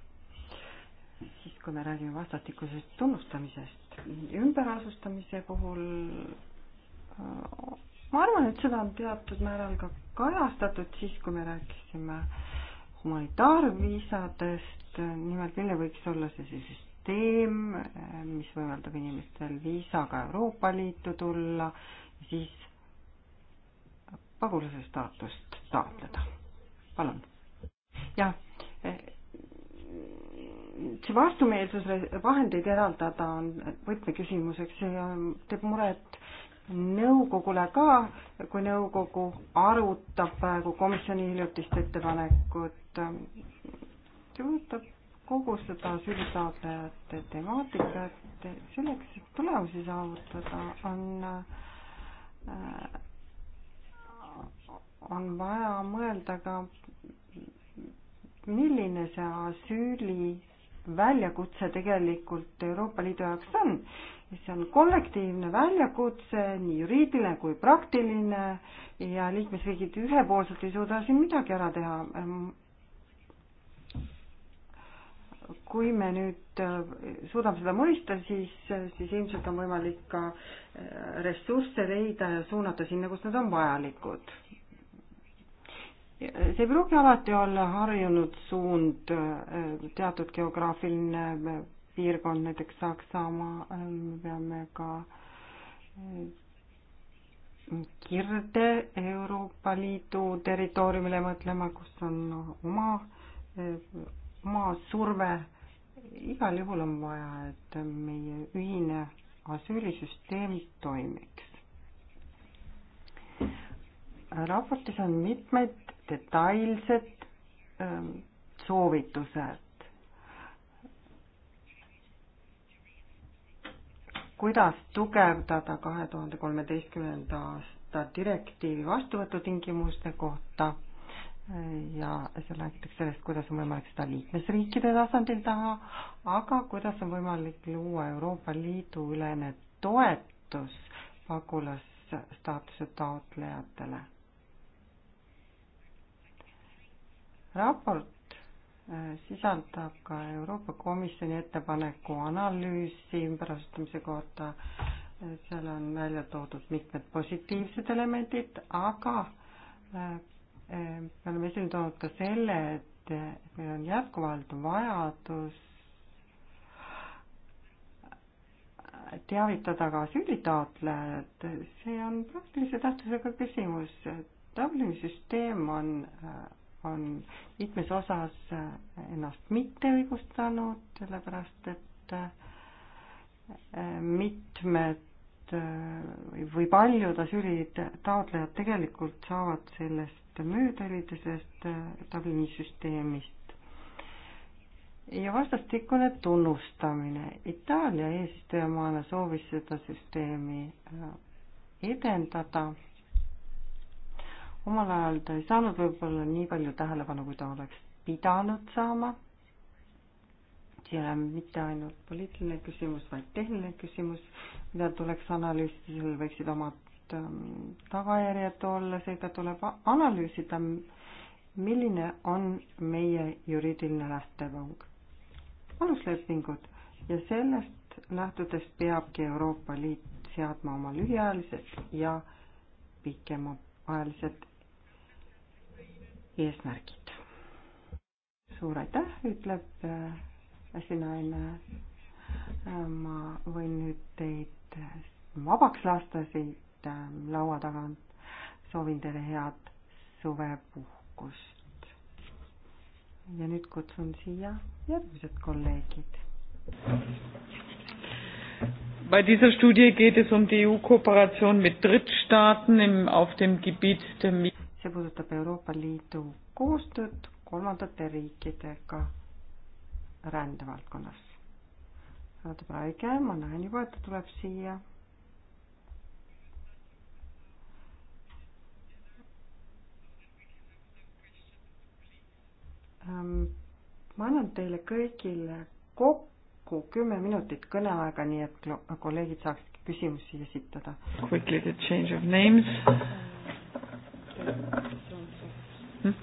siis, kui me räägime vastastikusest tunnustamisest, ümberasustamise puhul äh, ma arvan, et seda on teatud määral ka kajastatud siis, kui me rääkisime humanitaarviisadest, nimelt mille võiks olla see siis süsteem, mis võimaldab inimestel viisaga Euroopa Liitu tulla siis pagulase staatust taotleda. palun. jah, see vastumeelsuse vahendeid eraldada on võtmeküsimuseks, see teeb muret nõukogule ka, kui nõukogu arutab praegu komisjoni hiljutist ettepanekut. see puudutab kogu seda süüditaotlejate temaatikat, selleks, et tulemusi saavutada, on äh, Äh, on vaja mõelda ka, milline see asüüli väljakutse tegelikult Euroopa Liidu jaoks on. see on kollektiivne väljakutse, nii juriidiline kui praktiline ja liikmesriigid ühepoolselt ei suuda siin midagi ära teha kui me nüüd äh, suudame seda mõista, siis, siis ilmselt on võimalik ka äh, ressursse leida ja suunata sinna, kus nad on vajalikud. see ei pruugi alati olla harjunud suund, äh, teatud geograafiline piirkond, näiteks Saksamaa, me peame ka Kirde Euroopa Liidu territooriumile mõtlema, kus on oma maasurve. igal juhul on vaja, et meie ühine asüülisüsteem toimiks. raportis on mitmed detailsed ähm, soovitused. kuidas tugevdada kahe tuhande kolmeteistkümnenda aasta direktiivi vastuvõtutingimuste kohta ja seal räägitakse sellest, kuidas on võimalik seda liikmesriikide tasandil taha, aga kuidas on võimalik luua Euroopa Liidu ülene toetus pagulasstaatuse taotlejatele. raport äh, sisaldab ka Euroopa Komisjoni ettepaneku analüüsi ümberasustamise kohta, äh, seal on välja toodud mitmed positiivsed elemendid, aga äh, Ehm, me oleme esile toonud ka selle, et, et meil on jätkuvalt vajadus teavitada ka süülitaotlejad, see on praktilise tähtsusega küsimus. Dublini süsteem on, on mitmes osas ennast mitte õigustanud, sellepärast et eh, mitmed eh, või paljud asüülitaotlejad tegelikult saavad sellest et mööda hiilida sellest Dublini äh, süsteemist ja vastastikune tunnustamine. Itaalia eesistujamaana soovis seda süsteemi äh, edendada. omal ajal ta ei saanud võib-olla nii palju tähelepanu, kui ta oleks pidanud saama. see ei ole mitte ainult poliitiline küsimus, vaid tehniline küsimus, mida tuleks analüüsida, sellel võiksid omad Ähm, tagajärjed olla, seega tuleb analüüsida, milline on meie juriidiline lähtepunkt, aluslepingud ja sellest lähtudes peabki Euroopa Liit seadma oma lühiajalised ja pikemaajalised eesmärgid. suur aitäh, ütleb äh, esinaine. Äh, ma võin nüüd teid vabaks lasta siit Ähm, laua tagant. soovin teile head suvepuhkust. ja nüüd kutsun siia järgmised kolleegid. Bei dieser Studie geht es um die EU-Kooperation mit Drittstaaten im, auf dem Gebiet der see puudutab Euroopa Liidu koostööd kolmandate riikidega rändevaldkonnas. härra Tõbraige, ma näen juba, et ta tuleb siia Ähm, ma annan teile kõigile kokku kümme minutit kõneaega, nii et kolleegid saaksid küsimusi esitada. Quickly the change of names hmm?.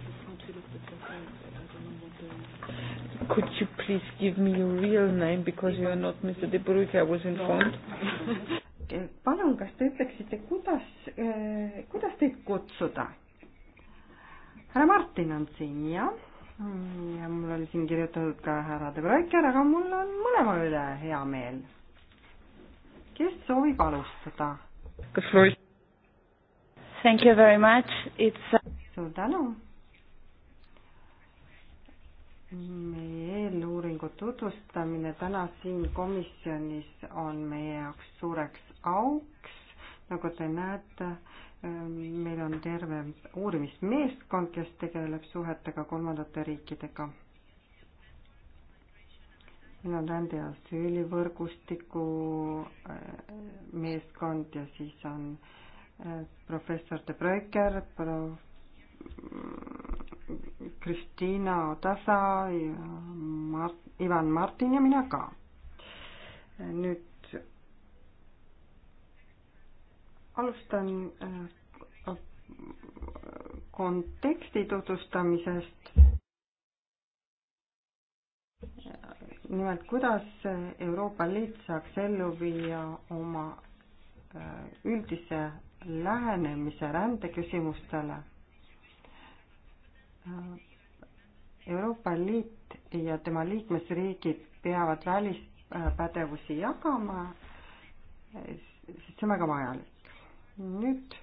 Could you please give me your real name because you are not Mr De Bruyke, I was informed palun, kas te ütleksite, kuidas, äh, kuidas teid kutsuda? härra Martin on siin, jah? ja mul oli siin kirjutatud ka härra De Brecker, aga mul on mõlema üle hea meel. kes soovib alustada? kas või? Thank you very much, it's uh, suur tänu. meie eeluuringu tutvustamine täna siin komisjonis on meie jaoks suureks auks, nagu te näete Ehm, meil on terve uurimismeeskond, kes tegeleb suhetega kolmandate riikidega. meil on rände- ja asüülivõrgustiku ehm, meeskond ja siis on ehm, professor De Breuker, pro-, Kristiina Odasa ja Mart-, Ivan Martin ja mina ka. nüüd alustan äh, äh, konteksti tutvustamisest. nimelt, kuidas Euroopa Liit saaks ellu viia oma äh, üldise lähenemise rändeküsimustele. Euroopa Liit ja tema liikmesriigid peavad välispädevusi jagama, sest see on väga vajalik nüüd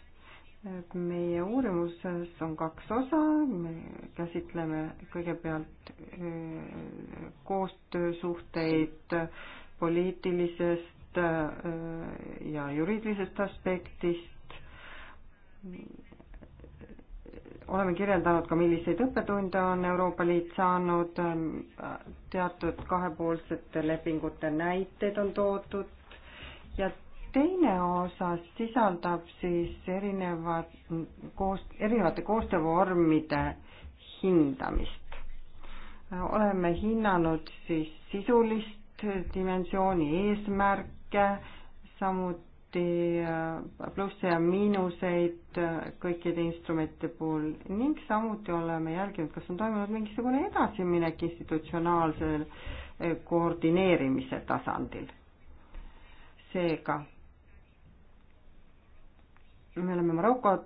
meie uurimuses on kaks osa, me käsitleme kõigepealt äh, koostöösuhteid poliitilisest äh, ja juriidilisest aspektist. oleme kirjeldanud ka, milliseid õppetunde on Euroopa Liit saanud, teatud kahepoolsete lepingute näiteid on toodud ja teine osa sisaldab siis erinevad koos, erinevate koostöövormide hindamist. oleme hinnanud siis sisulist dimensiooni eesmärke, samuti äh, plusse ja miinuseid äh, kõikide instrumentide puhul ning samuti oleme jälginud, kas on toimunud mingisugune edasiminek institutsionaalsel äh, koordineerimise tasandil seega me oleme Marokot,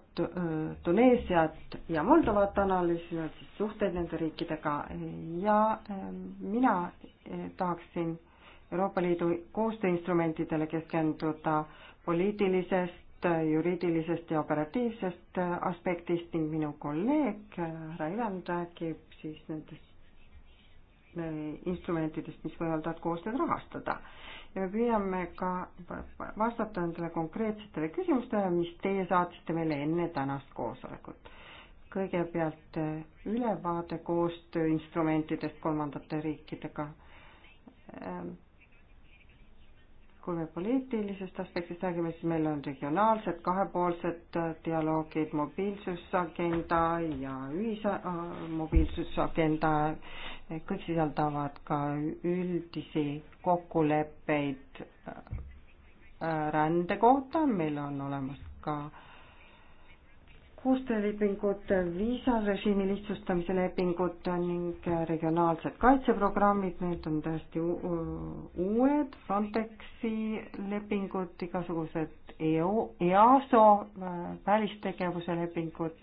Tuneesiat ja Moldovat analüüsinud, siis suhteid nende riikidega ja mina tahaksin Euroopa Liidu koostööinstrumentidele keskenduda poliitilisest, juriidilisest ja operatiivsest aspektist ning minu kolleeg härra Ülem räägib siis nendest instrumentidest, mis võimaldavad koostööd rahastada ja me püüame ka vastata nendele konkreetsetele küsimustele, mis teie saatsite meile enne tänast koosolekut. kõigepealt eh, ülevaade koostööinstrumentidest kolmandate riikidega ehm, kui me poliitilisest aspektist räägime, siis meil on regionaalsed kahepoolsed äh, dialoogid, mobiilsusagenda ja ühise äh, mobiilsusagenda, kõik sisaldavad ka üldisi kokkuleppeid äh, rände kohta, meil on olemas ka äh, koostöölepingud, viisarežiimi lihtsustamise lepingud ning regionaalsed kaitseprogrammid, need on täiesti uued, Frontexi lepingud, igasugused EO, EASO äh, välistegevuse lepingud.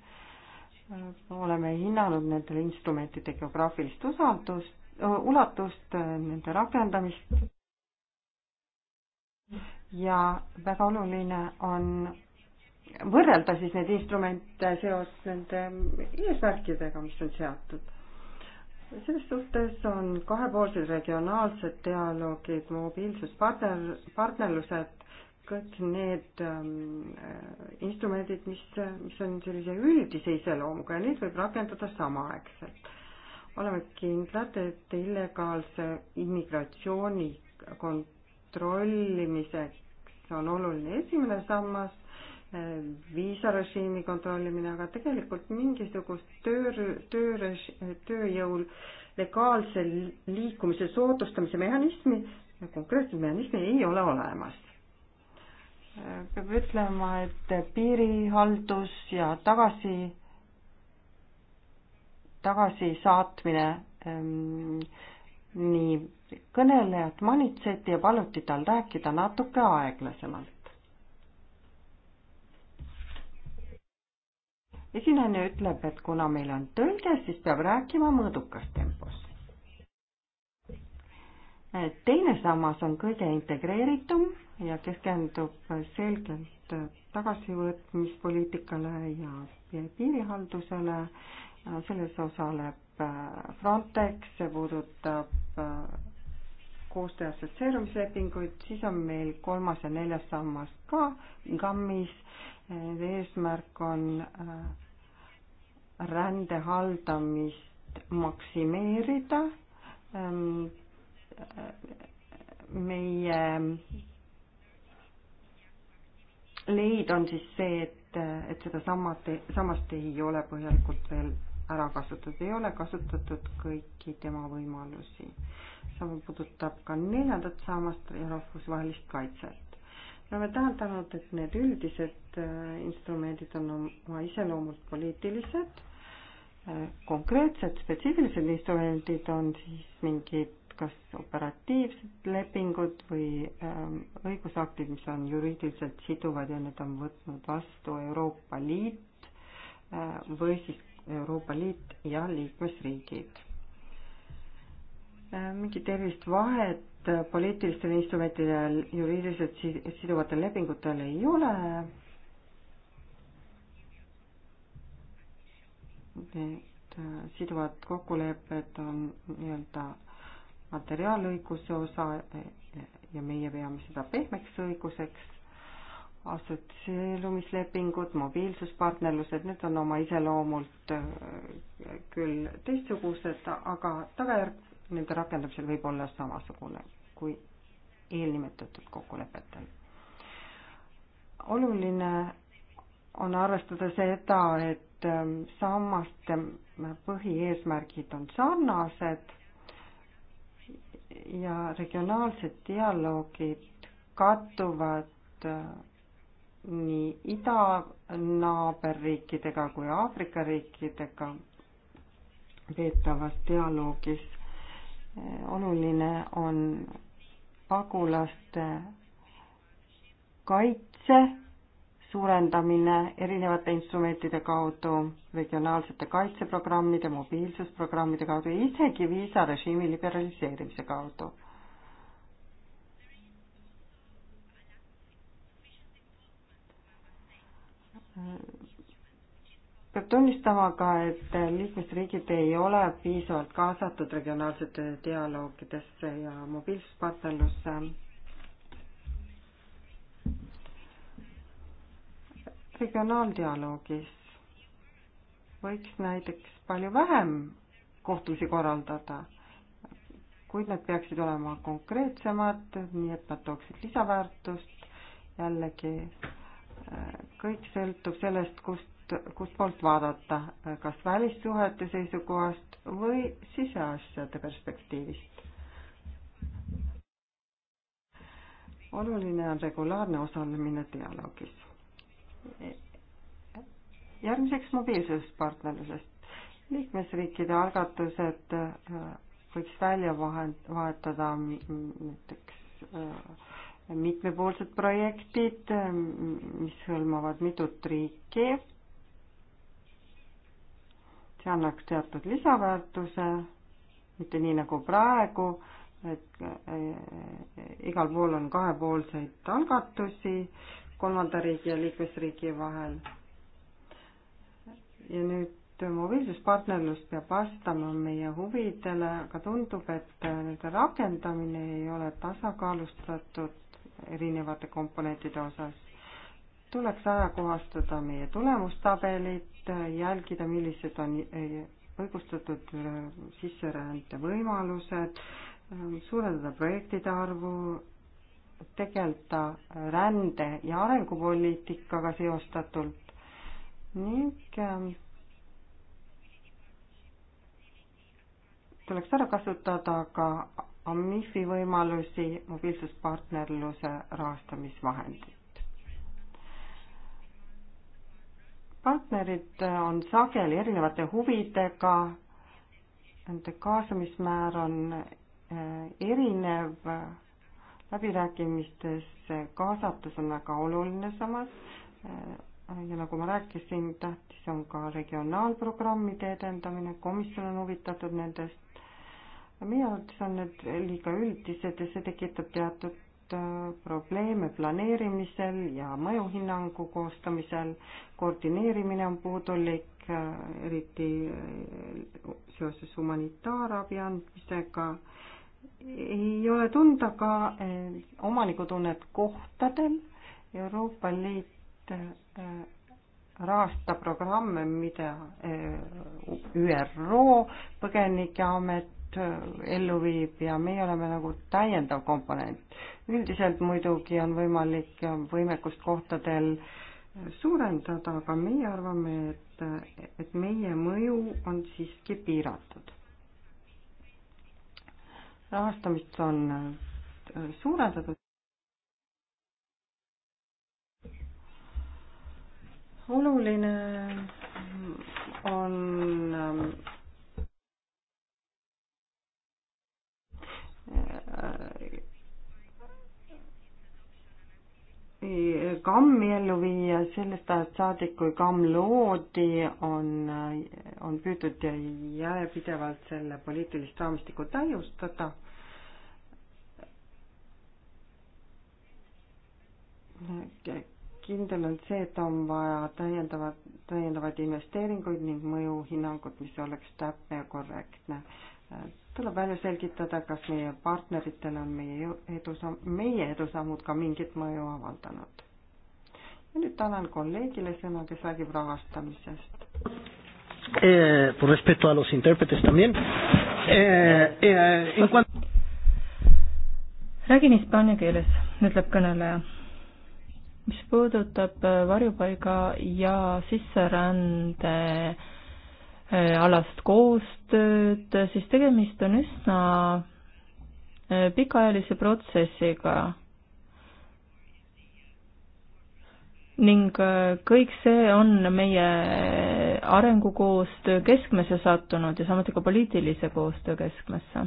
Äh, oleme hinnanud nendele instrumentide geograafilist usaldust, ulatust, äh, nende rakendamist. ja väga oluline on võrrelda siis neid instrumente seoses nende eesmärkidega, mis on seatud. selles suhtes on kahepoolsed regionaalsed dialoogid, mobiilsuspartner, partnerlused, kõik need ähm, äh, instrumendid, mis, mis on sellise üldise iseloomuga ja neid võib rakendada samaaegselt. oleme kindlad, et illegaalse immigratsiooni kontrollimiseks on oluline esimene sammas Äh, viisarežiimi kontrollimine, aga tegelikult mingisugust töö, töö, tööjõul legaalse liikumise soodustamise mehhanismi, konkreetset mehhanismi ei ole olemas. Äh, peab ütlema, et piirihaldus ja tagasi, tagasisaatmine ähm, nii kõnelejat manitseti ja paluti tal rääkida natuke aeglasemalt esinejana ütleb, et kuna meil on tõlge, siis peab rääkima mõõdukas tempos. teine sammas on kõige integreeritum ja keskendub selgelt tagasivõtmispoliitikale ja piirihaldusele. selles osaleb Frontex, see puudutab äh, koostöö assotsieerumislepinguid, siis on meil kolmas ja neljas sammas ka GAM-is. eesmärk on äh, rände haldamist maksimeerida. Ähm, äh, meie leid on siis see, et, äh, et seda sammat, sammast ei ole põhjalikult veel ära kasutatud, ei ole kasutatud kõiki tema võimalusi. sama puudutab ka neljandat sammast ja rahvusvahelist kaitset. me oleme täheldanud, et need üldised äh, instrumendid on oma iseloomult poliitilised konkreetsed spetsiifilised instrumendid on siis mingid kas operatiivsed lepingud või ähm, õigusaktid, mis on juriidiliselt siduvad ja need on võtnud vastu Euroopa Liit äh, või siis Euroopa Liit ja liikmesriigid. Äh, mingit erilist vahet poliitilistel instrumentidel juriidiliselt siduvatel lepingutel ei ole need äh, siduvad kokkulepped on nii-öelda materiaalõiguse osa äh, ja meie peame seda pehmeks õiguseks. assotsieerumislepingud, mobiilsuspartnerlused, need on oma iseloomult äh, küll teistsugused, aga tagajärg nende rakendamisel võib olla samasugune kui eelnimetatud kokkulepetel. oluline on arvestada seda, et ähm, sammaste äh, põhieesmärgid on sarnased ja regionaalsed dialoogid kattuvad äh, nii idanaaberriikidega kui Aafrika riikidega peetavas dialoogis. Äh, oluline on pagulaste kaitse suurendamine erinevate instrumentide kaudu, regionaalsete kaitseprogrammide, mobiilsusprogrammide kaudu ja isegi viisarežiimi liberaliseerimise kaudu. peab tunnistama ka, et liikmesriigid ei ole piisavalt kaasatud regionaalsete dialoogidesse ja mobiilsuspartnerlusse regionaaldialoogis võiks näiteks palju vähem kohtumisi korraldada, kuid need peaksid olema konkreetsemad, nii et nad tooksid lisaväärtust. jällegi kõik sõltub sellest, kust, kustpoolt vaadata, kas välissuhete seisukohast või siseasjade perspektiivist. oluline on regulaarne osalemine dialoogis järgmiseks mobiilsusest partnerlusest. liikmesriikide algatused äh, võiks välja vahend, vahetada näiteks äh, mitmepoolsed projektid, äh, mis hõlmavad mitut riiki. see annaks teatud lisaväärtuse, mitte nii nagu praegu, et igal pool on kahepoolseid algatusi kolmanda riigi ja liikmesriigi vahel. ja nüüd mobiilsuspartnerlus peab vastama meie huvidele, aga tundub, et nende rakendamine ei ole tasakaalustatud erinevate komponentide osas. tuleks ajakohastada meie tulemustabelid, jälgida, millised on õigustatud sisserände võimalused, suurendada projektide arvu, tegeleda rände ja arengupoliitikaga seostatult ning ähm, tuleks ära kasutada ka AMIF-i võimalusi, mobiilsuspartnerluse rahastamisvahendid. partnerid on sageli erinevate huvidega, nende kaasamismäär on äh, erinev läbirääkimistesse kaasatus on väga oluline samas äh, ja nagu ma rääkisin, tähtis on ka regionaalprogrammide edendamine, komisjon on huvitatud nendest. meie arvates on need liiga üldised ja see tekitab teatud äh, probleeme planeerimisel ja mõjuhinnangu koostamisel, koordineerimine on puudulik, äh, eriti seoses humanitaarabi andmisega ei ole tunda ka eh, omanikutunnet kohtadel. Euroopa Liit eh, rahastab programme, mida eh, ÜRO põgenikeamet ellu viib ja meie oleme nagu täiendav komponent. üldiselt muidugi on võimalik võimekust kohtadel suurendada, aga meie arvame, et, et meie mõju on siiski piiratud rahastamist on äh, suurendatud. oluline on ähm, kammi ellu viia, sellest ajast saadik, kui kamm loodi, on, on püütud järjepidevalt selle poliitilist raamistikku täiustada. kindel on see, et on vaja täiendavat, täiendavaid investeeringuid ning mõjuhinnangut, mis oleks täpne ja korrektne tuleb välja selgitada, kas meie partneritel on meie edusamm, meie edusammud ka mingit mõju avaldanud. ja nüüd tänan kolleegile sõna, kes räägib rahastamisest eh,. Por respeto a los intérpretes también eh,. Eh, en cuanto... räägin hispaania keeles, ütleb kõneleja. mis puudutab eh, varjupaiga ja sisserände eh, Äh, alast koostööd, siis tegemist on üsna äh, pikaajalise protsessiga ning äh, kõik see on meie arengukoostöö keskmesse sattunud ja samuti ka poliitilise koostöö keskmesse.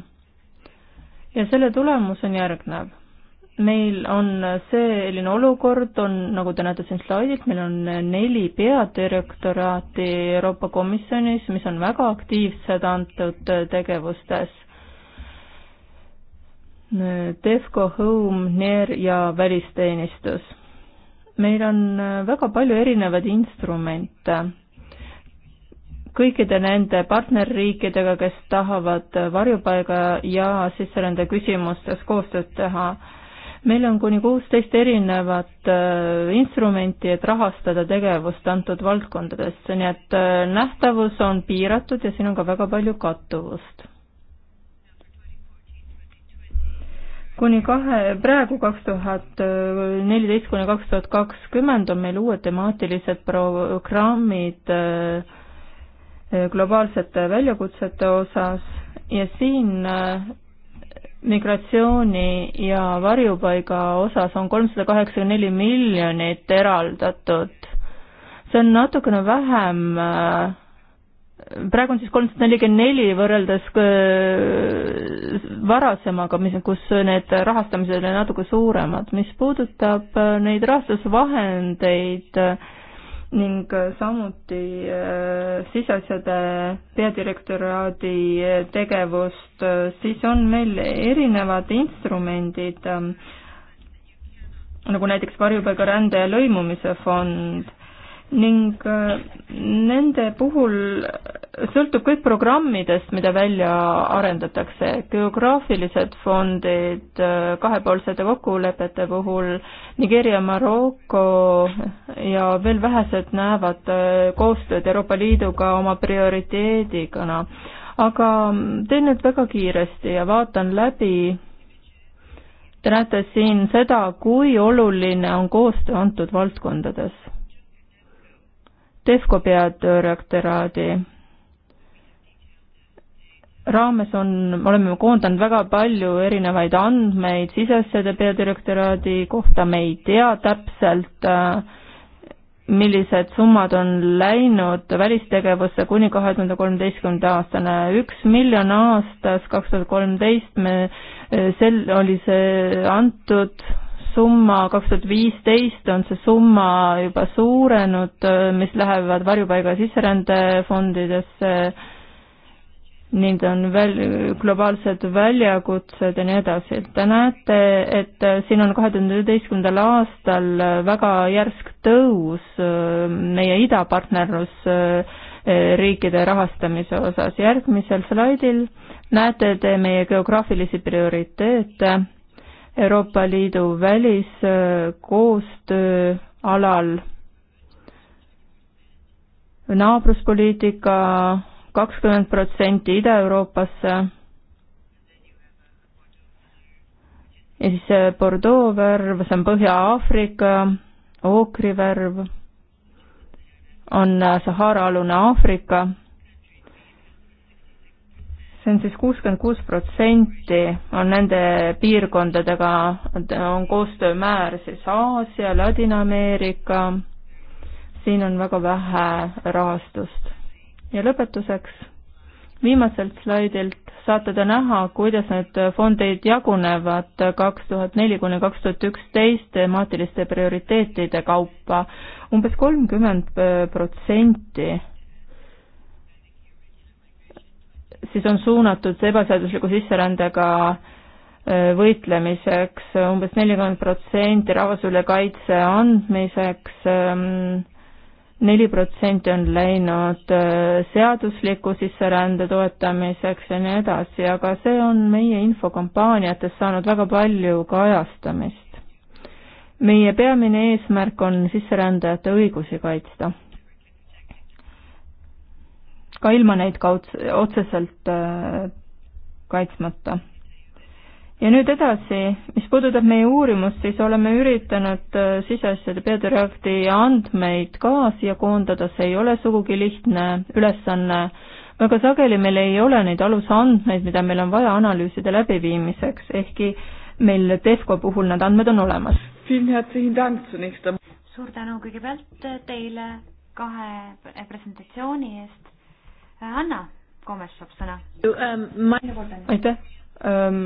ja selle tulemus on järgnev meil on selline olukord, on, nagu te näete siin slaidilt, meil on neli peadirektoraati Euroopa Komisjonis, mis on väga aktiivsed antud tegevustes. Defco, Home, NER ja välisteenistus. meil on väga palju erinevaid instrumente kõikide nende partnerriikidega, kes tahavad varjupaiga ja sisserände küsimustes koostööd teha meil on kuni kuusteist erinevat äh, instrumenti, et rahastada tegevust antud valdkondadesse, nii et äh, nähtavus on piiratud ja siin on ka väga palju kattuvust. kuni kahe, praegu kaks tuhat neliteist kuni kaks tuhat kakskümmend on meil uued temaatilised programmid äh, globaalsete väljakutsete osas ja siin migratsiooni ja varjupaiga osas on kolmsada kaheksakümmend neli miljonit eraldatud. see on natukene vähem, äh, praegu on siis kolmsada nelikümmend neli võrreldes äh, varasemaga, mis, kus need rahastamised olid natuke suuremad. mis puudutab äh, neid rahastusvahendeid, ning äh, samuti äh, siseasjade peadirektoraadi äh, tegevust, siis on meil erinevad instrumendid, ähm, nagu näiteks varjupaigarände ja lõimumise fond ning äh, nende puhul sõltub kõik programmidest, mida välja arendatakse, geograafilised fondid äh, kahepoolsete kokkulepete puhul, Nigeeria, Maroko ja veel vähesed näevad äh, koostööd Euroopa Liiduga oma prioriteedigana. aga teen nüüd väga kiiresti ja vaatan läbi Te näete siin seda, kui oluline on koostöö antud valdkondades Defco peadirektoraadi raames on, me oleme koondanud väga palju erinevaid andmeid sisesede peadirektoraadi kohta, me ei tea täpselt, äh, millised summad on läinud välistegevusse kuni kahe tuhande kolmeteistkümnenda aastane, üks miljon aastas, kaks tuhat kolmteist me, äh, sel oli see antud summa, kaks tuhat viisteist on see summa juba suurenud, mis lähevad varjupaiga sisserändefondidesse, ning on väl-, globaalsed väljakutsed ja nii edasi, et te näete, et siin on kahe tuhande üheteistkümnendal aastal väga järsk tõus meie idapartnerlus eh, riikide rahastamise osas. järgmisel slaidil näete te meie geograafilisi prioriteete Euroopa Liidu väliskoostöö alal naabruspoliitika kakskümmend protsenti Ida-Euroopasse ja siis see Bordeaux värv, see on Põhja-Aafrika, ookrivärv on Sahara-alune Aafrika see on siis kuuskümmend kuus protsenti on nende piirkondadega, on koostöömäär siis Aasia, Ladina-Ameerika, siin on väga vähe rahastust. ja lõpetuseks, viimaselt slaidilt saate te näha, kuidas need fondid jagunevad kaks tuhat neli kuni kaks tuhat üksteist temaatiliste prioriteetide kaupa umbes. umbes kolmkümmend protsenti siis on suunatud see ebaseadusliku sisserändega äh, võitlemiseks äh, umbes nelikümmend protsenti rahvusvahelise kaitse andmiseks, ähm, neli protsenti on läinud äh, seadusliku sisserände toetamiseks ja nii edasi, aga see on meie infokampaaniates saanud väga palju kajastamist. meie peamine eesmärk on sisserändajate õigusi kaitsta ka ilma neid kauds-, otseselt äh, kaitsmata. ja nüüd edasi, mis puudutab meie uurimust, siis oleme üritanud äh, siseasjade peadirekti andmeid ka siia koondada, see ei ole sugugi lihtne ülesanne, väga sageli meil ei ole neid alusandmeid, mida meil on vaja analüüside läbiviimiseks, ehkki meil Defco puhul need andmed on olemas. suur tänu kõigepealt teile kahe presentatsiooni eest Äh, Anna Komes saab sõna. Ähm, aitäh. Ähm,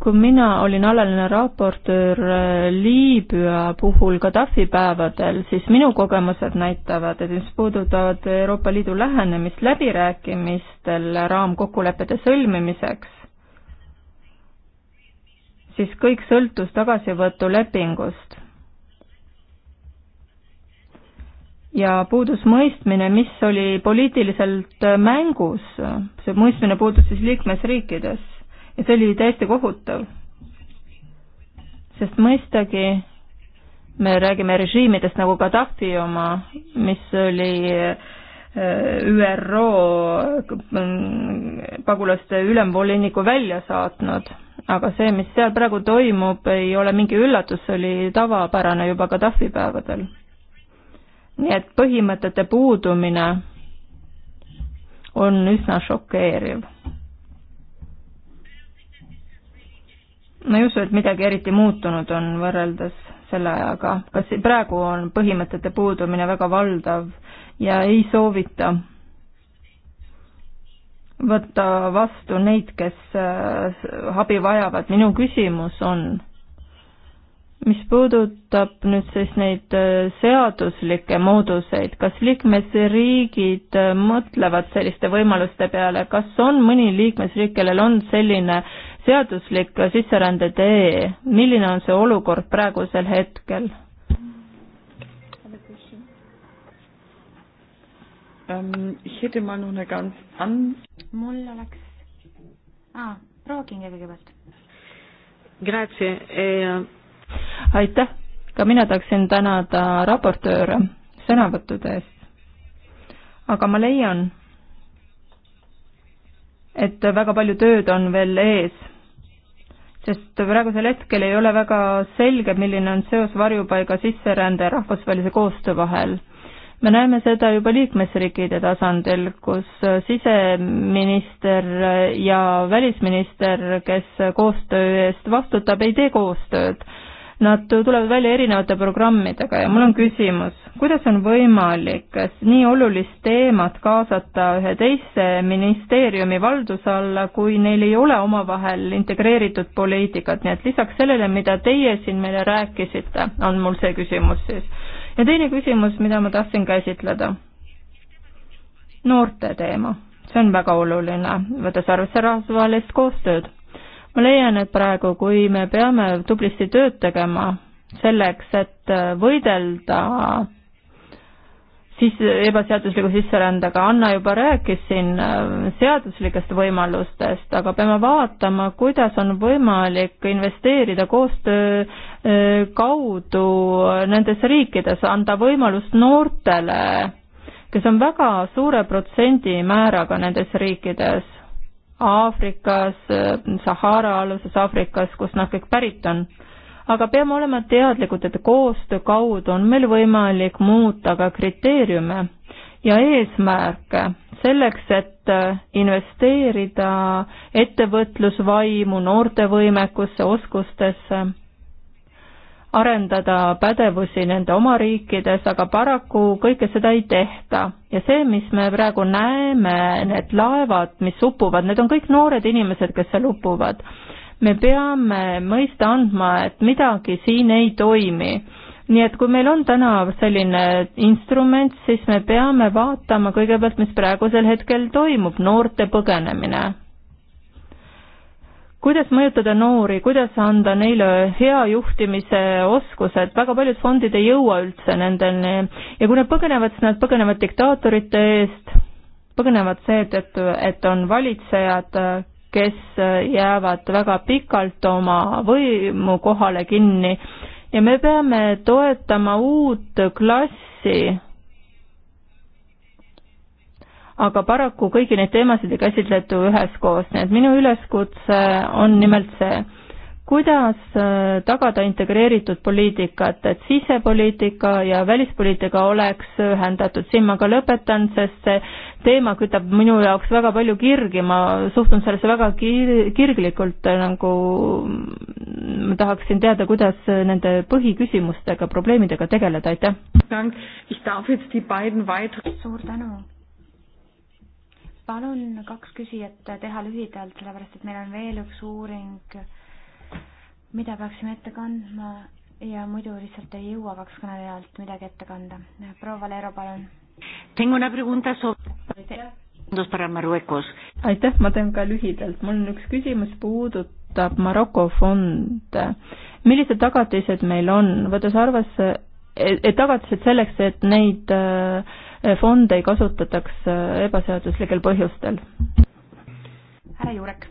kui mina olin alaline raportöör äh, Liibüa puhul Gaddafi päevadel, siis minu kogemused näitavad, et mis puudutavad Euroopa Liidu lähenemist läbirääkimistel raamkokkulepete sõlmimiseks, siis kõik sõltus tagasivõtulepingust ja puudus mõistmine, mis oli poliitiliselt mängus, see mõistmine puudus siis liikmesriikides ja see oli täiesti kohutav. sest mõistagi me räägime režiimidest nagu Gaddafi oma, mis oli äh, ÜRO äh, pagulaste ülemvoliniku välja saatnud, aga see, mis seal praegu toimub, ei ole mingi üllatus, see oli tavapärane juba Gaddafi päevadel nii et põhimõtete puudumine on üsna šokeeriv. ma ei usu, et midagi eriti muutunud on võrreldes selle ajaga, kas praegu on põhimõtete puudumine väga valdav ja ei soovita võtta vastu neid, kes äh, abi vajavad, minu küsimus on mis puudutab nüüd siis neid äh, seaduslikke mooduseid, kas liikmesriigid äh, mõtlevad selliste võimaluste peale, kas on mõni liikmesriik, kellel on selline seaduslik sisserände tee, milline on see olukord praegusel hetkel? Ähm, mul oleks ah,, proua Kinge kõigepealt. Grazie eh, aitäh! ka mina tahaksin tänada raportööre sõnavõttude eest. aga ma leian, et väga palju tööd on veel ees, sest praegusel hetkel ei ole väga selge, milline on seos varjupaiga sisserände ja rahvusvahelise koostöö vahel. me näeme seda juba liikmesriikide tasandil, kus siseminister ja välisminister, kes koostöö eest vastutab, ei tee koostööd Nad tulevad välja erinevate programmidega ja mul on küsimus, kuidas on võimalik nii olulist teemat kaasata ühe teise ministeeriumi valduse alla, kui neil ei ole omavahel integreeritud poliitikat, nii et lisaks sellele, mida teie siin meile rääkisite, on mul see küsimus siis. ja teine küsimus, mida ma tahtsin käsitleda, noorte teema, see on väga oluline, võttes arvesse rahvusvahelist koostööd ma leian, et praegu, kui me peame tublisti tööd tegema selleks, et võidelda siis ebaseadusliku sisserändega, Anna juba rääkis siin äh, seaduslikest võimalustest, aga peame vaatama, kuidas on võimalik investeerida koostöö äh, kaudu nendes riikides, anda võimalust noortele, kes on väga suure protsendimääraga nendes riikides, Aafrikas, Sahara-aluses Aafrikas, kust nad kõik pärit on. aga peame olema teadlikud, et koostöö kaudu on meil võimalik muuta ka kriteeriume ja eesmärke selleks, et investeerida ettevõtlusvaimu, noorte võimekusse, oskustesse arendada pädevusi nende oma riikides, aga paraku kõike seda ei tehta. ja see, mis me praegu näeme, need laevad, mis upuvad, need on kõik noored inimesed, kes seal upuvad. me peame mõista andma, et midagi siin ei toimi nii et kui meil on täna selline instrument, siis me peame vaatama kõigepealt, mis praegusel hetkel toimub, noorte põgenemine kuidas mõjutada noori, kuidas anda neile hea juhtimise oskused, väga paljud fondid ei jõua üldse nendeni ja kui nad põgenevad, siis nad põgenevad diktaatorite eest, põgenevad seetõttu, et on valitsejad, kes jäävad väga pikalt oma võimu kohale kinni ja me peame toetama uut klassi aga paraku kõiki neid teemasid ei käsitletu üheskoos, nii et minu üleskutse on nimelt see, kuidas äh, tagada integreeritud poliitikat, et sisepoliitika ja välispoliitika oleks ühendatud, siin ma ka lõpetan, sest see teema kütab minu jaoks väga palju kirgi, ma suhtun sellesse väga kir-, kirglikult, äh, nagu ma tahaksin teada, kuidas äh, nende põhiküsimustega, probleemidega tegeleda, aitäh! suur tänu! palun kaks küsijat teha lühidalt, sellepärast et meil on veel üks uuring, mida peaksime ette kandma ja muidu lihtsalt ei jõua kaks kõnelejalt midagi ette kanda. proua Valero, palun. aitäh, ma teen ka lühidalt, mul on üks küsimus, puudutab Maroko fonde. millised tagatised meil on, võttes arvesse, et tagatised selleks, et neid äh, fonde ei kasutataks äh, ebaseaduslikel põhjustel. härra Jurek.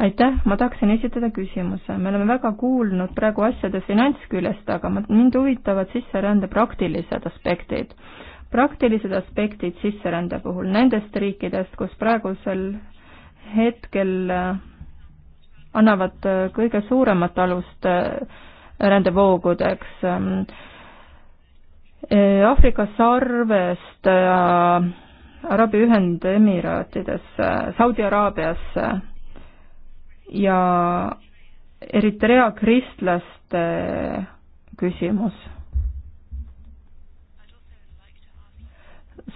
aitäh, ma tahaksin esitada küsimuse, me oleme väga kuulnud praegu asjade finantsküljest, aga mind huvitavad sisserände praktilised aspektid praktilised aspektid sisserände puhul nendest riikidest, kus praegusel hetkel äh, annavad äh, kõige suuremat alust rändevoogudeks. Ehm, Aafrika sarvest äh, Araabia Ühendemiraatidesse, Saudi-Araabiasse ja Eritrea kristlaste küsimus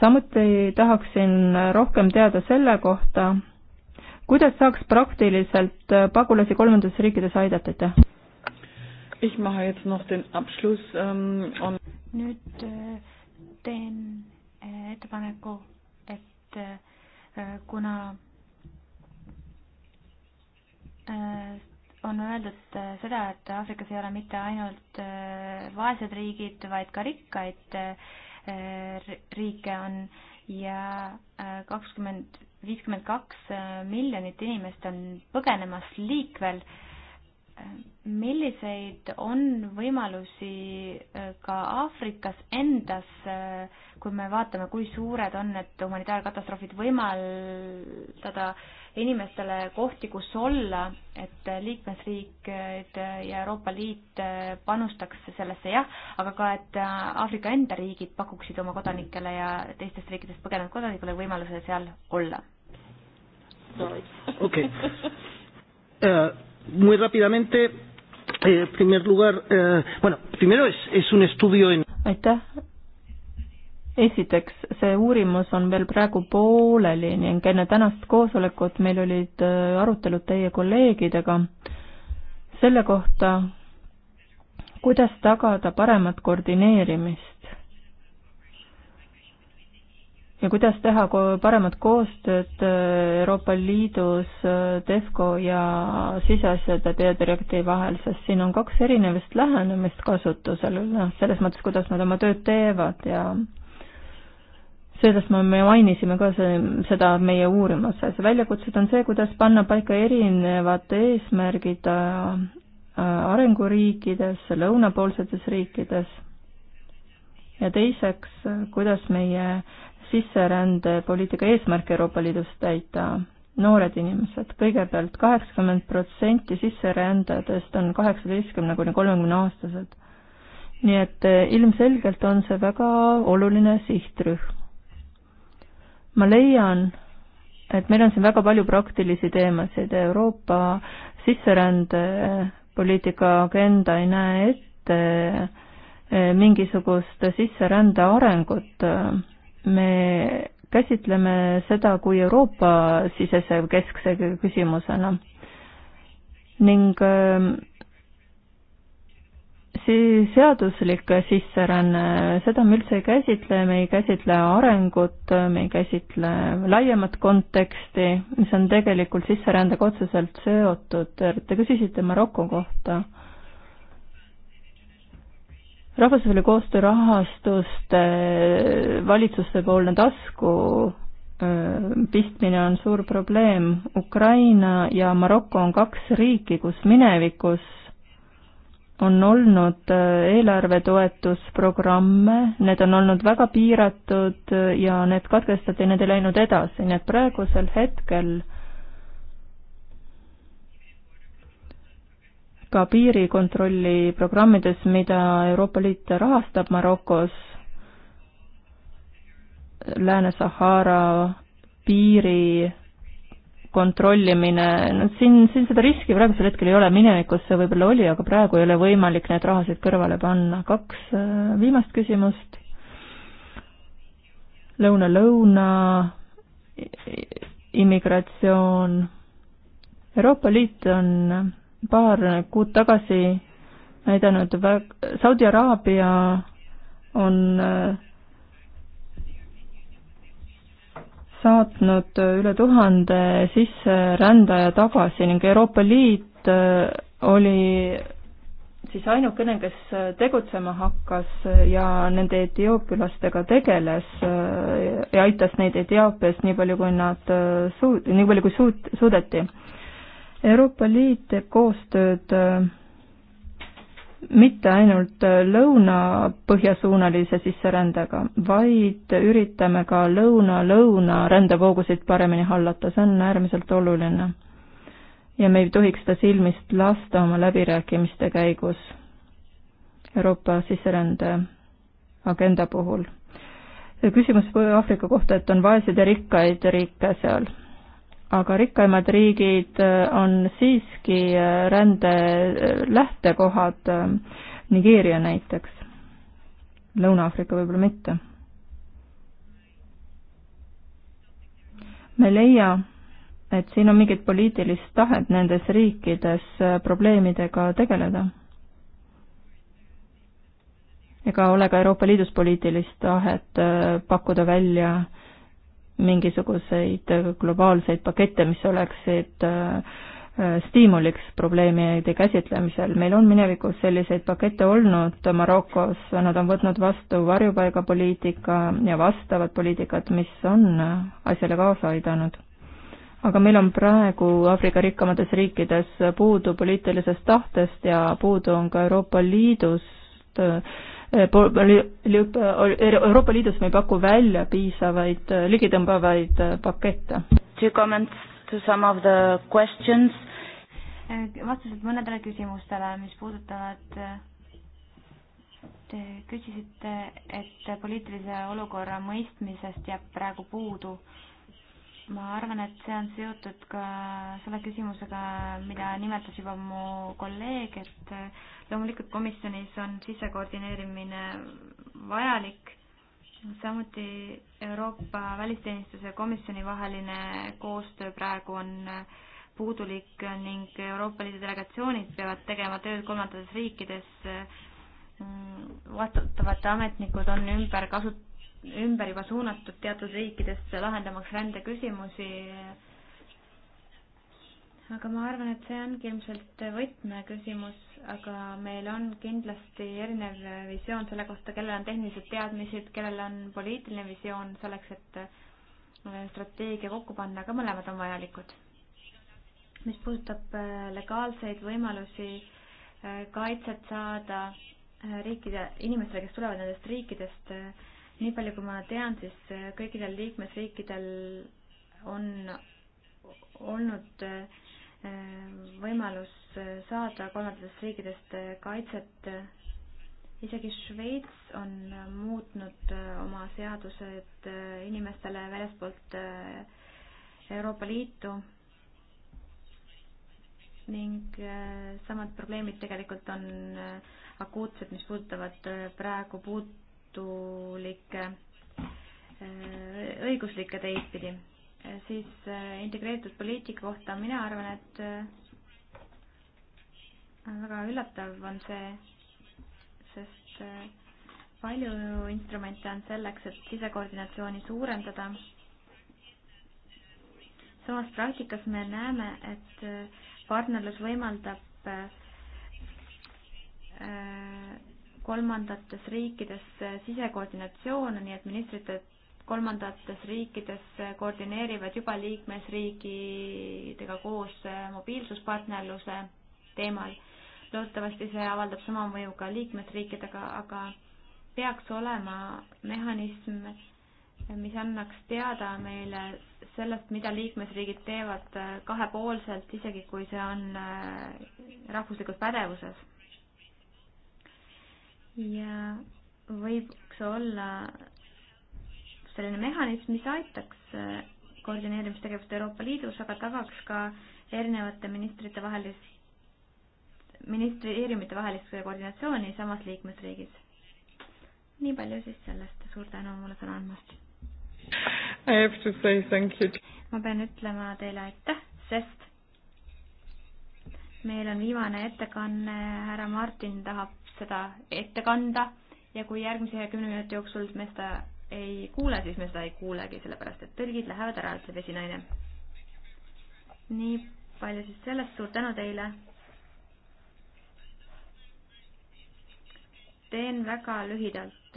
samuti tahaksin rohkem teada selle kohta, kuidas saaks praktiliselt pagulasi kolmandates riikides aidata, aitäh? Ich mache jetzt noch den Abschluss ähm, on nüüd äh, teen äh, ettepaneku, et äh, kuna on öeldud seda, et Aafrikas ei ole mitte ainult vaesed riigid, vaid ka rikkaid riike on ja kakskümmend, viiskümmend kaks miljonit inimest on põgenemas liikvel milliseid on võimalusi äh, ka Aafrikas endas, äh, kui me vaatame, kui suured on need humanitaarkatastroofid, võimaldada inimestele kohti, kus olla, et liikmesriigid ja Euroopa Liit äh, panustaks sellesse, jah, aga ka, et Aafrika enda riigid pakuksid oma kodanikele ja teistest riikidest põgenenud kodanikule võimaluse seal olla. okei muy rápidamente, eh, primer lugar, eh, bueno, primero es, es un estudio en. aitäh. esiteks, see uurimus on veel praegu pooleli ning enne tänast koosolekut meil olid äh, arutelud teie kolleegidega selle kohta, kuidas tagada paremat koordineerimist ja kuidas teha paremat koostööd äh, Euroopa Liidus äh, DEFCO ja siseasjade peadirektiivi vahel, sest siin on kaks erinevast lähenemist kasutusel, noh, selles mõttes, kuidas nad oma tööd teevad ja sellest me mainisime ka see, seda meie uurimuses. väljakutsed on see, kuidas panna paika erinevad eesmärgid äh, arenguriikides, lõunapoolsetes riikides ja teiseks, kuidas meie sisserändepoliitika eesmärke Euroopa Liidus täita noored inimesed kõigepealt. kõigepealt kaheksakümmend protsenti sisserändajatest on kaheksateistkümne kuni kolmekümne aastased. nii et eh, ilmselgelt on see väga oluline sihtrühm. ma leian, et meil on siin väga palju praktilisi teemasid, Euroopa sisserändepoliitika agenda ei näe ette eh, mingisugust sisserände arengut eh, me käsitleme seda kui Euroopa-sisese keskse küsimusena ning ähm, see seaduslik sisseränne, seda me üldse ei käsitle, me ei käsitle arengut, me ei käsitle laiemat konteksti, mis on tegelikult sisserändega otseselt seotud. Te küsisite Maroko kohta rahvusvahelise koostöö rahastust eh, valitsustepoolne tasku eh, pistmine on suur probleem. Ukraina ja Maroko on kaks riiki, kus minevikus on olnud eh, eelarvetoetusprogramme, need on olnud väga piiratud ja need katkestati, need ei läinud edasi, nii et praegusel hetkel ka piirikontrolli programmides, mida Euroopa Liit rahastab Marokos, Lääne-Sahara piiri kontrollimine, no siin, siin seda riski praegusel hetkel ei ole, minevikus see võib-olla oli, aga praegu ei ole võimalik need rahasid kõrvale panna. kaks äh, viimast küsimust lõuna,. lõuna-lõuna immigratsioon. Euroopa Liit on paar kuud tagasi näidanud väg-, Saudi Araabia on saatnud üle tuhande sisserändaja tagasi ning Euroopa Liit oli siis ainukene, kes tegutsema hakkas ja nende etioopialastega tegeles ja aitas neid Etioopias nii palju, kui nad suu-, nii palju, kui suut-, suudeti. Euroopa Liit teeb koostööd äh, mitte ainult äh, lõuna-põhjasuunalise sisserändega, vaid üritame ka lõuna-lõuna rändevoogusid paremini hallata, see on äärmiselt oluline. ja me ei tohiks seda silmist lasta oma läbirääkimiste käigus Euroopa sisserände agenda puhul. küsimus Aafrika kohta, et on vaeseid ja rikkaid riike seal aga rikkaimad riigid äh, on siiski äh, rände äh, lähtekohad, Nigeeria näiteks, Lõuna-Aafrika võib-olla mitte. me ei leia, et siin on mingit poliitilist tahet nendes riikides probleemidega tegeleda. ega ole ka Euroopa Liidus poliitilist tahet pakkuda välja äh, mingisuguseid globaalseid pakette, mis oleksid äh, äh, stiimuliks probleemide käsitlemisel. meil on minevikus selliseid pakette olnud Marokos, nad on võtnud vastu varjupaigapoliitika ja vastavad poliitikad, mis on äh, asjale kaasa aidanud. aga meil on praegu Aafrika rikkamates riikides puudu poliitilisest tahtest ja puudu on ka Euroopa Liidust Eh, Euroopa Liidus me ei paku välja piisavaid eh, ligitõmbavaid eh, pakette. Two comments to some of the questions. vastused mõnedele küsimustele, mis puudutavad Te küsisite, et poliitilise olukorra mõistmisest jääb praegu puudu ma arvan, et see on seotud ka selle küsimusega, mida nimetas juba mu kolleeg, et loomulikult komisjonis on sisekoordineerimine vajalik, samuti Euroopa Välisteenistuse komisjoni vaheline koostöö praegu on puudulik ning Euroopa Liidu delegatsioonid peavad tegema tööd kolmandates riikides. vastutavad ametnikud on ümber kasut-, ümber juba suunatud teatud riikidesse, lahendamaks rändeküsimusi aga ma arvan, et see ongi ilmselt võtmeküsimus aga meil on kindlasti erinev visioon selle kohta, kellel on tehnilised teadmised, kellel on poliitiline visioon selleks, et äh, strateegia kokku panna, aga mõlemad on vajalikud. mis puudutab äh, legaalseid võimalusi äh, kaitset saada riikide, inimestele, kes tulevad nendest riikidest, nii palju kui ma tean, siis kõikidel liikmesriikidel on olnud äh, võimalus saada kolmandatest riikidest kaitset. isegi Šveits on muutnud oma seadused inimestele väljaspoolt Euroopa Liitu ning samad probleemid tegelikult on akuutsed, mis puudutavad praegu puutulikke õiguslikke teid pidi Eh, siis eh, integreeritud poliitika kohta mina arvan, et eh, väga üllatav on see, sest palju instrumente on selleks, et sisekoordinatsiooni suurendada. samas praktikas me näeme, et partnerlus võimaldab kolmandates riikides sisekoordinatsioone, nii et ministrite kolmandates riikides koordineerivad juba liikmesriikidega koos mobiilsuspartnerluse teemal. loodetavasti see avaldab sama mõju ka liikmesriikidega, aga peaks olema mehhanism, mis annaks teada meile sellest, mida liikmesriigid teevad kahepoolselt, isegi kui see on äh, rahvuslikus pädevuses. ja võiks olla selline mehhanism, mis aitaks äh, koordineerimistegevust Euroopa Liidus, aga tagaks ka erinevate ministrite vahelist, ministeeriumite vahelist koordinatsiooni samas liikmesriigis. nii palju siis sellest, suur tänu mulle sõna andmast. I have to say thank you. ma pean ütlema teile aitäh, sest meil on viimane ettekanne, härra Martin tahab seda ette kanda ja kui järgmise kümne minuti jooksul me seda ei kuule, siis me seda ei kuulegi, sellepärast et tõlgid lähevad ära, ütleb esinaine. nii palju siis sellest, suur tänu teile. teen väga lühidalt,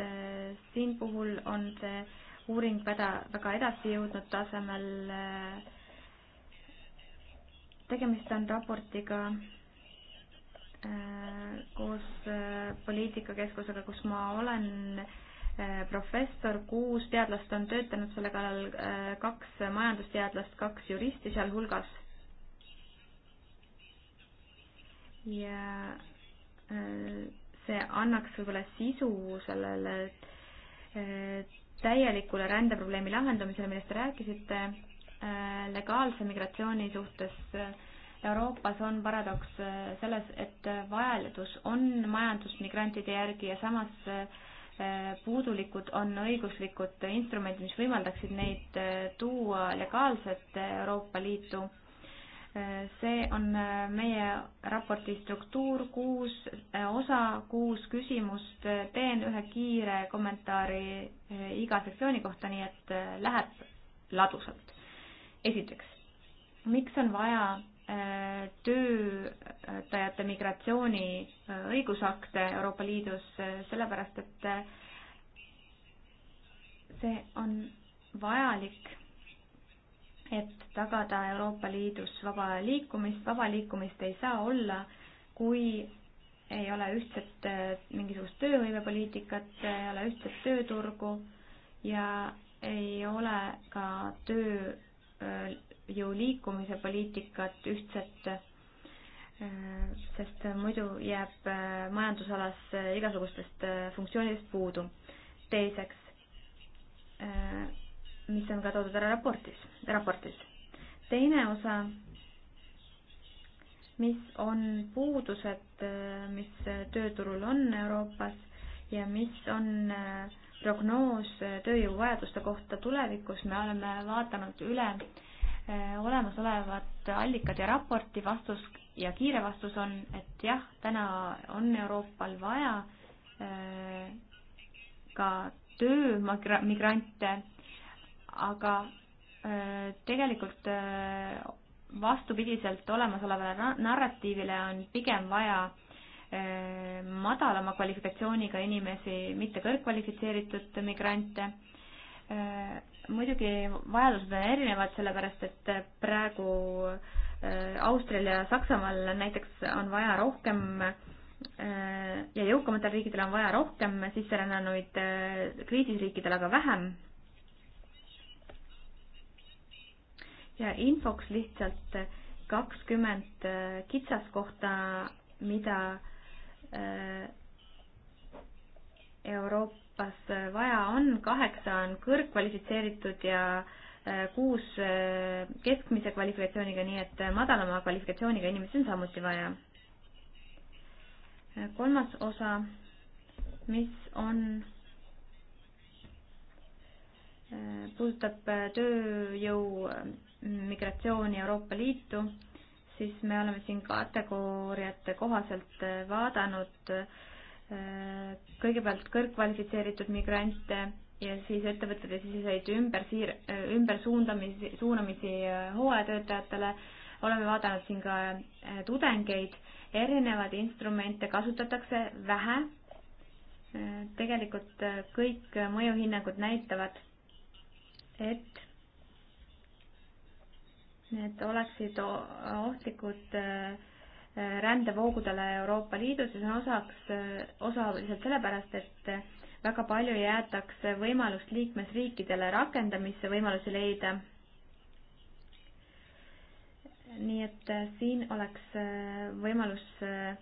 siin puhul on see uuring väga, väga edasi jõudnud tasemel. tegemist on raportiga äh, koos äh, poliitikakeskusega, kus ma olen Eh, professor, kuus teadlast on töötanud selle kallal, eh, kaks majandusteadlast, kaks juristi sealhulgas. ja eh, see annaks võib-olla sisu sellele täielikule rändeprobleemi lahendamisele, millest te rääkisite, legaalse migratsiooni suhtes Euroopas on paradoks selles, et vajadus on majandusmigrantide järgi ja samas Äh, puudulikud on õiguslikud instrumendid, mis võimaldaksid neid äh, tuua legaalselt Euroopa Liitu. Äh, see on meie raporti struktuur, kuus osa, kuus küsimust, teen ühe kiire kommentaari iga sektsiooni kohta, nii et läheb ladusalt. esiteks, miks on vaja töötajate migratsiooni õigusakte Euroopa Liidus, sellepärast et see on vajalik, et tagada Euroopa Liidus vaba liikumist, vaba liikumist ei saa olla, kui ei ole ühtset äh, mingisugust tööhõivepoliitikat, ei ole ühtset tööturgu ja ei ole ka töö äh, jõu liikumise poliitikat ühtset, sest muidu jääb äh, majandusalas äh, igasugustest äh, funktsioonidest puudu. teiseks, mis on ka toodud ära raportis, raportis. teine osa, mis on puudused, mis tööturul on Euroopas ja mis on prognoos tööjõuvajaduste kohta tulevikus, me oleme vaadanud üle äh, Äh, olemasolevad allikad ja raporti vastus ja kiire vastus on, et jah, täna on Euroopal vaja äh, ka töömigrante, aga äh, tegelikult vastupidiselt olemasolevale narratiivile on pigem vaja madalama kvalifikatsiooniga inimesi, mitte kõrgkvalifitseeritud migrante muidugi vajadused on erinevad, sellepärast et praegu äh, Austraalial ja Saksamaal näiteks on vaja rohkem äh, ja jõukamatel riikidel on vaja rohkem sisserännanuid, äh, kriisiriikidel aga vähem. ja infoks lihtsalt kakskümmend kitsaskohta, mida Euroopa Euroopas äh, vaja on, kaheksa on kõrgkvalifitseeritud ja äh, kuus äh, keskmise kvalifikatsiooniga, nii et madalama kvalifikatsiooniga inimesi on samuti vaja. kolmas osa, mis on, puudutab tööjõu migratsiooni Euroopa Liitu, siis me oleme siin kategooriate kohaselt vaadanud äh, kõigepealt kõrgkvalifitseeritud migrante ja siis ettevõtete siseseid ümbersiir-, ümbersuundamisi, suunamisi hooajatöötajatele, oleme vaadanud siin ka äh, tudengeid, erinevaid instrumente kasutatakse vähe, äh, tegelikult äh, kõik mõjuhinnangud näitavad, et need oleksid ohtlikud äh, rändevoogudele Euroopa Liidus ja see on osaks, osa lihtsalt sellepärast, et väga palju jäetakse võimalust liikmesriikidele rakendamisse võimalusi leida. nii et äh, siin oleks äh, võimalus äh,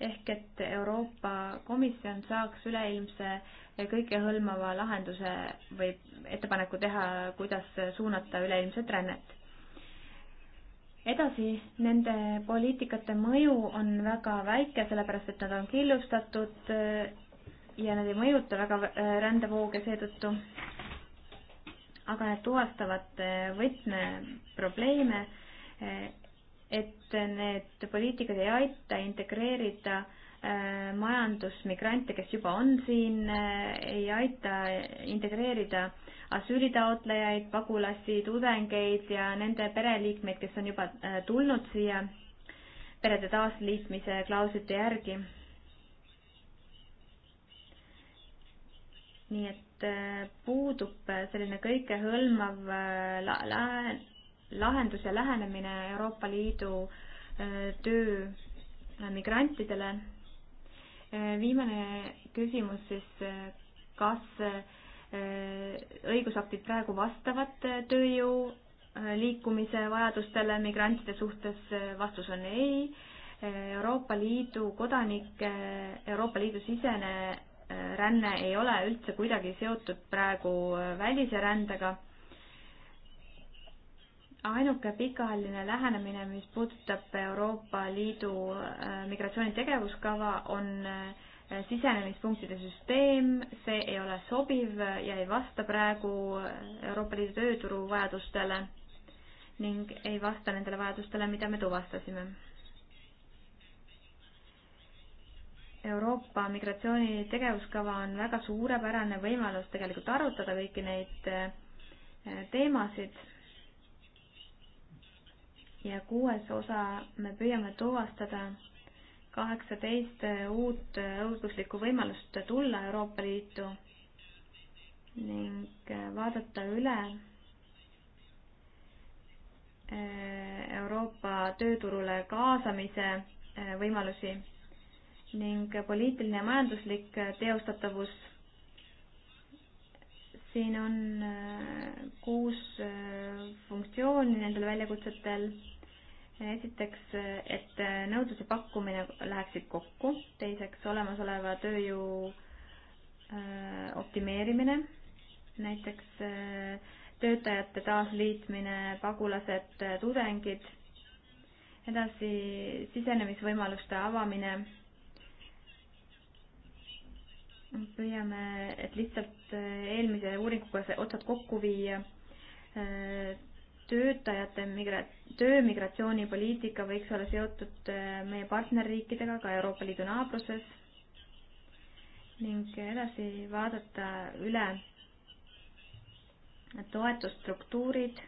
ehk et Euroopa Komisjon saaks üleilmse kõikehõlmava lahenduse või ettepaneku teha, kuidas suunata üleilmset rännet edasi, nende poliitikate mõju on väga väike, sellepärast et nad on killustatud äh, ja nad ei mõjuta väga äh, rändevooge seetõttu. aga need tuvastavad äh, võtmeprobleeme, et need poliitikad ei aita integreerida äh, Äh, majandusmigrante, kes juba on siin, äh, ei aita integreerida asüülitaotlejaid, pagulasi, tudengeid ja nende pereliikmeid, kes on juba äh, tulnud siia perede taasliitmise klauslite järgi. nii et puudub selline kõikehõlmav lahendus ja lähenemine Euroopa Liidu töö migrantidele Äh, viimane küsimus siis, äh, kas äh, õigusaktid praegu vastavad tööjõu liikumise vajadustele migrantide suhtes, vastus on ei. Euroopa Liidu kodanike, Euroopa Liidu sisene ränne ei ole üldse kuidagi seotud praegu välise rändega ainuke pikaajaline lähenemine, mis puudutab Euroopa Liidu äh, migratsioonitegevuskava, on äh, sisenemispunktide süsteem, see ei ole sobiv ja ei vasta praegu äh, Euroopa Liidu tööturu vajadustele ning ei vasta nendele vajadustele, mida me tuvastasime. Euroopa migratsioonitegevuskava on väga suurepärane võimalus tegelikult arutada kõiki neid teemasid ja kuues osa me püüame tuvastada kaheksateist uut õiguslikku võimalust tulla Euroopa Liitu ning vaadata üle eh, Euroopa tööturule kaasamise eh, võimalusi ning poliitiline ja majanduslik teostatavus siin on äh, kuus äh, funktsiooni nendel väljakutsetel. esiteks, äh, et nõudlus ja pakkumine läheksid kokku, teiseks olemasoleva tööjõu optimeerimine, näiteks töötajate taasliitmine, pagulased, tudengid, edasi sisenemisvõimaluste avamine püüame, et lihtsalt eh, eelmise uuringuga see otsad kokku viia. Eh, töötajate migra-, töömigratsioonipoliitika võiks olla seotud eh, meie partnerriikidega, ka Euroopa Liidu naabruses ning edasi vaadata üle toetusstruktuurid.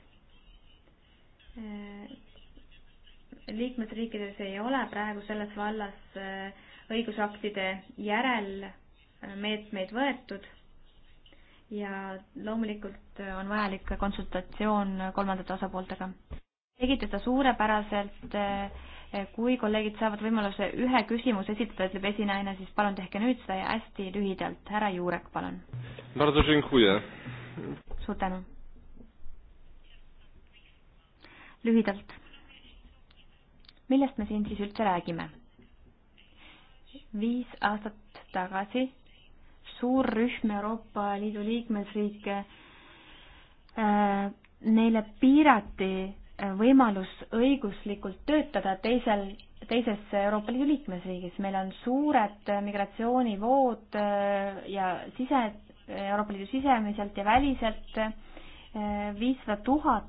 liikmesriikides ei ole praegu selles vallas õigusaktide järel meetmeid võetud ja loomulikult on vajalik konsultatsioon kolmandate osapooltega. tegite seda suurepäraselt, kui kolleegid saavad võimaluse ühe küsimuse esitada, ütleb esinaine, siis palun tehke nüüd seda ja hästi lühidalt, härra Juurek, palun. suur tänu. lühidalt. millest me siin siis üldse räägime? viis aastat tagasi suur rühm Euroopa Liidu liikmesriike, äh, neile piirati äh, võimalus õiguslikult töötada teisel, teises Euroopa Liidu liikmesriigis. meil on suured äh, migratsioonivood ja sise, Euroopa Liidu sisemiselt ja väliselt viissada tuhat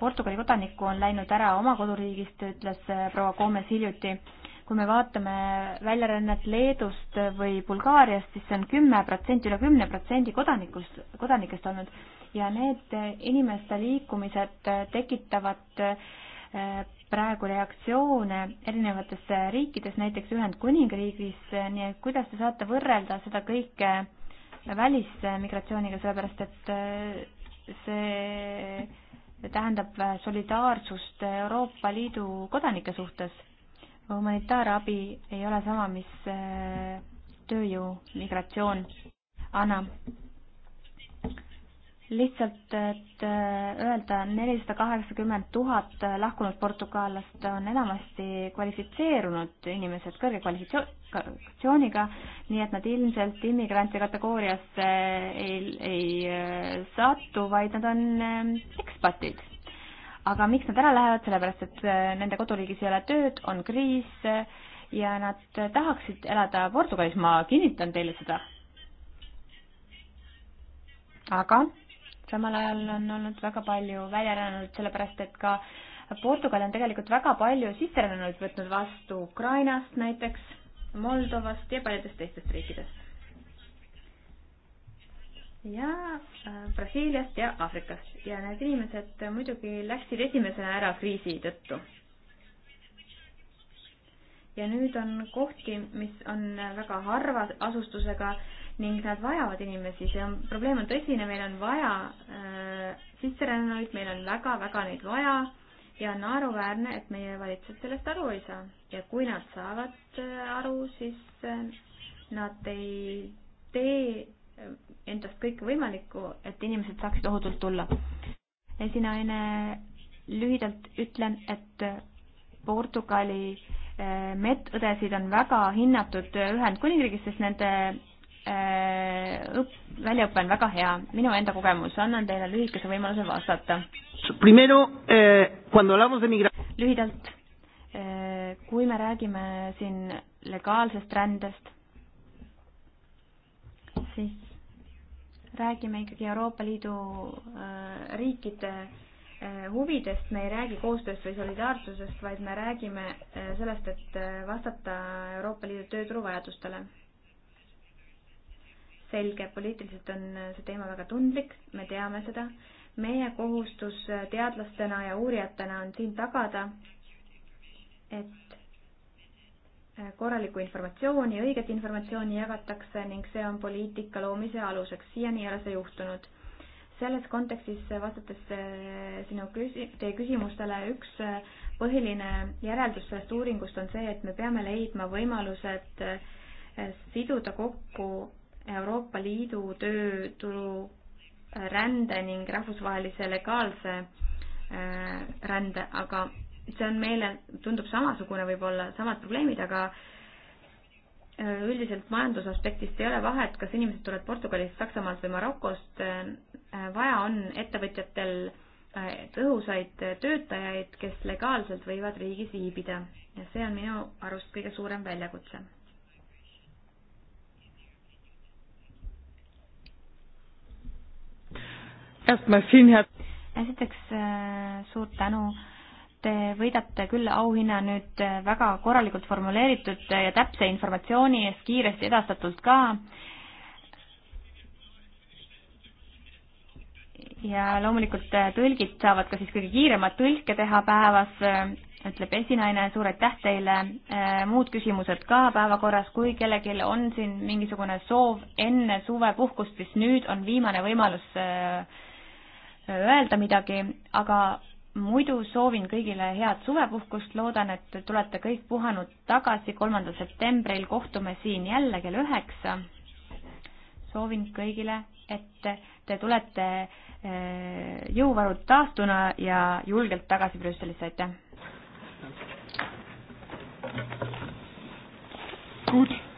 Portugali kodanikku on läinud ära oma koduriigist, ütles proua Gomes hiljuti kui me vaatame väljarännet Leedust või Bulgaariast, siis see on kümme protsenti, üle kümne protsendi kodanikust, kodanikest olnud ja need inimeste liikumised tekitavad eh, praegu reaktsioone erinevates riikides, näiteks Ühendkuningriigis, nii et kuidas te saate võrrelda seda kõike välismigratsiooniga, sellepärast et eh, see tähendab solidaarsust Euroopa Liidu kodanike suhtes humanitaarabi ei ole sama, mis äh, tööjõu migratsioon annab. lihtsalt, et äh, öelda, nelisada kaheksakümmend tuhat äh, lahkunud portugaallast on enamasti kvalifitseerunud inimesed kõrge kvalifikatsiooniga, nii et nad ilmselt immigrante kategooriasse ei, ei satu, vaid nad on ekspatid aga miks nad ära lähevad, sellepärast et äh, nende koduriigis ei ole tööd, on kriis äh, ja nad äh, tahaksid elada Portugalis, ma kinnitan teile seda. aga samal ajal on olnud väga palju väljarännanuid, sellepärast et ka Portugal on tegelikult väga palju sisserännanuid võtnud vastu Ukrainast näiteks, Moldovast ja paljudest teistest riikidest ja äh, Brasiiliast ja Aafrikast ja need inimesed muidugi läksid esimesena ära kriisi tõttu. ja nüüd on kohti, mis on väga harva asustusega ning nad vajavad inimesi, see on, probleem on tõsine, meil on vaja äh, sisserännanuid, meil on väga-väga neid vaja ja on naeruväärne, et meie valitsused sellest aru ei saa ja kui nad saavad äh, aru, siis äh, nad ei tee endast kõike võimalikku, et inimesed saaksid ohutult tulla. esinaine, lühidalt ütlen, et Portugali eh, medõdesid on väga hinnatud Ühendkuningriigis, sest nende eh, õpp, väljaõpe on väga hea. minu enda kogemus, annan teile lühikese võimaluse vastata. Eh, lühidalt, kui me räägime siin legaalsest rändest, siis räägime ikkagi Euroopa Liidu äh, riikide äh, huvidest, me ei räägi koostööst või solidaarsusest, vaid me räägime äh, sellest, et vastata Euroopa Liidu tööturu vajadustele. selge, poliitiliselt on see teema väga tundlik, me teame seda. meie kohustus teadlastena ja uurijatena on siin tagada, et korralikku informatsiooni, õiget informatsiooni jagatakse ning see on poliitika loomise aluseks. siiani ei ole see juhtunud. selles kontekstis vastates eh, sinu küsi-, teie küsimustele, üks eh, põhiline järeldus sellest uuringust on see, et me peame leidma võimalused eh, siduda kokku Euroopa Liidu tööturu rände ning rahvusvahelise legaalse rände, aga see on meile, tundub samasugune võib-olla, samad probleemid, aga äh, üldiselt majandusaspektist ei ole vahet, kas inimesed tulevad Portugalist, Saksamaalt või Marokost. Äh, vaja on ettevõtjatel äh, tõhusaid töötajaid, kes legaalselt võivad riigis viibida ja see on minu arust kõige suurem väljakutse. esiteks suur tänu äh, Te võidate küll auhinna nüüd äh, väga korralikult formuleeritud äh, ja täpse informatsiooni eest kiiresti edastatult ka. ja loomulikult äh, tõlgid saavad ka siis kõige kiiremat tõlke teha päevas, ütleb esinaine, suur aitäh teile, muud küsimused ka päevakorras, kui kellelgi on siin mingisugune soov enne suvepuhkust, siis nüüd on viimane võimalus öelda midagi, aga muidu soovin kõigile head suvepuhkust, loodan, et te tulete kõik puhanud tagasi, kolmandal septembril kohtume siin jälle kell üheksa. soovin kõigile, et te tulete eh, jõuvarult taastuna ja julgelt tagasi Brüsselisse, aitäh! Gut.